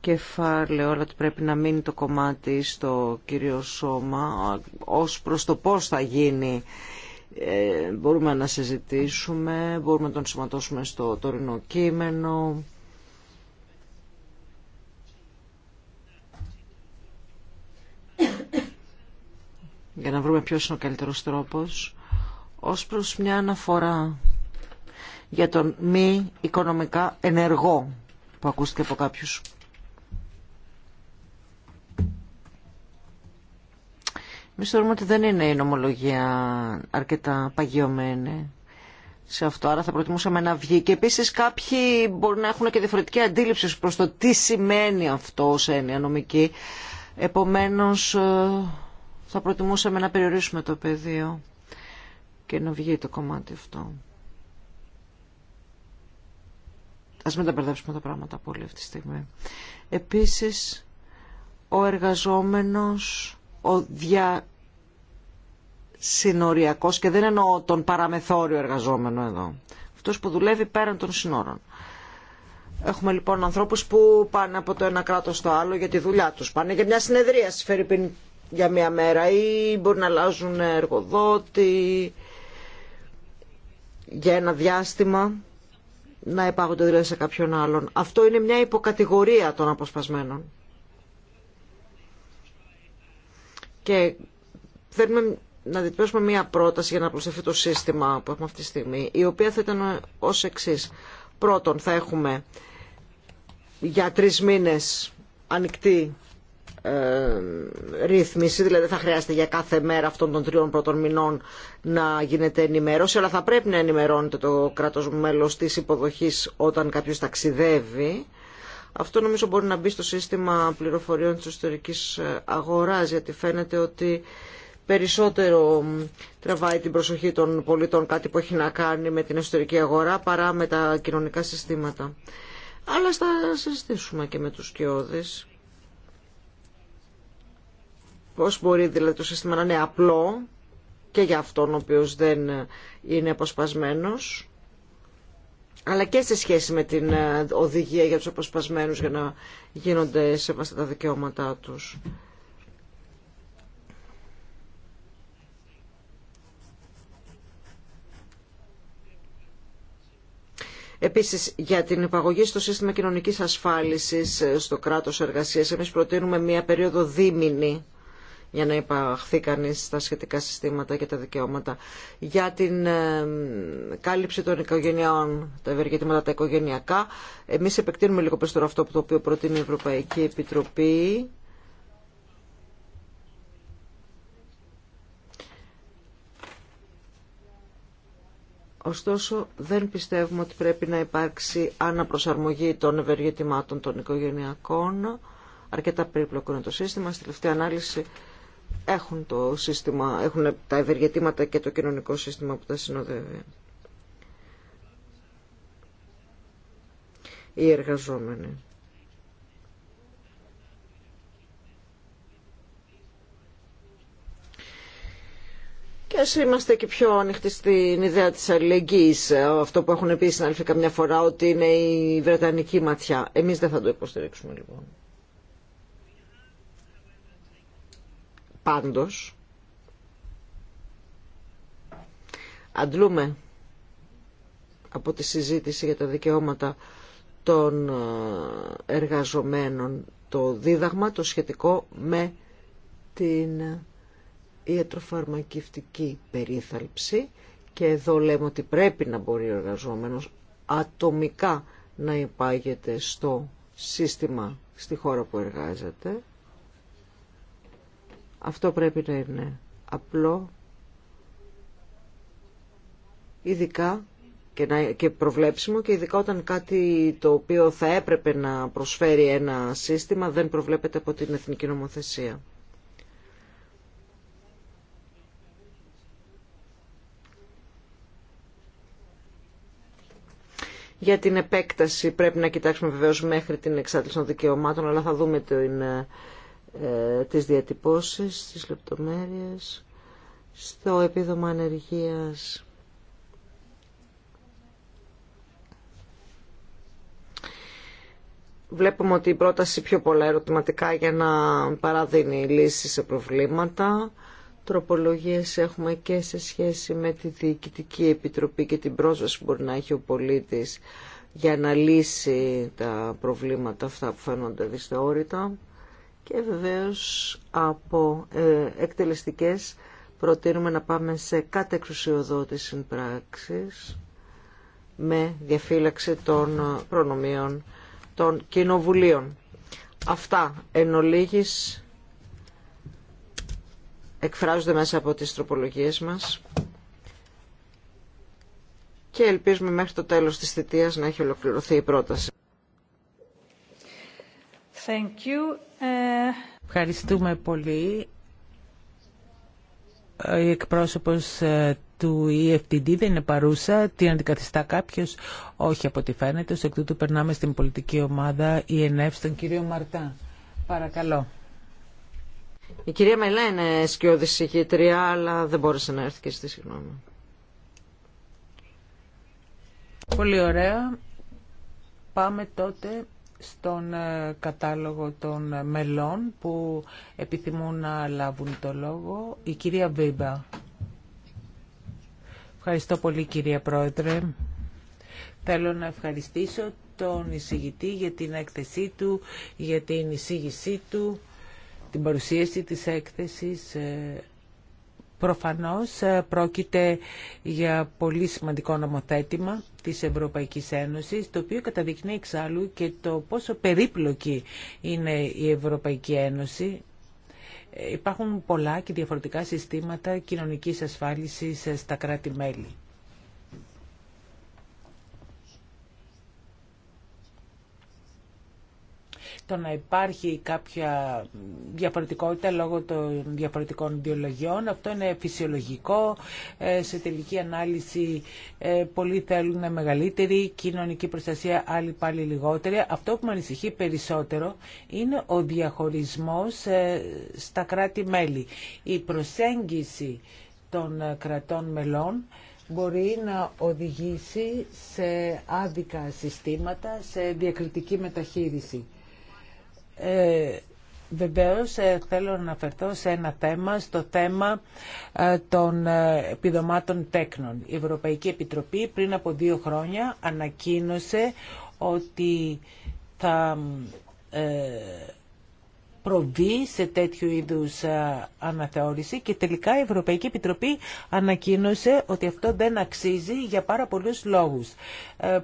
κεφάλαιο, αλλά ότι πρέπει να μείνει το κομμάτι στο κύριο σώμα. Ως προς το πώς θα γίνει ε, μπορούμε να συζητήσουμε, μπορούμε να τον σηματώσουμε στο τωρινό κείμενο. για να βρούμε ποιος είναι ο καλύτερος τρόπος, ως προς μια αναφορά για τον μη οικονομικά ενεργό που ακούστηκε από κάποιους. Εμεί θεωρούμε ότι δεν είναι η νομολογία αρκετά παγιωμένη σε αυτό, άρα θα προτιμούσαμε να βγει. Και επίσης κάποιοι μπορεί να έχουν και διαφορετική αντίληψη προς το τι σημαίνει αυτό σε έννοια νομική. Επομένως, ε, θα προτιμούσαμε να περιορίσουμε το πεδίο και να βγει το κομμάτι αυτό. Ας μην τα μπερδέψουμε τα πράγματα πολύ αυτή τη στιγμή. Επίσης, ο εργαζόμενος, ο δια και δεν εννοώ τον παραμεθόριο εργαζόμενο εδώ. Αυτός που δουλεύει πέραν των συνόρων. Έχουμε λοιπόν ανθρώπους που πάνε από το ένα κράτος στο άλλο για τη δουλειά τους. Πάνε για μια συνεδρία για μια μέρα ή μπορεί να αλλάζουν εργοδότη για ένα διάστημα να επαγονται δηλαδή σε κάποιον άλλον. Αυτό είναι μια υποκατηγορία των αποσπασμένων. Και θέλουμε να διπλωσουμε μια πρόταση για να προσθεθεί το σύστημα που έχουμε αυτή τη στιγμή, η οποία θα ήταν ως εξή. Πρώτον, θα έχουμε για τρεις μήνες ανοιχτή ε, ρύθμιση, δηλαδή θα χρειάζεται για κάθε μέρα αυτών των τριών πρώτων μηνών να γίνεται ενημέρωση, αλλά θα πρέπει να ενημερώνεται το κράτος μέλος της υποδοχής όταν κάποιος ταξιδεύει. Αυτό νομίζω μπορεί να μπει στο σύστημα πληροφοριών της ιστορικής αγοράς, γιατί φαίνεται ότι περισσότερο τραβάει την προσοχή των πολιτών κάτι που έχει να κάνει με την εσωτερική αγορά παρά με τα κοινωνικά συστήματα. Αλλά θα συζητήσουμε και με τους κοιόδες Πώς μπορεί δηλαδή το σύστημα να είναι απλό και για αυτόν ο οποίος δεν είναι αποσπασμένος, αλλά και σε σχέση με την ε, οδηγία για τους αποσπασμένους για να γίνονται σεβαστά τα δικαιώματά τους. Επίσης, για την υπαγωγή στο σύστημα κοινωνικής ασφάλισης ε, στο κράτος εργασίας, εμείς προτείνουμε μία περίοδο δίμηνη για να υπαχθεί κανεί στα σχετικά συστήματα και τα δικαιώματα. Για την ε, κάλυψη των οικογενειών, τα ευεργετήματα τα οικογενειακά, Εμεί επεκτείνουμε λίγο περισσότερο αυτό που το οποίο προτείνει η Ευρωπαϊκή Επιτροπή. Ωστόσο, δεν πιστεύουμε ότι πρέπει να υπάρξει αναπροσαρμογή των ευεργετημάτων των οικογενειακών. Αρκετά περίπλοκο είναι το σύστημα. Στη τελευταία ανάλυση έχουν, το σύστημα, έχουν τα ευεργετήματα και το κοινωνικό σύστημα που τα συνοδεύει. Οι εργαζόμενοι. Και ας είμαστε και πιο ανοιχτοί στην ιδέα της αλληλεγγύης, αυτό που έχουν πει συνάδελφοι καμιά φορά ότι είναι η βρετανική ματιά. Εμείς δεν θα το υποστηρίξουμε λοιπόν. Πάντως, αντλούμε από τη συζήτηση για τα δικαιώματα των ε, εργαζομένων το δίδαγμα το σχετικό με την ιατροφαρμακευτική περίθαλψη και εδώ λέμε ότι πρέπει να μπορεί ο εργαζόμενος ατομικά να υπάγεται στο σύστημα στη χώρα που εργάζεται αυτό πρέπει να είναι απλό, ειδικά και, και προβλέψιμο και ειδικά όταν κάτι το οποίο θα έπρεπε να προσφέρει ένα σύστημα δεν προβλέπεται από την εθνική νομοθεσία. Για την επέκταση πρέπει να κοιτάξουμε βεβαίως μέχρι την εξάτληση των δικαιωμάτων, αλλά θα δούμε την ε, ε, τις διατυπώσεις, τις λεπτομέρειες, στο επίδομα ανεργίας. Βλέπουμε ότι η πρόταση πιο πολλά ερωτηματικά για να παραδίνει λύσεις σε προβλήματα. Τροπολογίες έχουμε και σε σχέση με τη Διοικητική Επιτροπή και την πρόσβαση που μπορεί να έχει ο πολίτης για να λύσει τα προβλήματα αυτά που φαίνονται δυσθεώρητα και βεβαίως από ε, εκτελεστικές προτείνουμε να πάμε σε κατεξουσιοδότηση πράξεις με διαφύλαξη των προνομίων των κοινοβουλίων. Αυτά εν ολίγης εκφράζονται μέσα από τις τροπολογίες μας και ελπίζουμε μέχρι το τέλος της θητείας να έχει ολοκληρωθεί η πρόταση. Ε, Ευχαριστούμε πολύ. Ο εκπρόσωπος ε, του EFTD δεν είναι παρούσα. Τι αντικαθιστά κάποιος. Όχι από ό,τι φαίνεται. Σε εκ τούτου περνάμε στην πολιτική ομάδα ENF στον κύριο Μαρτά. Παρακαλώ. Η κυρία Μελά είναι σκιώδη συγχύτρια, αλλά δεν μπόρεσε να έρθει και στη συγγνώμη. Πολύ ωραία. Πάμε τότε στον ε, κατάλογο των μελών που επιθυμούν να λάβουν το λόγο. Η κυρία Βίμπα. Ευχαριστώ πολύ κυρία Πρόεδρε. Θέλω να ευχαριστήσω τον εισηγητή για την έκθεσή του, για την εισήγησή του, την παρουσίαση της έκθεσης. Ε, Προφανώς ε, πρόκειται για πολύ σημαντικό νομοθέτημα της Ευρωπαϊκής Ένωσης, το οποίο καταδεικνύει εξάλλου και το πόσο περίπλοκη είναι η Ευρωπαϊκή Ένωση. Ε, υπάρχουν πολλά και διαφορετικά συστήματα κοινωνικής ασφάλισης ε, στα κράτη-μέλη. το να υπάρχει κάποια διαφορετικότητα λόγω των διαφορετικών ιδεολογιών. Αυτό είναι φυσιολογικό. Ε, σε τελική ανάλυση ε, πολλοί θέλουν μεγαλύτερη κοινωνική προστασία, άλλοι πάλι λιγότερη. Αυτό που με ανησυχεί περισσότερο είναι ο διαχωρισμός ε, στα κράτη-μέλη. Η προσέγγιση των κρατών μελών μπορεί να οδηγήσει σε άδικα συστήματα, σε διακριτική μεταχείριση. Ε, Βεβαίως ε, θέλω να αναφερθώ σε ένα θέμα, στο θέμα ε, των ε, επιδομάτων τέκνων. Η Ευρωπαϊκή Επιτροπή πριν από δύο χρόνια ανακοίνωσε ότι θα προβεί σε τέτοιου είδους αναθεώρηση και τελικά η Ευρωπαϊκή Επιτροπή ανακοίνωσε ότι αυτό δεν αξίζει για πάρα πολλούς λόγους.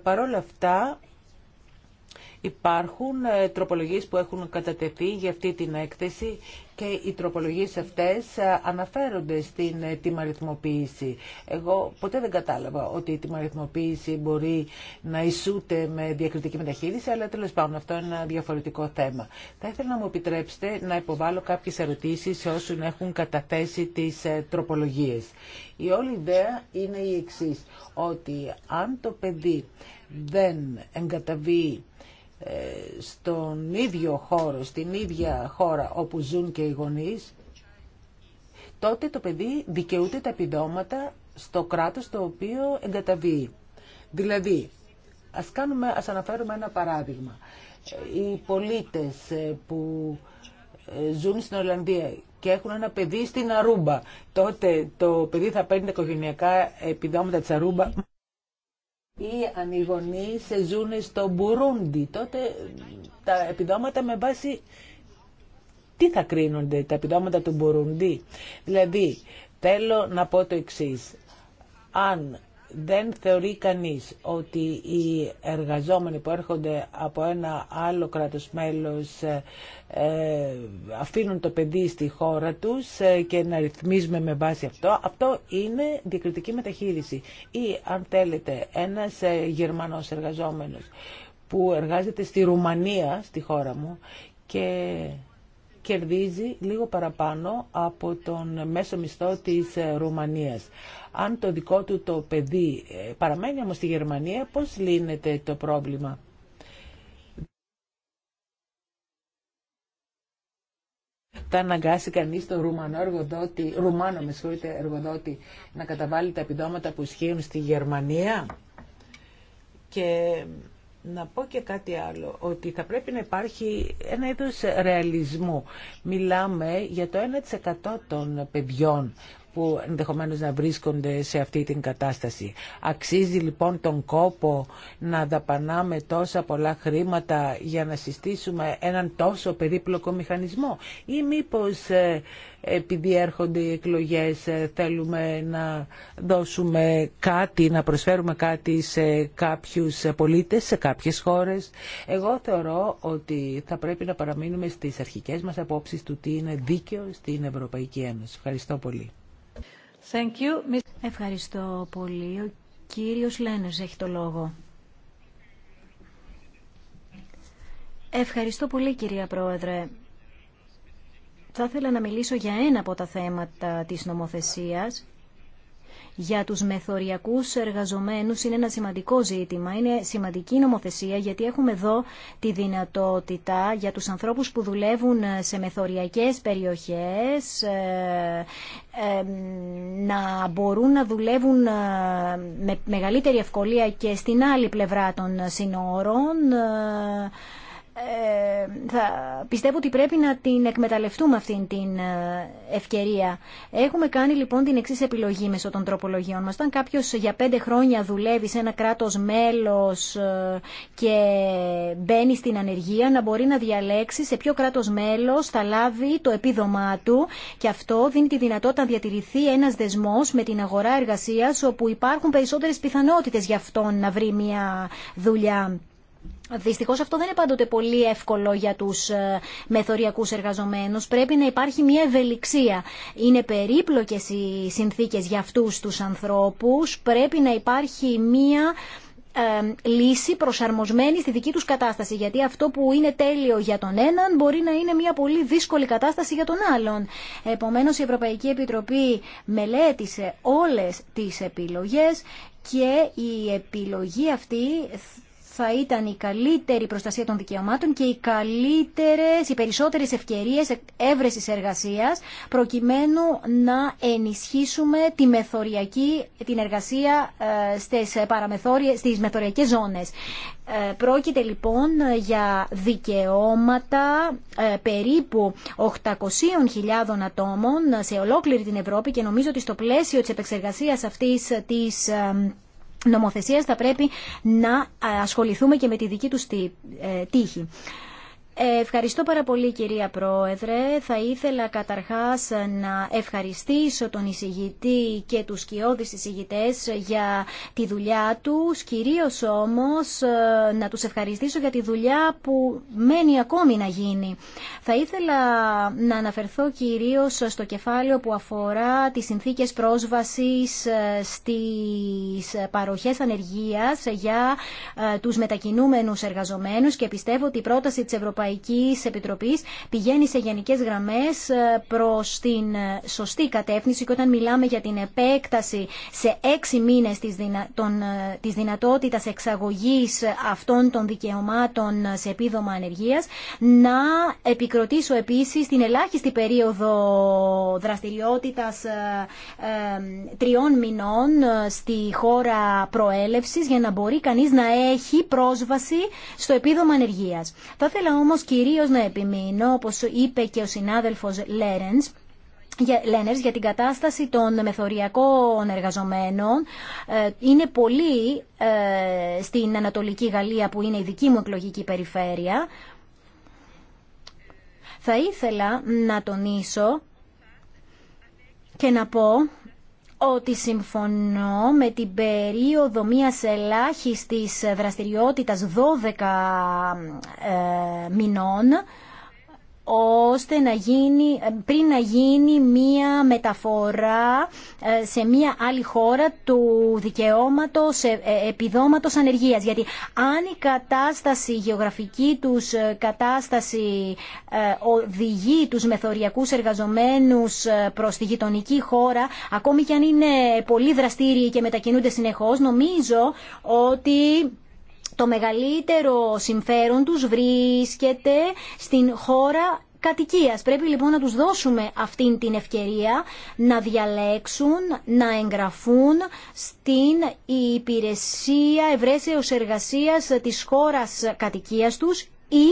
Παρ' όλα αυτά Υπάρχουν ε, τροπολογίες που έχουν κατατεθεί για αυτή την έκθεση και οι τροπολογίες αυτές ε, αναφέρονται στην ε, τιμαριθμοποίηση. Εγώ ποτέ δεν κατάλαβα ότι η τιμαριθμοποίηση μπορεί να ισούται με διακριτική μεταχείριση, αλλά τέλος πάντων αυτό είναι ένα διαφορετικό θέμα. Θα ήθελα να μου επιτρέψετε να υποβάλω κάποιες ερωτήσεις σε όσους έχουν καταθέσει τις τροπολογίες. Η όλη ιδέα είναι η εξής, ότι αν το παιδί δεν εγκαταβεί στον ίδιο χώρο, στην ίδια χώρα όπου ζουν και οι γονείς, τότε το παιδί δικαιούται τα επιδόματα στο κράτος το οποίο εγκαταβεί. Δηλαδή, ας, κάνουμε, ας αναφέρουμε ένα παράδειγμα. Ε, οι πολίτες ε, που ε, ζουν στην Ολλανδία και έχουν ένα παιδί στην Αρούμπα, τότε το παιδί θα παίρνει τα οικογενειακά επιδόματα της Αρούμπα οι σε ζουν στο Μπουρούντι. Τότε τα επιδόματα με βάση τι θα κρίνονται τα επιδόματα του Μπουρούντι. Δηλαδή, θέλω να πω το εξή Αν δεν θεωρεί κανείς ότι οι εργαζόμενοι που έρχονται από ένα άλλο κράτος μέλος ε, ε, αφήνουν το παιδί στη χώρα τους ε, και να ρυθμίζουμε με βάση αυτό, αυτό είναι διακριτική μεταχείριση. Ή αν θέλετε ένας γερμανός εργαζόμενος που εργάζεται στη Ρουμανία, στη χώρα μου, και κερδίζει λίγο παραπάνω από τον μέσο μισθό της ε, Ρουμανίας. Αν το δικό του το παιδί ε, παραμένει όμως στη Γερμανία, πώς λύνεται το πρόβλημα. θα αναγκάσει κανείς τον Ρουμανό εργοδότη, Ρουμάνο με εργοδότη να καταβάλει τα επιδόματα που ισχύουν στη Γερμανία και να πω και κάτι άλλο, ότι θα πρέπει να υπάρχει ένα είδος ρεαλισμού. Μιλάμε για το 1% των παιδιών που ενδεχομένως να βρίσκονται σε αυτή την κατάσταση. Αξίζει λοιπόν τον κόπο να δαπανάμε τόσα πολλά χρήματα για να συστήσουμε έναν τόσο περίπλοκο μηχανισμό ή μήπως ε, επειδή έρχονται οι εκλογές ε, θέλουμε να δώσουμε κάτι, να προσφέρουμε κάτι σε κάποιους πολίτες, σε κάποιες χώρες. Εγώ θεωρώ ότι θα πρέπει να παραμείνουμε στις αρχικές μας απόψεις του τι είναι δίκαιο στην Ευρωπαϊκή Ένωση. Ευχαριστώ πολύ. Thank you. Ευχαριστώ πολύ. Ο κύριος Λένες έχει το λόγο. Ευχαριστώ πολύ κυρία Πρόεδρε. Θα ήθελα να μιλήσω για ένα από τα θέματα της νομοθεσίας για τους μεθοριακούς εργαζομένους είναι ένα σημαντικό ζήτημα. Είναι σημαντική νομοθεσία γιατί έχουμε εδώ τη δυνατότητα για τους ανθρώπους που δουλεύουν σε μεθοριακές περιοχές ε, ε, να μπορούν να δουλεύουν ε, με μεγαλύτερη ευκολία και στην άλλη πλευρά των συνόρων ε, θα πιστεύω ότι πρέπει να την εκμεταλλευτούμε αυτήν την ε, ευκαιρία. Έχουμε κάνει λοιπόν την εξή επιλογή μέσω των τροπολογιών μας. Όταν κάποιο για πέντε χρόνια δουλεύει σε ένα κράτος μέλος ε, και μπαίνει στην ανεργία, να μπορεί να διαλέξει σε ποιο κράτος μέλος θα λάβει το επίδομά του και αυτό δίνει τη δυνατότητα να διατηρηθεί ένας δεσμός με την αγορά εργασίας όπου υπάρχουν περισσότερες πιθανότητες για αυτόν να βρει μια δουλειά. Δυστυχώ, αυτό δεν είναι πάντοτε πολύ εύκολο για τους ε, μεθοριακού εργαζομένους. Πρέπει να υπάρχει μια ευελιξία. Είναι περίπλοκες οι συνθήκες για αυτού τους ανθρώπους. Πρέπει να υπάρχει μια ε, λύση προσαρμοσμένη στη δική τους κατάσταση. Γιατί αυτό που είναι τέλειο για τον έναν μπορεί να είναι μια πολύ δύσκολη κατάσταση για τον άλλον. Επομένως η Ευρωπαϊκή Επιτροπή μελέτησε όλες τις επιλογές και η επιλογή αυτή θα ήταν η καλύτερη προστασία των δικαιωμάτων και οι καλύτερες, οι περισσότερες ευκαιρίες έβρεσης εργασίας προκειμένου να ενισχύσουμε τη μεθοριακή, την εργασία ε, στις, παραμεθόριες, στις μεθοριακές ζώνες. Ε, πρόκειται λοιπόν για δικαιώματα ε, περίπου 800.000 ατόμων σε ολόκληρη την Ευρώπη και νομίζω ότι στο πλαίσιο της επεξεργασίας αυτής της νομοθεσίας θα πρέπει να ε, ασχοληθούμε και με τη δική τους ε, τύχη. Ευχαριστώ πάρα πολύ κυρία Πρόεδρε. Θα ήθελα καταρχάς να ευχαριστήσω τον εισηγητή και τους σκιώδεις εισηγητές για τη δουλειά του. κυρίως όμως ε, να τους ευχαριστήσω για τη δουλειά που μένει ακόμη να γίνει. Θα ήθελα να αναφερθώ κυρίως στο κεφάλαιο που αφορά τις συνθήκες πρόσβασης ε, στις παροχές ανεργίας για ε, τους μετακινούμενους εργαζομένους και πιστεύω ότι η πρόταση της Ευρωπαϊκή Επιτροπής πηγαίνει σε γενικέ γραμμές ε, προς την ε, σωστή κατεύθυνση και όταν μιλάμε για την επέκταση σε έξι μήνες της, δυνα... των... Ε, δυνατότητας αυτών των δικαιωμάτων σε επίδομα ανεργία, να επικροτήσω επίσης την ελάχιστη περίοδο δραστηριότητας τριών μηνών στη χώρα προέλευση για να μπορεί κανεί να έχει πρόσβαση στο επίδομα ανεργία. Θα ήθελα όμω όμως κυρίως να επιμείνω, όπως είπε και ο συνάδελφος Λέρενς, Λένερς για την κατάσταση των μεθοριακών εργαζομένων ε, είναι πολύ ε, στην Ανατολική Γαλλία που είναι η δική μου εκλογική περιφέρεια. Θα ήθελα να τονίσω και να πω ότι συμφωνώ με την περίοδο μιας ελάχιστης δραστηριότητας 12 ε, μηνών ώστε να γίνει, πριν να γίνει μία μεταφορά ε, σε μία άλλη χώρα του δικαιώματος ε, ε, επιδόματος ανεργίας. Γιατί αν η κατάσταση, η γεωγραφική τους κατάσταση οδηγεί τους μεθοριακούς εργαζομένους προς τη γειτονική χώρα, ακόμη και αν είναι πολύ δραστήριοι και μετακινούνται συνεχώς, νομίζω ότι το μεγαλύτερο συμφέρον τους βρίσκεται στην χώρα κατοικίας. Πρέπει λοιπόν να τους δώσουμε αυτήν την ευκαιρία να διαλέξουν, να εγγραφούν στην υπηρεσία ευρέσεως εργασίας της χώρας κατοικίας τους ή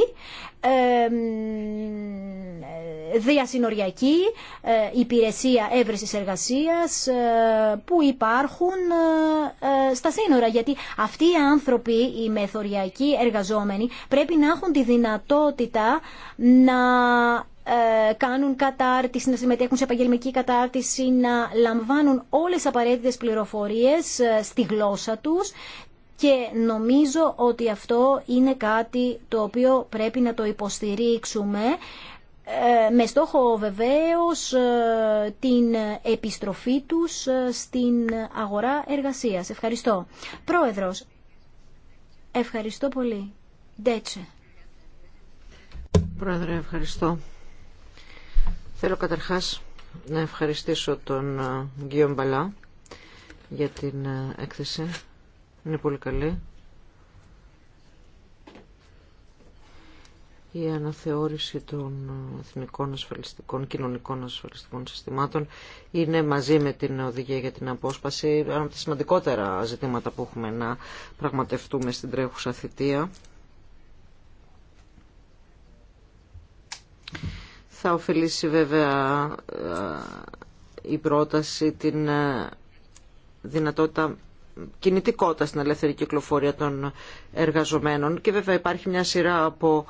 διασυνοριακή ε, υπηρεσία έβρεσης εργασίας ε, που υπάρχουν ε, στα σύνορα. Γιατί αυτοί οι άνθρωποι, οι μεθοριακοί εργαζόμενοι, πρέπει να έχουν τη δυνατότητα να κάνουν κατάρτιση, να συμμετέχουν σε επαγγελματική κατάρτιση, να λαμβάνουν όλες τις απαραίτητες πληροφορίες στη γλώσσα τους και νομίζω ότι αυτό είναι κάτι το οποίο πρέπει να το υποστηρίξουμε ε, με στόχο βεβαίως ε, την επιστροφή τους ε, στην αγορά εργασίας. Ευχαριστώ. Πρόεδρος, ευχαριστώ πολύ. Ντέτσε. Πρόεδρε, ευχαριστώ. Θέλω καταρχάς να ευχαριστήσω τον Γκίον Μπαλά για την έκθεση είναι πολύ καλή. Η αναθεώρηση των εθνικών ασφαλιστικών, κοινωνικών ασφαλιστικών συστημάτων είναι μαζί με την οδηγία για την απόσπαση ένα από τα σημαντικότερα ζητήματα που έχουμε να πραγματευτούμε στην τρέχουσα θητεία. Θα ωφελήσει βέβαια ε, η πρόταση την ε, δυνατότητα κινητικότητα στην ελεύθερη κυκλοφορία των εργαζομένων και βέβαια υπάρχει μια σειρά από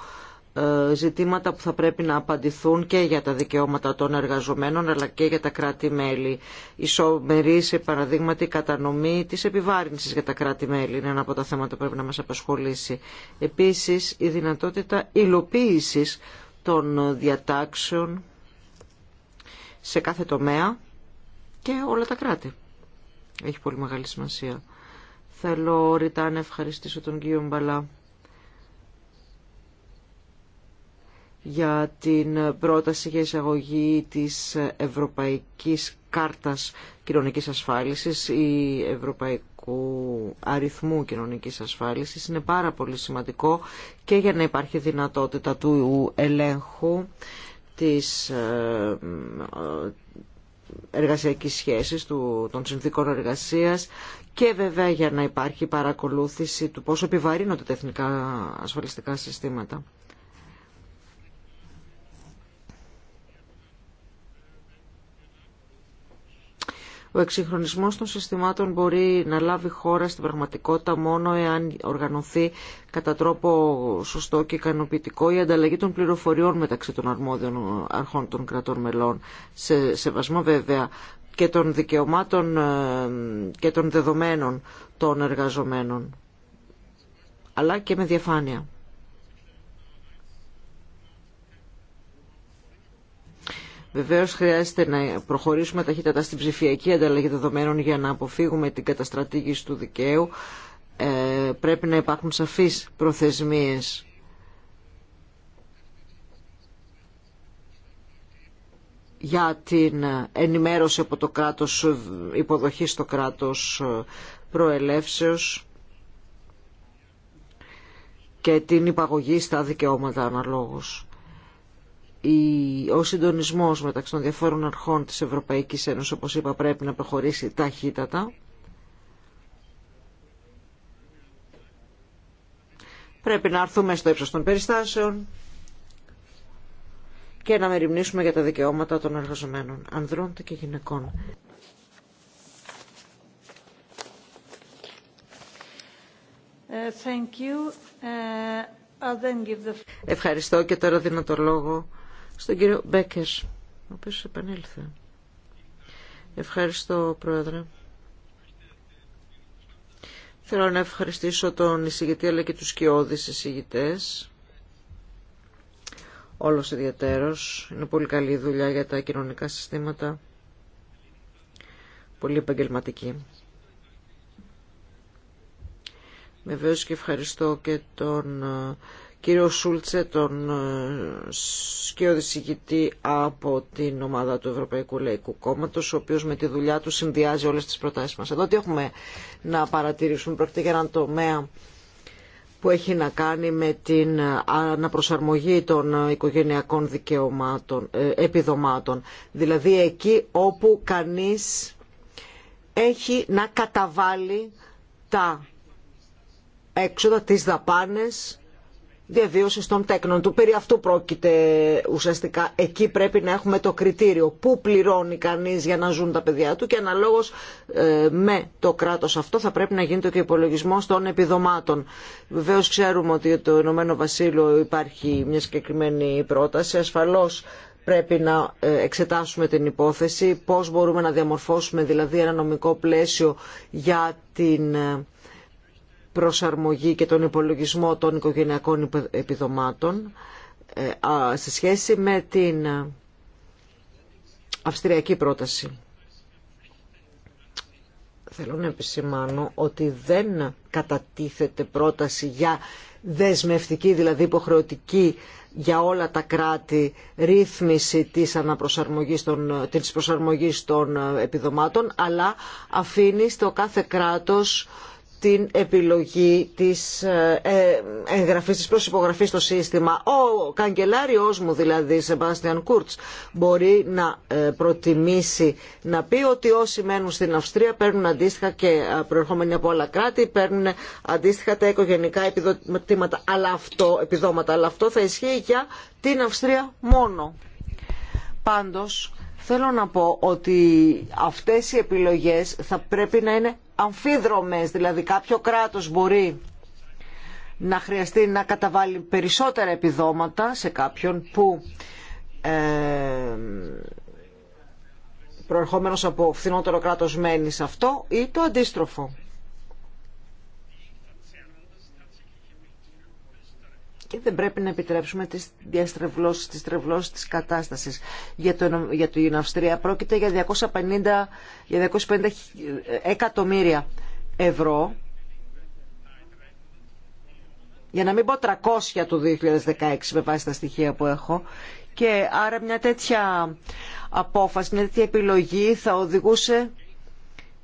ε, ζητήματα που θα πρέπει να απαντηθούν και για τα δικαιώματα των εργαζομένων αλλά και για τα κράτη-μέλη. Ισομερή σε παραδείγματι κατανομή της επιβάρυνσης για τα κράτη-μέλη είναι ένα από τα θέματα που πρέπει να μας απασχολήσει. Επίσης η δυνατότητα υλοποίησης των διατάξεων σε κάθε τομέα και όλα τα κράτη. Έχει πολύ μεγάλη σημασία. Θέλω ρητά να ευχαριστήσω τον κύριο Μπαλά για την πρόταση για εισαγωγή της Ευρωπαϊκής Κάρτας Κοινωνικής Ασφάλισης ή Ευρωπαϊκού Αριθμού Κοινωνικής Ασφάλισης. Είναι πάρα πολύ σημαντικό και για να υπάρχει δυνατότητα του ελέγχου της, ε, εργασιακής σχέσης, του, των συνθήκων εργασίας και βέβαια για να υπάρχει παρακολούθηση του πόσο επιβαρύνονται τα εθνικά ασφαλιστικά συστήματα. Ο εξυγχρονισμό των συστημάτων μπορεί να λάβει χώρα στην πραγματικότητα μόνο εάν οργανωθεί κατά τρόπο σωστό και ικανοποιητικό η ανταλλαγή των πληροφοριών μεταξύ των αρμόδιων αρχών των κρατών μελών. Σε σεβασμό βέβαια και των δικαιωμάτων ε, και των δεδομένων των εργαζομένων αλλά και με διαφάνεια. Βεβαίω, χρειάζεται να προχωρήσουμε ταχύτατα στην ψηφιακή ανταλλαγή δεδομένων για να αποφύγουμε την καταστρατήγηση του δικαίου. Ε, πρέπει να υπάρχουν σαφείς προθεσμίες για την ενημέρωση από το κράτος, υποδοχή στο κράτος ε, προελεύσεως και την υπαγωγή στα δικαιώματα αναλόγως ο συντονισμός μεταξύ των διαφόρων αρχών της Ευρωπαϊκής Ένωσης, όπως είπα, πρέπει να προχωρήσει ταχύτατα. Πρέπει να έρθουμε στο ύψος των περιστάσεων και να μεριμνήσουμε για τα δικαιώματα των εργαζομένων, ανδρών και γυναικών. Ε, thank you. Ε, then give the... Ευχαριστώ και τώρα δίνω το λόγο στον κύριο Μπέκερ, ο οποίος επανέλθε. Ευχαριστώ, Πρόεδρε. Θέλω να ευχαριστήσω τον εισηγητή αλλά και τους σκιώδεις εισηγητές. Όλος ιδιαίτερος. Είναι πολύ καλή δουλειά για τα κοινωνικά συστήματα. Πολύ επαγγελματική. Βεβαίως και ευχαριστώ και τον ε, κύριο Σούλτσε, τον ε, σκιώδη συγκητή από την ομάδα του Ευρωπαϊκού Λαϊκού Κόμματο, ο οποίο με τη δουλειά του συνδυάζει όλε τις προτάσει μα. Εδώ τι έχουμε να παρατηρήσουμε, πρόκειται για έναν τομέα που έχει να κάνει με την αναπροσαρμογή των οικογενειακών δικαιωμάτων, ε, επιδομάτων. Δηλαδή εκεί όπου κανείς έχει να καταβάλει τα έξοδα, τις δαπάνες Διαβίωση των τέκνων του. Περί αυτού πρόκειται ουσιαστικά. Εκεί πρέπει να έχουμε το κριτήριο που πληρώνει κανείς για να ζουν τα παιδιά του και αναλόγως ε, με το κράτος αυτό θα πρέπει να γίνεται και υπολογισμό των επιδομάτων. Βεβαίω ξέρουμε ότι το Ηνωμένο Βασίλειο υπάρχει μια συγκεκριμένη πρόταση. Ασφαλώς πρέπει να ε, εξετάσουμε την υπόθεση, πώς μπορούμε να διαμορφώσουμε δηλαδή ένα νομικό πλαίσιο για την ε, προσαρμογή και τον υπολογισμό των οικογενειακών επιδομάτων ε, σε σχέση με την αυστριακή πρόταση. Θέλω να επισημάνω ότι δεν κατατίθεται πρόταση για δεσμευτική, δηλαδή υποχρεωτική για όλα τα κράτη ρύθμιση της, αναπροσαρμογής των, της προσαρμογής των ε, επιδομάτων, αλλά αφήνει στο κάθε κράτος την επιλογή της ε, ε, εγγραφής, της προσυπογραφής στο σύστημα. Ο καγκελάριος μου δηλαδή, Σεμπάστιαν Κούρτς, μπορεί να ε, προτιμήσει να πει ότι όσοι μένουν στην Αυστρία παίρνουν αντίστοιχα και προερχόμενοι από άλλα κράτη, παίρνουν αντίστοιχα τα οικογενικά επιδότηματα, αλλά αυτό, επιδόματα, αλλά αυτό θα ισχύει για την Αυστρία μόνο. Πάντως, Θέλω να πω ότι αυτές οι επιλογές θα πρέπει να είναι αμφίδρομες, δηλαδή κάποιο κράτος μπορεί να χρειαστεί να καταβάλει περισσότερα επιδόματα σε κάποιον που ε, προερχόμενος από φθηνότερο κράτος μένει σε αυτό ή το αντίστροφο. δεν πρέπει να επιτρέψουμε τις διαστρεβλώσεις, τις τρεβλώσεις της κατάστασης. Για, το, για την Αυστρία πρόκειται για 250, για 250 εκατομμύρια ευρώ για να μην πω 300 του 2016 με βάση τα στοιχεία που έχω. Και άρα μια τέτοια απόφαση, μια τέτοια επιλογή θα οδηγούσε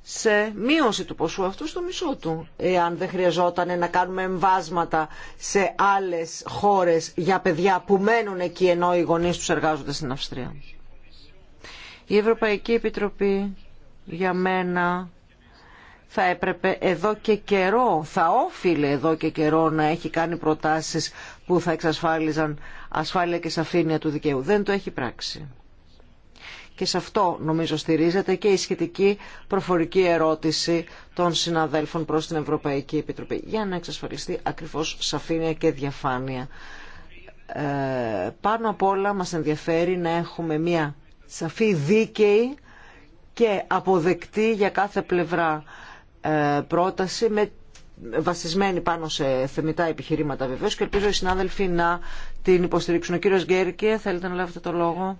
σε μείωση του ποσού αυτού στο μισό του, εάν δεν χρειαζόταν να κάνουμε εμβάσματα σε άλλες χώρες για παιδιά που μένουν εκεί ενώ οι γονείς τους εργάζονται στην Αυστρία. Η Ευρωπαϊκή Επιτροπή για μένα θα έπρεπε εδώ και καιρό, θα όφιλε εδώ και καιρό να έχει κάνει προτάσεις που θα εξασφάλιζαν ασφάλεια και σαφήνεια του δικαίου. Δεν το έχει πράξει και σε αυτό νομίζω στηρίζεται και η σχετική προφορική ερώτηση των συναδέλφων προς την Ευρωπαϊκή Επιτροπή για να εξασφαλιστεί ακριβώς σαφήνεια και διαφάνεια. Ε, πάνω απ' όλα μας ενδιαφέρει να έχουμε μια σαφή δίκαιη και αποδεκτή για κάθε πλευρά ε, πρόταση με βασισμένη πάνω σε θεμητά επιχειρήματα βεβαίως και ελπίζω οι συνάδελφοι να την υποστηρίξουν. Ο κύριος Γκέρικε, θέλετε να λάβετε το λόγο.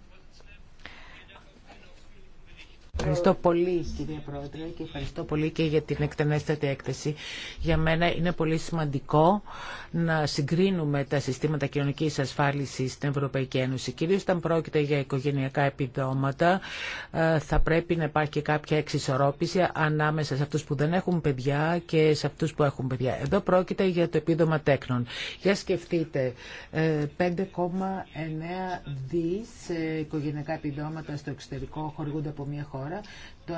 Ευχαριστώ πολύ κυρία Πρόεδρε και ευχαριστώ πολύ και για την εκτενέστατη έκθεση. Για μένα είναι πολύ σημαντικό να συγκρίνουμε τα συστήματα κοινωνικής ασφάλισης στην Ευρωπαϊκή Ένωση. Κυρίως όταν πρόκειται για οικογενειακά επιδόματα ε, θα πρέπει να υπάρχει και κάποια εξισορρόπηση ανάμεσα σε αυτούς που δεν έχουν παιδιά και σε αυτούς που έχουν παιδιά. Εδώ πρόκειται για το επίδομα τέκνων. Για σκεφτείτε 5,9 ε, δις ε, οικογενειακά επιδόματα στο εξωτερικό χορηγούνται από μια χώρα το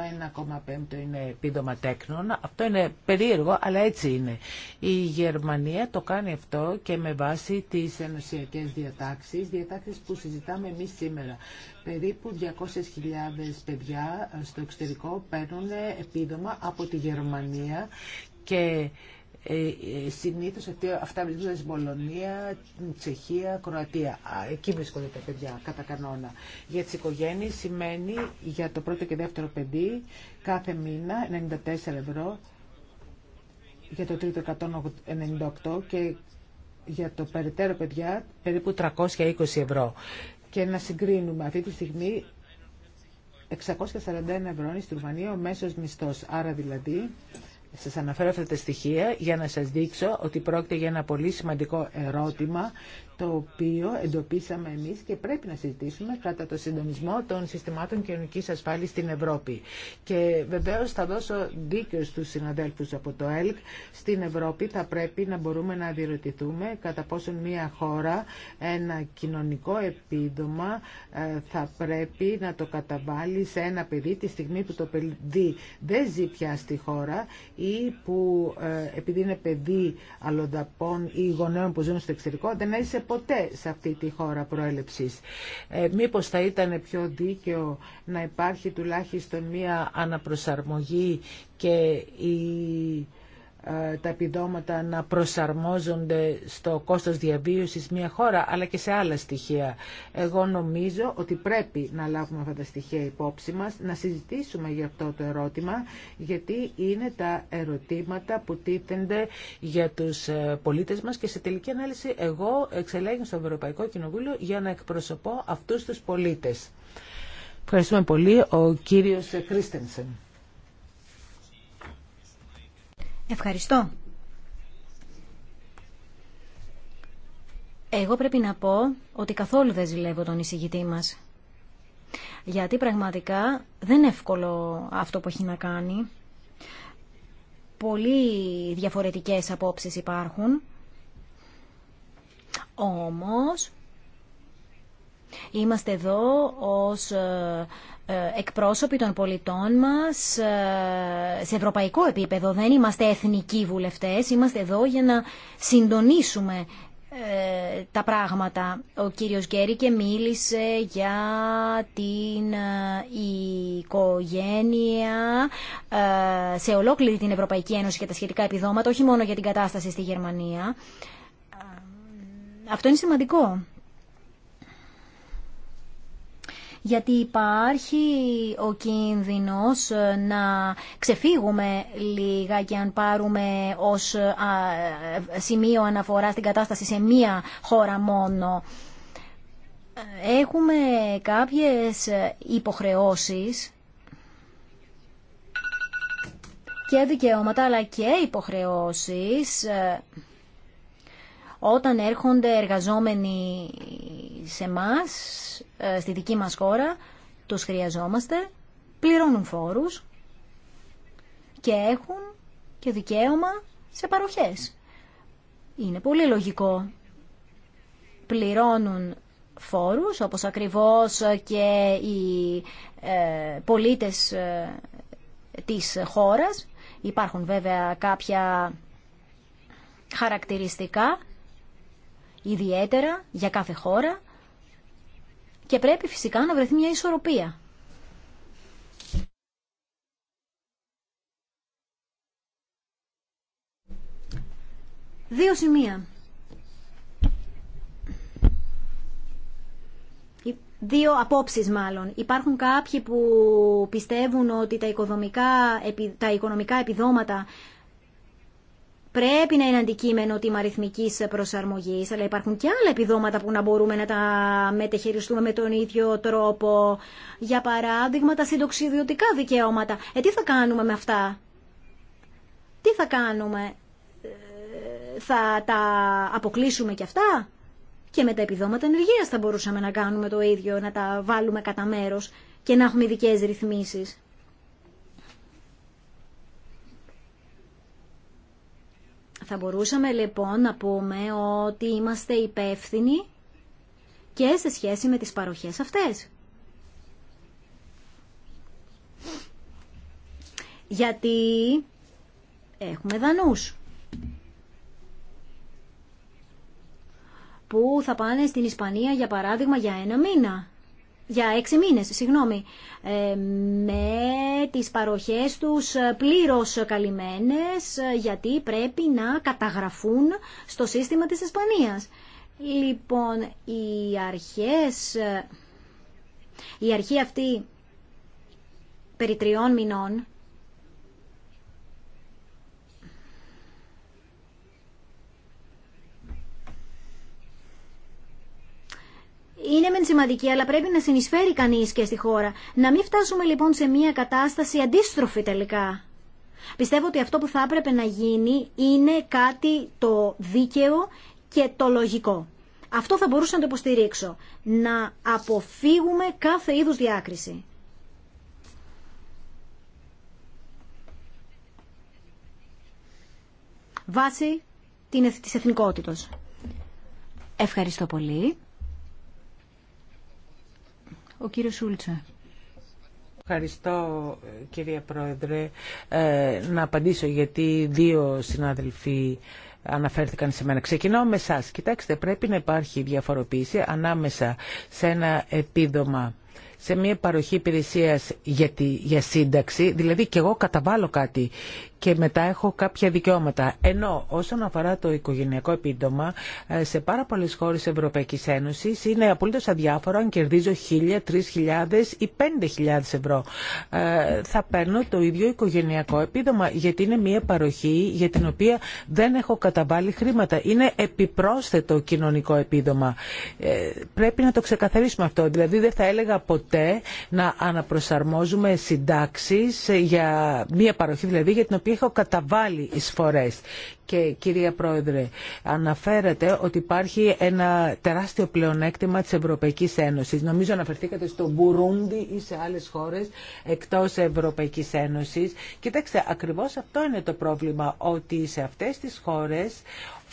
1,5 είναι επίδομα τέκνων. Αυτό είναι περίεργο, αλλά έτσι είναι. Η Γερμανία το κάνει αυτό και με βάση τις ενωσιακές διατάξεις, διατάξεις που συζητάμε εμείς σήμερα. Περίπου 200.000 παιδιά στο εξωτερικό παίρνουν επίδομα από τη Γερμανία και ε, ε, συνήθως αυτά βρίσκονται στην Πολωνία, Τσεχία, Κροατία. Εκεί βρίσκονται τα παιδιά κατά κανόνα. Για τις οικογένειες σημαίνει για το πρώτο και δεύτερο παιδί κάθε μήνα 94 ευρώ, για το τρίτο 198 και για το περαιτέρω παιδιά περίπου 320 ευρώ. Και να συγκρίνουμε αυτή τη στιγμή 641 ευρώ είναι στη Ρουμανία ο μέσος μισθός. Άρα δηλαδή σας αναφέρω αυτά τα στοιχεία για να σας δείξω ότι πρόκειται για ένα πολύ σημαντικό ερώτημα το οποίο εντοπίσαμε εμείς και πρέπει να συζητήσουμε κατά το συντονισμό των συστημάτων κοινωνική ασφάλισης στην Ευρώπη. Και βεβαίως θα δώσω δίκιο στους συναδέλφους από το ΕΛΚ. Στην Ευρώπη θα πρέπει να μπορούμε να διερωτηθούμε κατά πόσον μια χώρα, ένα κοινωνικό επίδομα ε, θα πρέπει να το καταβάλει σε ένα παιδί τη στιγμή που το παιδί δεν ζει πια στη χώρα ή που ε, επειδή είναι παιδί αλλοδαπών ή γονέων που ζουν στο εξωτερικό δεν έχει ποτέ σε αυτή τη χώρα προέλευσης. Ε, μήπως θα ήταν πιο δίκαιο να υπάρχει τουλάχιστον μία αναπροσαρμογή και η ε, τα επιδόματα να προσαρμόζονται στο κόστος διαβίωσης μια χώρα, αλλά και σε άλλα στοιχεία. Εγώ νομίζω ότι πρέπει να λάβουμε αυτά τα στοιχεία υπόψη μας, να συζητήσουμε για αυτό το ερώτημα, γιατί είναι τα ερωτήματα που τίθενται για τους ε, πολίτες μας και σε τελική ανάλυση εγώ εξελέγω στο Ευρωπαϊκό Κοινοβούλιο για να εκπροσωπώ αυτούς τους πολίτες. Ευχαριστούμε πολύ. Ο κύριος Κρίστενσεν. Ευχαριστώ. Εγώ πρέπει να πω ότι καθόλου δεν ζηλεύω τον εισηγητή μας. Γιατί πραγματικά δεν είναι εύκολο αυτό που έχει να κάνει. Πολύ διαφορετικές απόψεις υπάρχουν. Όμως, είμαστε εδώ ως ε, ε, εκπρόσωποι των πολιτών μας ε, σε ευρωπαϊκό επίπεδο. Δεν είμαστε εθνικοί βουλευτές, είμαστε εδώ για να συντονίσουμε ε, τα πράγματα. Ο κύριος Γκέρικε μίλησε για την οικογένεια σε ολόκληρη την Ευρωπαϊκή Ένωση και τα σχετικά επιδόματα, όχι μόνο για την κατάσταση στη Γερμανία. Αυτό είναι σημαντικό. γιατί υπάρχει ο κίνδυνος ε, να ξεφύγουμε λίγα και αν πάρουμε ως ε, ε, σημείο αναφορά στην κατάσταση σε μία χώρα μόνο. Έχουμε κάποιες υποχρεώσεις και δικαιώματα αλλά και υποχρεώσεις όταν έρχονται εργαζόμενοι σε εμά, στη δική μας χώρα, τους χρειαζόμαστε, πληρώνουν φόρους και έχουν και δικαίωμα σε παροχές. Είναι πολύ λογικό. Πληρώνουν φόρους, όπως ακριβώς και οι ε, πολίτες ε, της χώρας. Υπάρχουν βέβαια κάποια χαρακτηριστικά ιδιαίτερα για κάθε χώρα και πρέπει φυσικά να βρεθεί μια ισορροπία. Δύο σημεία. Δύο απόψεις μάλλον. Υπάρχουν κάποιοι που πιστεύουν ότι τα οικονομικά, τα οικονομικά επιδόματα πρέπει να είναι αντικείμενο τη αριθμική προσαρμογή, αλλά υπάρχουν και άλλα επιδόματα που να μπορούμε να τα μετεχειριστούμε με τον ίδιο τρόπο. Για παράδειγμα, τα συντοξιδιωτικά δικαιώματα. Ε, τι θα κάνουμε με αυτά. Τι θα κάνουμε. Ε, θα τα αποκλείσουμε και αυτά. Και με τα επιδόματα ενεργείας θα μπορούσαμε να κάνουμε το ίδιο, να τα βάλουμε κατά μέρο και να έχουμε ειδικέ ρυθμίσεις. Θα μπορούσαμε λοιπόν να πούμε ότι είμαστε υπεύθυνοι και σε σχέση με τις παροχές αυτές. Γιατί έχουμε δανούς που θα πάνε στην Ισπανία για παράδειγμα για ένα μήνα για έξι μήνες, συγγνώμη, ε, με τις παροχές τους πλήρως καλυμμένες, γιατί πρέπει να καταγραφούν στο σύστημα της Ισπανίας. Λοιπόν, οι αρχές, η αρχή αυτή περί τριών μηνών είναι μεν σημαντική, αλλά πρέπει να συνεισφέρει κανείς και στη χώρα. Να μην φτάσουμε λοιπόν σε μια κατάσταση αντίστροφη τελικά. Πιστεύω ότι αυτό που θα έπρεπε να γίνει είναι κάτι το δίκαιο και το λογικό. Αυτό θα μπορούσα να το υποστηρίξω. Να αποφύγουμε κάθε είδους διάκριση. Βάσει της εθνικότητας. Ευχαριστώ πολύ ο κύριο Σούλτσα. Ευχαριστώ κυρία Πρόεδρε. Ε, να απαντήσω γιατί δύο συνάδελφοι αναφέρθηκαν σε μένα. Ξεκινάω με εσά. Κοιτάξτε, πρέπει να υπάρχει διαφοροποίηση ανάμεσα σε ένα επίδομα σε μια παροχή υπηρεσία για, για σύνταξη, δηλαδή και εγώ καταβάλω κάτι και μετά έχω κάποια δικαιώματα. Ενώ όσον αφορά το οικογενειακό επίδομα, ε, σε πάρα πολλέ χώρε Ευρωπαϊκή Ένωση είναι απολύτω αδιάφορο αν κερδίζω 1.000, 3.000 ή 5.000 ευρώ. Ε, θα παίρνω το ίδιο οικογενειακό επίδομα, γιατί είναι μια παροχή για την οποία δεν έχω καταβάλει χρήματα. Είναι επιπρόσθετο κοινωνικό επίδομα. Ε, πρέπει να το ξεκαθαρίσουμε αυτό. Δηλαδή δεν θα έλεγα ποτέ να αναπροσαρμόζουμε συντάξει για μια παροχή δηλαδή για την οποία έχω καταβάλει εισφορές. Και κυρία Πρόεδρε, αναφέρατε ότι υπάρχει ένα τεράστιο πλεονέκτημα της Ευρωπαϊκής Ένωσης. Νομίζω αναφερθήκατε στο Μπουρούντι ή σε άλλες χώρες εκτός Ευρωπαϊκής Ένωσης. Κοιτάξτε, ακριβώς αυτό είναι το πρόβλημα, ότι σε αυτές τις χώρες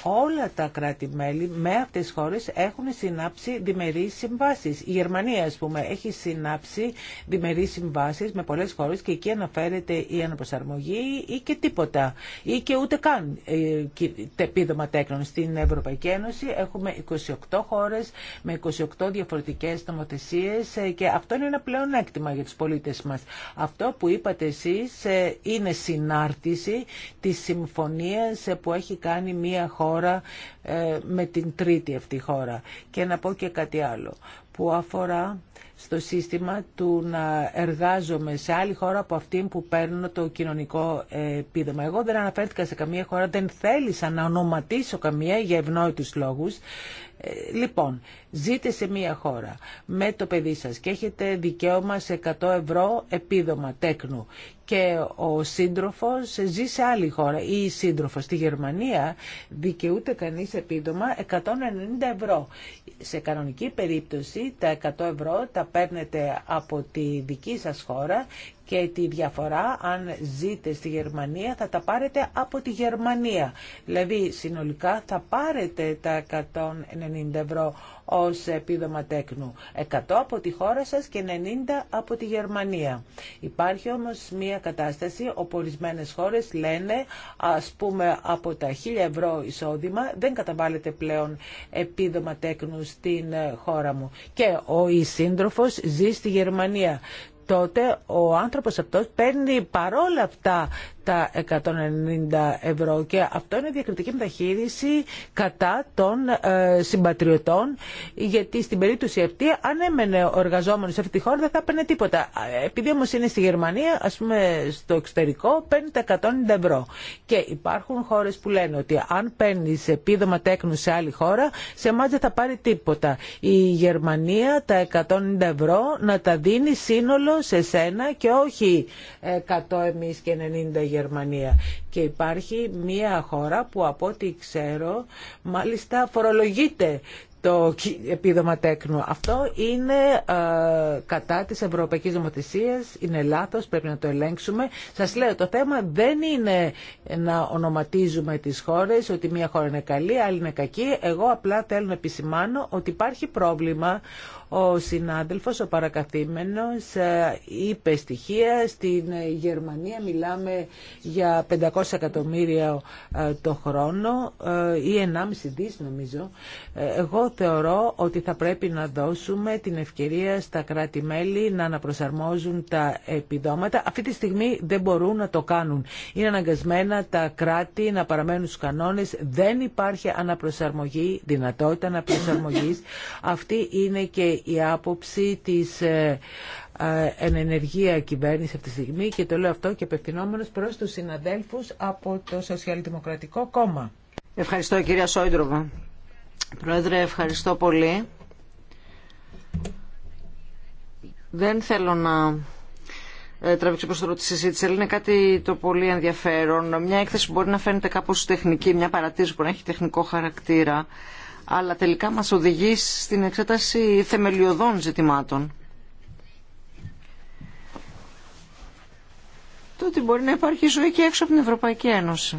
όλα τα κράτη-μέλη με αυτές τις χώρες έχουν συνάψει διμερείς συμβάσεις. Η Γερμανία, ας πούμε, έχει συνάψει διμερείς συμβάσεις με πολλές χώρες και εκεί αναφέρεται η αναπροσαρμογή ή και τίποτα. Ή και ούτε καν ε, επίδομα τέκνων. Στην Ευρωπαϊκή Ένωση έχουμε 28 χώρες με 28 διαφορετικές νομοθεσίες ε, και αυτό είναι ένα πλεονέκτημα για τους πολίτες μας. Αυτό που είπατε εσείς ε, είναι συνάρτηση της συμφωνίας που έχει κάνει μία χώρα χώρα ε, με την τρίτη αυτή χώρα. Και να πω και κάτι άλλο που αφορά στο σύστημα του να εργάζομαι σε άλλη χώρα από αυτήν που παίρνω το κοινωνικό ε, επίδομα. Εγώ δεν αναφέρθηκα σε καμία χώρα, δεν θέλησα να ονοματίσω καμία για ευνόητους λόγους. Ε, λοιπόν, ζείτε σε μία χώρα με το παιδί σας και έχετε δικαίωμα σε 100 ευρώ επίδομα τέκνου και ο σύντροφος ζει σε άλλη χώρα ή η σύντροφος στη Γερμανία δικαιούται κανείς επίδομα 190 ευρώ. Σε κανονική περίπτωση τα 100 ευρώ τα παίρνετε από τη δική σας χώρα και τη διαφορά αν ζείτε στη Γερμανία θα τα πάρετε από τη Γερμανία. Δηλαδή συνολικά θα πάρετε τα 190 ευρώ ως επίδομα τέκνου. 100 από τη χώρα σας και 90 από τη Γερμανία. Υπάρχει όμως μια κατάσταση όπου ορισμένε χώρες λένε ας πούμε από τα 1000 ευρώ εισόδημα δεν καταβάλλεται πλέον επίδομα τέκνου στην ε, χώρα μου. Και ο εισύντροφος ζει στη Γερμανία τότε ο άνθρωπος αυτός παίρνει παρόλα αυτά τα 190 ευρώ και αυτό είναι διακριτική μεταχείριση κατά των ε, συμπατριωτών γιατί στην περίπτωση αυτή αν έμενε ο εργαζόμενος σε αυτή τη χώρα δεν θα έπαιρνε τίποτα. Επειδή όμω είναι στη Γερμανία, ας πούμε στο εξωτερικό παίρνει τα 190 ευρώ και υπάρχουν χώρες που λένε ότι αν παίρνει επίδομα τέκνου σε άλλη χώρα σε εμάς δεν θα πάρει τίποτα. Η Γερμανία τα 190 ευρώ να τα δίνει σύνολο σε σένα και όχι 100 ε, εμείς και 90 Γερμανία. Και υπάρχει μια χώρα που από ό,τι ξέρω μάλιστα φορολογείται το επίδομα τέκνου. Αυτό είναι ε, κατά της ευρωπαϊκής Δημοτησίας, είναι λάθος, πρέπει να το ελέγξουμε. Σας λέω, το θέμα δεν είναι να ονοματίζουμε τις χώρες, ότι μία χώρα είναι καλή, άλλη είναι κακή. Εγώ απλά θέλω να επισημάνω ότι υπάρχει πρόβλημα ο συνάδελφος, ο παρακαθήμενος, ε, είπε στοιχεία. Στην Γερμανία μιλάμε για 500 εκατομμύρια ε, το χρόνο ε, ή 1,5 δις νομίζω. Εγώ θεωρώ ότι θα πρέπει να δώσουμε την ευκαιρία στα κράτη-μέλη να αναπροσαρμόζουν τα επιδόματα. Αυτή τη στιγμή δεν μπορούν να το κάνουν. Είναι αναγκασμένα τα κράτη να παραμένουν στους κανόνες. Δεν υπάρχει αναπροσαρμογή, δυνατότητα αναπροσαρμογής. Αυτή είναι και η άποψη της ε, ε, ενεργεία κυβέρνηση αυτή τη στιγμή και το λέω αυτό και απευθυνόμενος προς τους συναδέλφους από το Σοσιαλδημοκρατικό Κόμμα. Ευχαριστώ κυρία Σόιντροβα. Πρόεδρε, ευχαριστώ πολύ. Δεν θέλω να ε, τραβήξω προς το τη συζήτηση, αλλά είναι κάτι το πολύ ενδιαφέρον. Μια έκθεση που μπορεί να φαίνεται κάπως τεχνική, μια παρατήρηση που να έχει τεχνικό χαρακτήρα αλλά τελικά μας οδηγεί στην εξέταση θεμελιωδών ζητημάτων. Το μπορεί να υπάρχει ζωή και έξω από την Ευρωπαϊκή Ένωση.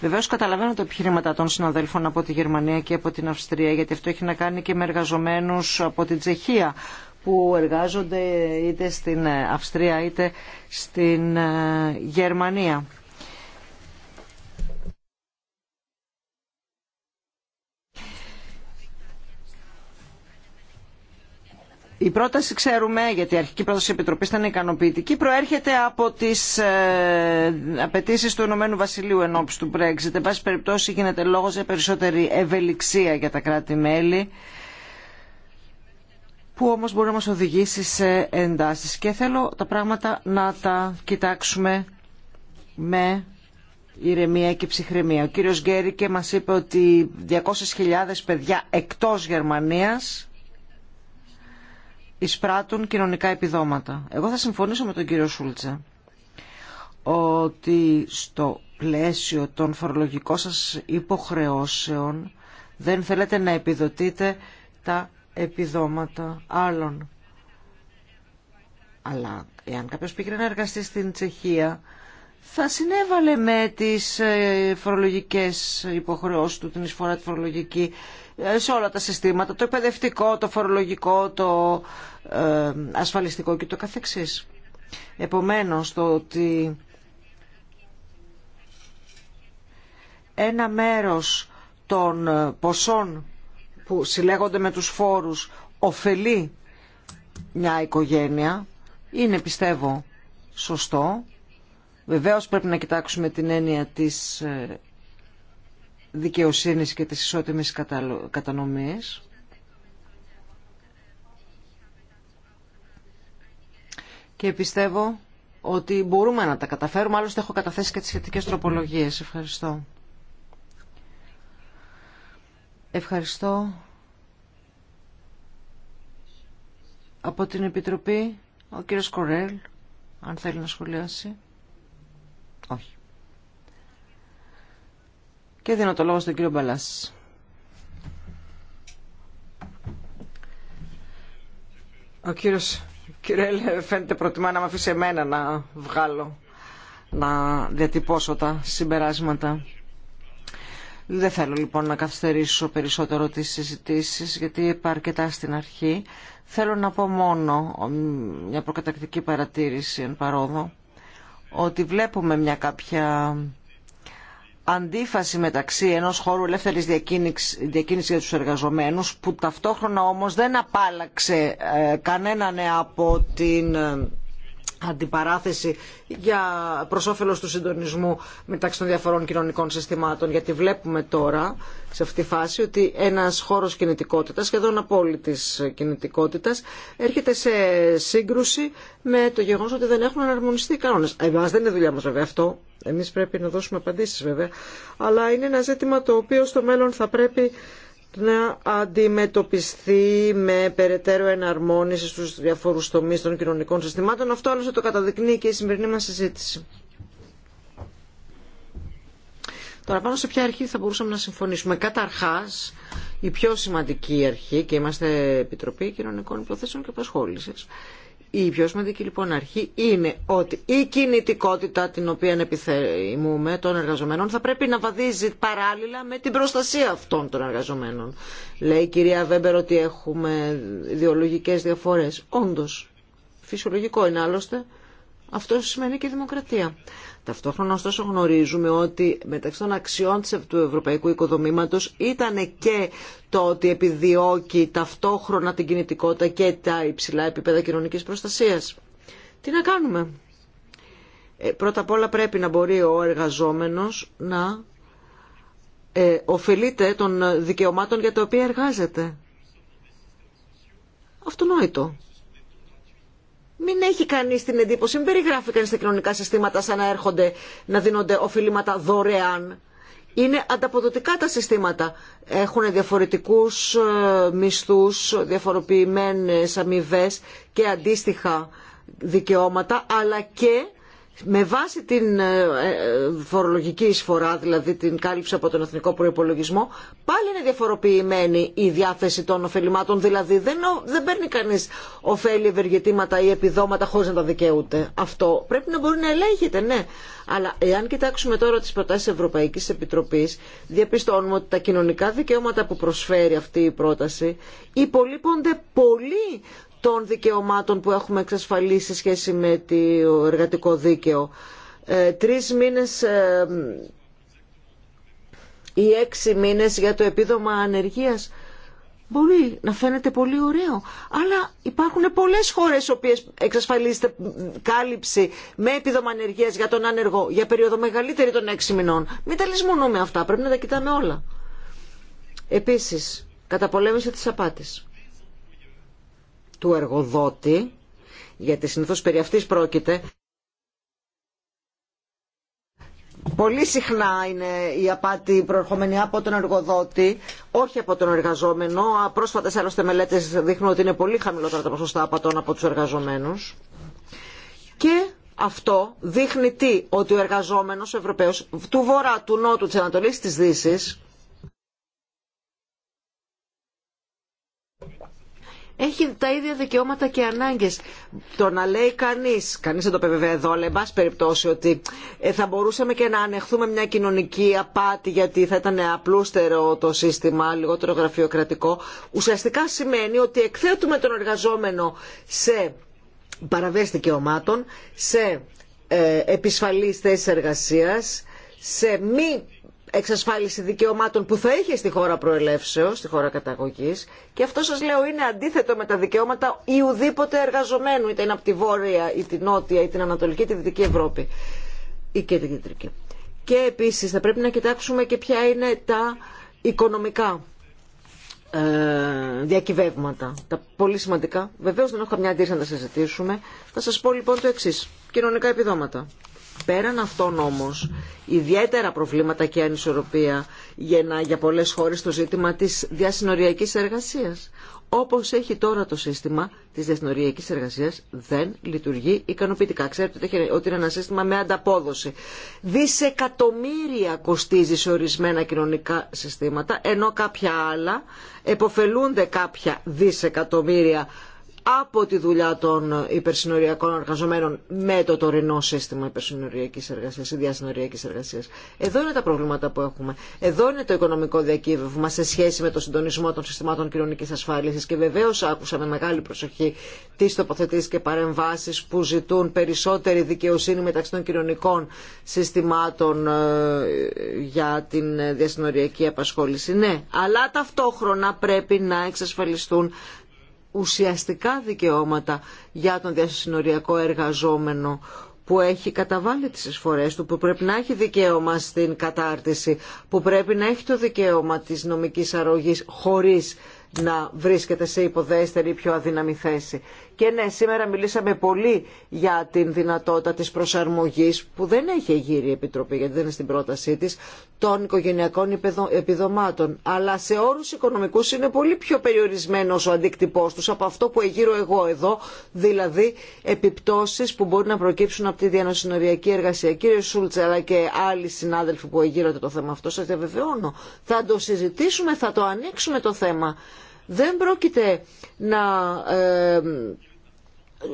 Βεβαίω καταλαβαίνω τα επιχειρήματα των συναδέλφων από τη Γερμανία και από την Αυστρία, γιατί αυτό έχει να κάνει και με εργαζομένου από την Τσεχία που εργάζονται είτε στην Αυστρία είτε στην ε, Γερμανία. Η πρόταση ξέρουμε, γιατί η αρχική πρόταση της Επιτροπής ήταν ικανοποιητική, προέρχεται από τις ε, απαιτήσει του Ηνωμένου Βασιλείου ενώπιση του Brexit. Εν πάση περιπτώσει γίνεται λόγος για περισσότερη ευελιξία για τα κράτη-μέλη που όμως μπορεί να μας οδηγήσει σε εντάσεις. Και θέλω τα πράγματα να τα κοιτάξουμε με ηρεμία και ψυχραιμία. Ο κύριος Γκέρικε μας είπε ότι 200.000 παιδιά εκτός Γερμανίας εισπράττουν κοινωνικά επιδόματα. Εγώ θα συμφωνήσω με τον κύριο Σούλτσε ότι στο πλαίσιο των φορολογικών σας υποχρεώσεων δεν θέλετε να επιδοτείτε τα επιδόματα άλλων. Αλλά εάν κάποιος πήγαινε να εργαστεί στην Τσεχία θα συνέβαλε με τις ε, φορολογικές υποχρεώσεις του, την εισφορά τη φορολογική σε όλα τα συστήματα, το εκπαιδευτικό, το φορολογικό, το ε, ασφαλιστικό και το καθεξής. Επομένως, το ότι ένα μέρος των ποσών που συλλέγονται με τους φόρους ωφελεί μια οικογένεια είναι πιστεύω σωστό. Βεβαίως πρέπει να κοιτάξουμε την έννοια της ε, δικαιοσύνης και τις ισότιμης κατανομής. Και πιστεύω ότι μπορούμε να τα καταφέρουμε, άλλωστε έχω καταθέσει και τις σχετικές τροπολογίες. Ευχαριστώ. Ευχαριστώ. Από την Επιτροπή, ο κύριος Κορέλ, αν θέλει να σχολιάσει. Όχι. Και δίνω το λόγο στον κύριο Μπαλάς. Ο κύριος Κυρέλ φαίνεται προτιμά να με αφήσει εμένα να βγάλω, να διατυπώσω τα συμπεράσματα. Δεν θέλω λοιπόν να καθυστερήσω περισσότερο τις συζητήσεις γιατί είπα αρκετά στην αρχή. Θέλω να πω μόνο μια προκατακτική παρατήρηση εν παρόδο ότι βλέπουμε μια κάποια αντίφαση μεταξύ ενός χώρου ελεύθερης διακίνησης, διακίνησης για τους εργαζομένους που ταυτόχρονα όμως δεν απάλλαξε ε, κανέναν από την ε, αντιπαράθεση για προς όφελος του συντονισμού μεταξύ των διαφορών κοινωνικών συστημάτων γιατί βλέπουμε τώρα σε αυτή τη φάση ότι ένας χώρος κινητικότητας σχεδόν απόλυτης κινητικότητας έρχεται σε σύγκρουση με το γεγονός ότι δεν έχουν αναρμονιστεί οι κανόνες. Εμάς δεν είναι δουλειά μας βέβαια αυτό. Εμείς πρέπει να δώσουμε απαντήσεις βέβαια. Αλλά είναι ένα ζήτημα το οποίο στο μέλλον θα πρέπει να αντιμετωπιστεί με περαιτέρω εναρμόνιση στους διαφόρους τομείς των κοινωνικών συστημάτων. Αυτό άλλωστε το καταδεικνύει και η σημερινή μας συζήτηση. Τώρα πάνω σε ποια αρχή θα μπορούσαμε να συμφωνήσουμε. Καταρχάς, η πιο σημαντική αρχή, και είμαστε Επιτροπή Κοινωνικών Υποθέσεων και Απασχόλησης, η πιο σημαντική λοιπόν αρχή είναι ότι η κινητικότητα την οποία επιθυμούμε των εργαζομένων θα πρέπει να βαδίζει παράλληλα με την προστασία αυτών των εργαζομένων. Λέει η κυρία Βέμπερ ότι έχουμε ιδεολογικές διαφορές. Όντως, φυσιολογικό είναι άλλωστε. Αυτό σημαίνει και δημοκρατία. Ταυτόχρονα ωστόσο γνωρίζουμε ότι μεταξύ των αξιών του ευρωπαϊκού οικοδομήματος ήταν και το ότι επιδιώκει ταυτόχρονα την κινητικότητα και τα υψηλά επίπεδα κοινωνικής προστασίας. Τι να κάνουμε. Ε, πρώτα απ' όλα πρέπει να μπορεί ο εργαζόμενος να ε, ωφελείται των δικαιωμάτων για τα οποία εργάζεται. Αυτονόητο μην έχει κανεί την εντύπωση, μην περιγράφει κανεί τα κοινωνικά συστήματα σαν να έρχονται να δίνονται οφειλήματα δωρεάν. Είναι ανταποδοτικά τα συστήματα. Έχουν διαφορετικούς ε, μισθούς, διαφοροποιημένε αμοιβέ και αντίστοιχα δικαιώματα, αλλά και με βάση την ε, ε, φορολογική εισφορά, δηλαδή την κάλυψη από τον εθνικό προπολογισμό, πάλι είναι διαφοροποιημένη η διάθεση των ωφελημάτων, δηλαδή δεν, δεν παίρνει κανεί ωφέλη, ευεργετήματα ή επιδόματα χωρί να τα δικαιούται. Αυτό πρέπει να μπορεί να ελέγχεται, ναι. Αλλά εάν κοιτάξουμε τώρα τις προτάσεις Ευρωπαϊκή Επιτροπή, διαπιστώνουμε ότι τα κοινωνικά δικαιώματα που προσφέρει αυτή η πρόταση υπολείπονται πολύ των δικαιωμάτων που έχουμε εξασφαλίσει σε σχέση με το εργατικό δίκαιο. Ε, τρεις μήνες ε, ή έξι μήνες για το επίδομα ανεργίας μπορεί να φαίνεται πολύ ωραίο. Αλλά υπάρχουν πολλές χώρες οι οποίες εξασφαλίζεται κάλυψη με επίδομα ανεργίας για τον άνεργο για περίοδο μεγαλύτερη των έξι μηνών. Μην τα λησμονούμε αυτά, πρέπει να τα κοιτάμε όλα. Επίσης, καταπολέμηση τη απάτη του εργοδότη, γιατί συνήθως περί αυτής πρόκειται, Πολύ συχνά είναι η απάτη προερχόμενη από τον εργοδότη, όχι από τον εργαζόμενο. Πρόσφατες άλλωστε μελέτες δείχνουν ότι είναι πολύ χαμηλότερα τα ποσοστά απατών από τους εργαζομένους. Και αυτό δείχνει τι, ότι ο εργαζόμενος Ευρωπαίος του Βορρά, του Νότου, της Ανατολής, της Δύσης, έχει τα ίδια δικαιώματα και ανάγκε. Το να λέει κανεί, κανεί δεν το πει βέβαια εδώ, αλλά περιπτώσει ότι ε, θα μπορούσαμε και να ανεχθούμε μια κοινωνική απάτη γιατί θα ήταν απλούστερο το σύστημα, λιγότερο γραφειοκρατικό, ουσιαστικά σημαίνει ότι εκθέτουμε τον εργαζόμενο σε παραβέστη δικαιωμάτων, σε ε, επισφαλείς θέσεις σε μη εξασφάλιση δικαιωμάτων που θα είχε στη χώρα προελεύσεως, στη χώρα καταγωγής και αυτό σας λέω είναι αντίθετο με τα δικαιώματα ουδήποτε εργαζομένου είτε είναι από τη Βόρεια ή την Νότια ή την Ανατολική ή τη Δυτική Ευρώπη ή και την Κεντρική. Και επίσης θα πρέπει να κοιτάξουμε και ποια είναι τα οικονομικά ε, διακυβεύματα, τα πολύ σημαντικά. Βεβαίω δεν έχω καμιά αντίρρηση να τα συζητήσουμε. Θα σα πω λοιπόν το εξή. Κοινωνικά επιδόματα. Πέραν αυτών όμως, ιδιαίτερα προβλήματα και ανισορροπία για, για πολλές χώρες το ζήτημα της διασυνοριακής εργασίας. Όπως έχει τώρα το σύστημα της διασυνοριακής εργασίας δεν λειτουργεί ικανοποιητικά. Ξέρετε ότι είναι ένα σύστημα με ανταπόδοση. Δισεκατομμύρια κοστίζει σε ορισμένα κοινωνικά συστήματα, ενώ κάποια άλλα εποφελούνται κάποια δισεκατομμύρια από τη δουλειά των υπερσυνοριακών εργαζομένων με το τωρινό σύστημα υπερσυνοριακής εργασίας ή διασυνοριακής εργασίας. Εδώ είναι τα προβλήματα που έχουμε. Εδώ είναι το οικονομικό διακύβευμα σε σχέση με το συντονισμό των συστημάτων κοινωνικής ασφάλισης και βεβαίως άκουσα με μεγάλη προσοχή τις τοποθετήσεις και παρεμβάσεις που ζητούν περισσότερη δικαιοσύνη μεταξύ των κοινωνικών συστημάτων ε, για την διασυνοριακή απασχόληση. Ναι, αλλά ταυτόχρονα πρέπει να εξασφαλιστούν ουσιαστικά δικαιώματα για τον διασυνοριακό εργαζόμενο που έχει καταβάλει τις εισφορές του, που πρέπει να έχει δικαίωμα στην κατάρτιση, που πρέπει να έχει το δικαίωμα της νομικής αρρωγής χωρίς να βρίσκεται σε υποδέστερη ή πιο αδύναμη θέση. Και ναι, σήμερα μιλήσαμε πολύ για την δυνατότητα της προσαρμογής που δεν έχει γύρει η Επιτροπή γιατί δεν είναι στην πρότασή της των οικογενειακών επιδομάτων. Αλλά σε όρους οικονομικούς είναι πολύ πιο περιορισμένος ο αντίκτυπός τους από αυτό που εγείρω εγώ εδώ, δηλαδή επιπτώσεις που μπορεί να προκύψουν από τη διανοσυνοριακή εργασία. Κύριε Σούλτσε αλλά και άλλοι συνάδελφοι που εγείρονται το θέμα αυτό, σας διαβεβαιώνω. Θα το συζητήσουμε, θα το ανοίξουμε το θέμα δεν πρόκειται να ε,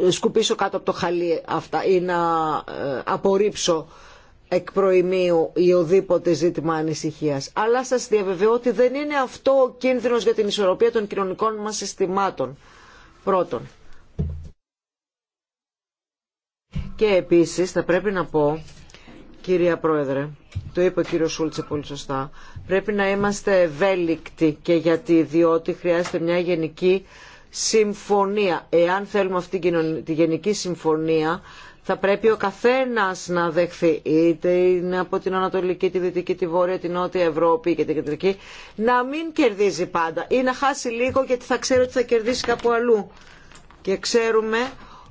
σκουπίσω κάτω από το χαλί αυτά ή να ε, απορρίψω εκ προημίου ή οδήποτε ζήτημα ανησυχία. Αλλά σας διαβεβαιώ ότι δεν είναι αυτό ο κίνδυνος για την ισορροπία των κοινωνικών μα συστημάτων. Πρώτον. Και επίσης θα πρέπει να πω κυρία Πρόεδρε, το είπε ο κύριος Σούλτσε πολύ σωστά, πρέπει να είμαστε ευέλικτοι και γιατί διότι χρειάζεται μια γενική συμφωνία. Εάν θέλουμε αυτή τη γενική συμφωνία θα πρέπει ο καθένας να δεχθεί είτε είναι από την Ανατολική, τη Δυτική, τη Βόρεια, τη Νότια Ευρώπη και την Κεντρική να μην κερδίζει πάντα ή να χάσει λίγο γιατί θα ξέρει ότι θα κερδίσει κάπου αλλού. Και ξέρουμε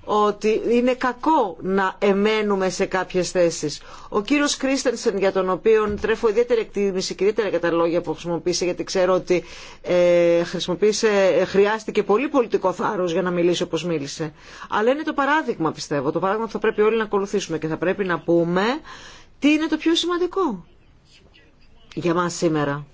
ότι είναι κακό να εμένουμε σε κάποιες θέσεις. Ο κύριος Κρίστενσεν, για τον οποίο τρέφω ιδιαίτερη εκτίμηση και ιδιαίτερα για τα λόγια που χρησιμοποίησε, γιατί ξέρω ότι ε, χρησιμοποίησε, ε, χρειάστηκε πολύ πολιτικό θάρρος για να μιλήσει όπως μίλησε. Αλλά είναι το παράδειγμα, πιστεύω. Το παράδειγμα που θα πρέπει όλοι να ακολουθήσουμε και θα πρέπει να πούμε τι είναι το πιο σημαντικό για μας σήμερα.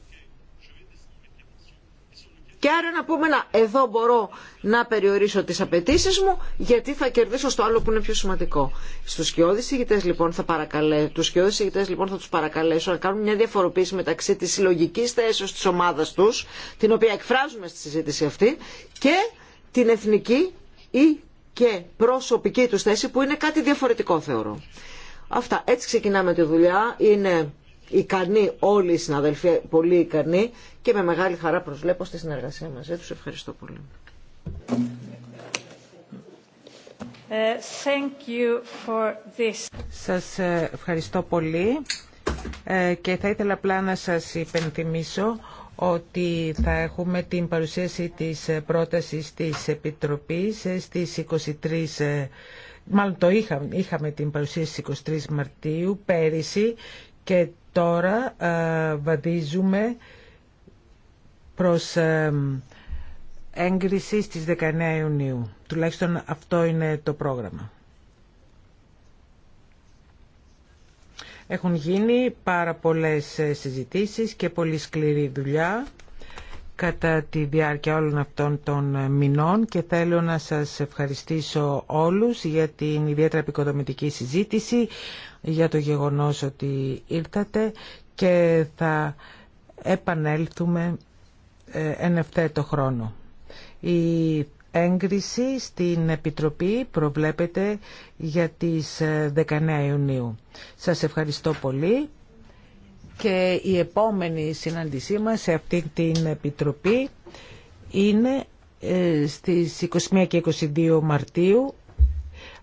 Και άρα να πούμε να εδώ μπορώ να περιορίσω τις απαιτήσει μου γιατί θα κερδίσω στο άλλο που είναι πιο σημαντικό. Στους σκιώδεις ηγητές λοιπόν θα παρακαλέ, τους ηγητές λοιπόν θα τους παρακαλέσω να κάνουν μια διαφοροποίηση μεταξύ της συλλογική θέση της ομάδας τους, την οποία εκφράζουμε στη συζήτηση αυτή, και την εθνική ή και προσωπική τους θέση που είναι κάτι διαφορετικό θεωρώ. Αυτά. Έτσι ξεκινάμε τη δουλειά. Είναι ικανοί όλοι οι συναδελφοί, πολύ ικανοί και με μεγάλη χαρά προσλέπω στη συνεργασία μαζί τους. Ευχαριστώ πολύ. Ε, thank you for this. Σας ε, ευχαριστώ πολύ ε, και θα ήθελα απλά να σας υπενθυμίσω ότι θα έχουμε την παρουσίαση της πρότασης της Επιτροπής στις 23 Μάλλον το είχα, είχαμε την παρουσίαση στις 23 Μαρτίου πέρυσι και τώρα ε, βαδίζουμε προς ε, έγκριση στις 19 Ιουνίου. Τουλάχιστον αυτό είναι το πρόγραμμα. Έχουν γίνει πάρα πολλές ε, συζητήσεις και πολύ σκληρή δουλειά κατά τη διάρκεια όλων αυτών των μηνών και θέλω να σας ευχαριστήσω όλους για την ιδιαίτερα επικοδομητική συζήτηση για το γεγονός ότι ήρθατε και θα επανέλθουμε ε, εν ευθέτω χρόνο. Η έγκριση στην Επιτροπή προβλέπεται για τις 19 ε, Ιουνίου. Σας ευχαριστώ πολύ και η επόμενη συνάντησή μας σε αυτή την Επιτροπή είναι ε, στις 21 και 22 Μαρτίου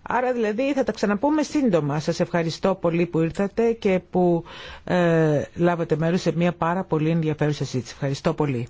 Άρα δηλαδή θα τα ξαναπούμε σύντομα. Σας ευχαριστώ πολύ που ήρθατε και που ε, λάβατε μέρος σε μια πάρα πολύ ενδιαφέρουσα συζήτηση. Ευχαριστώ πολύ.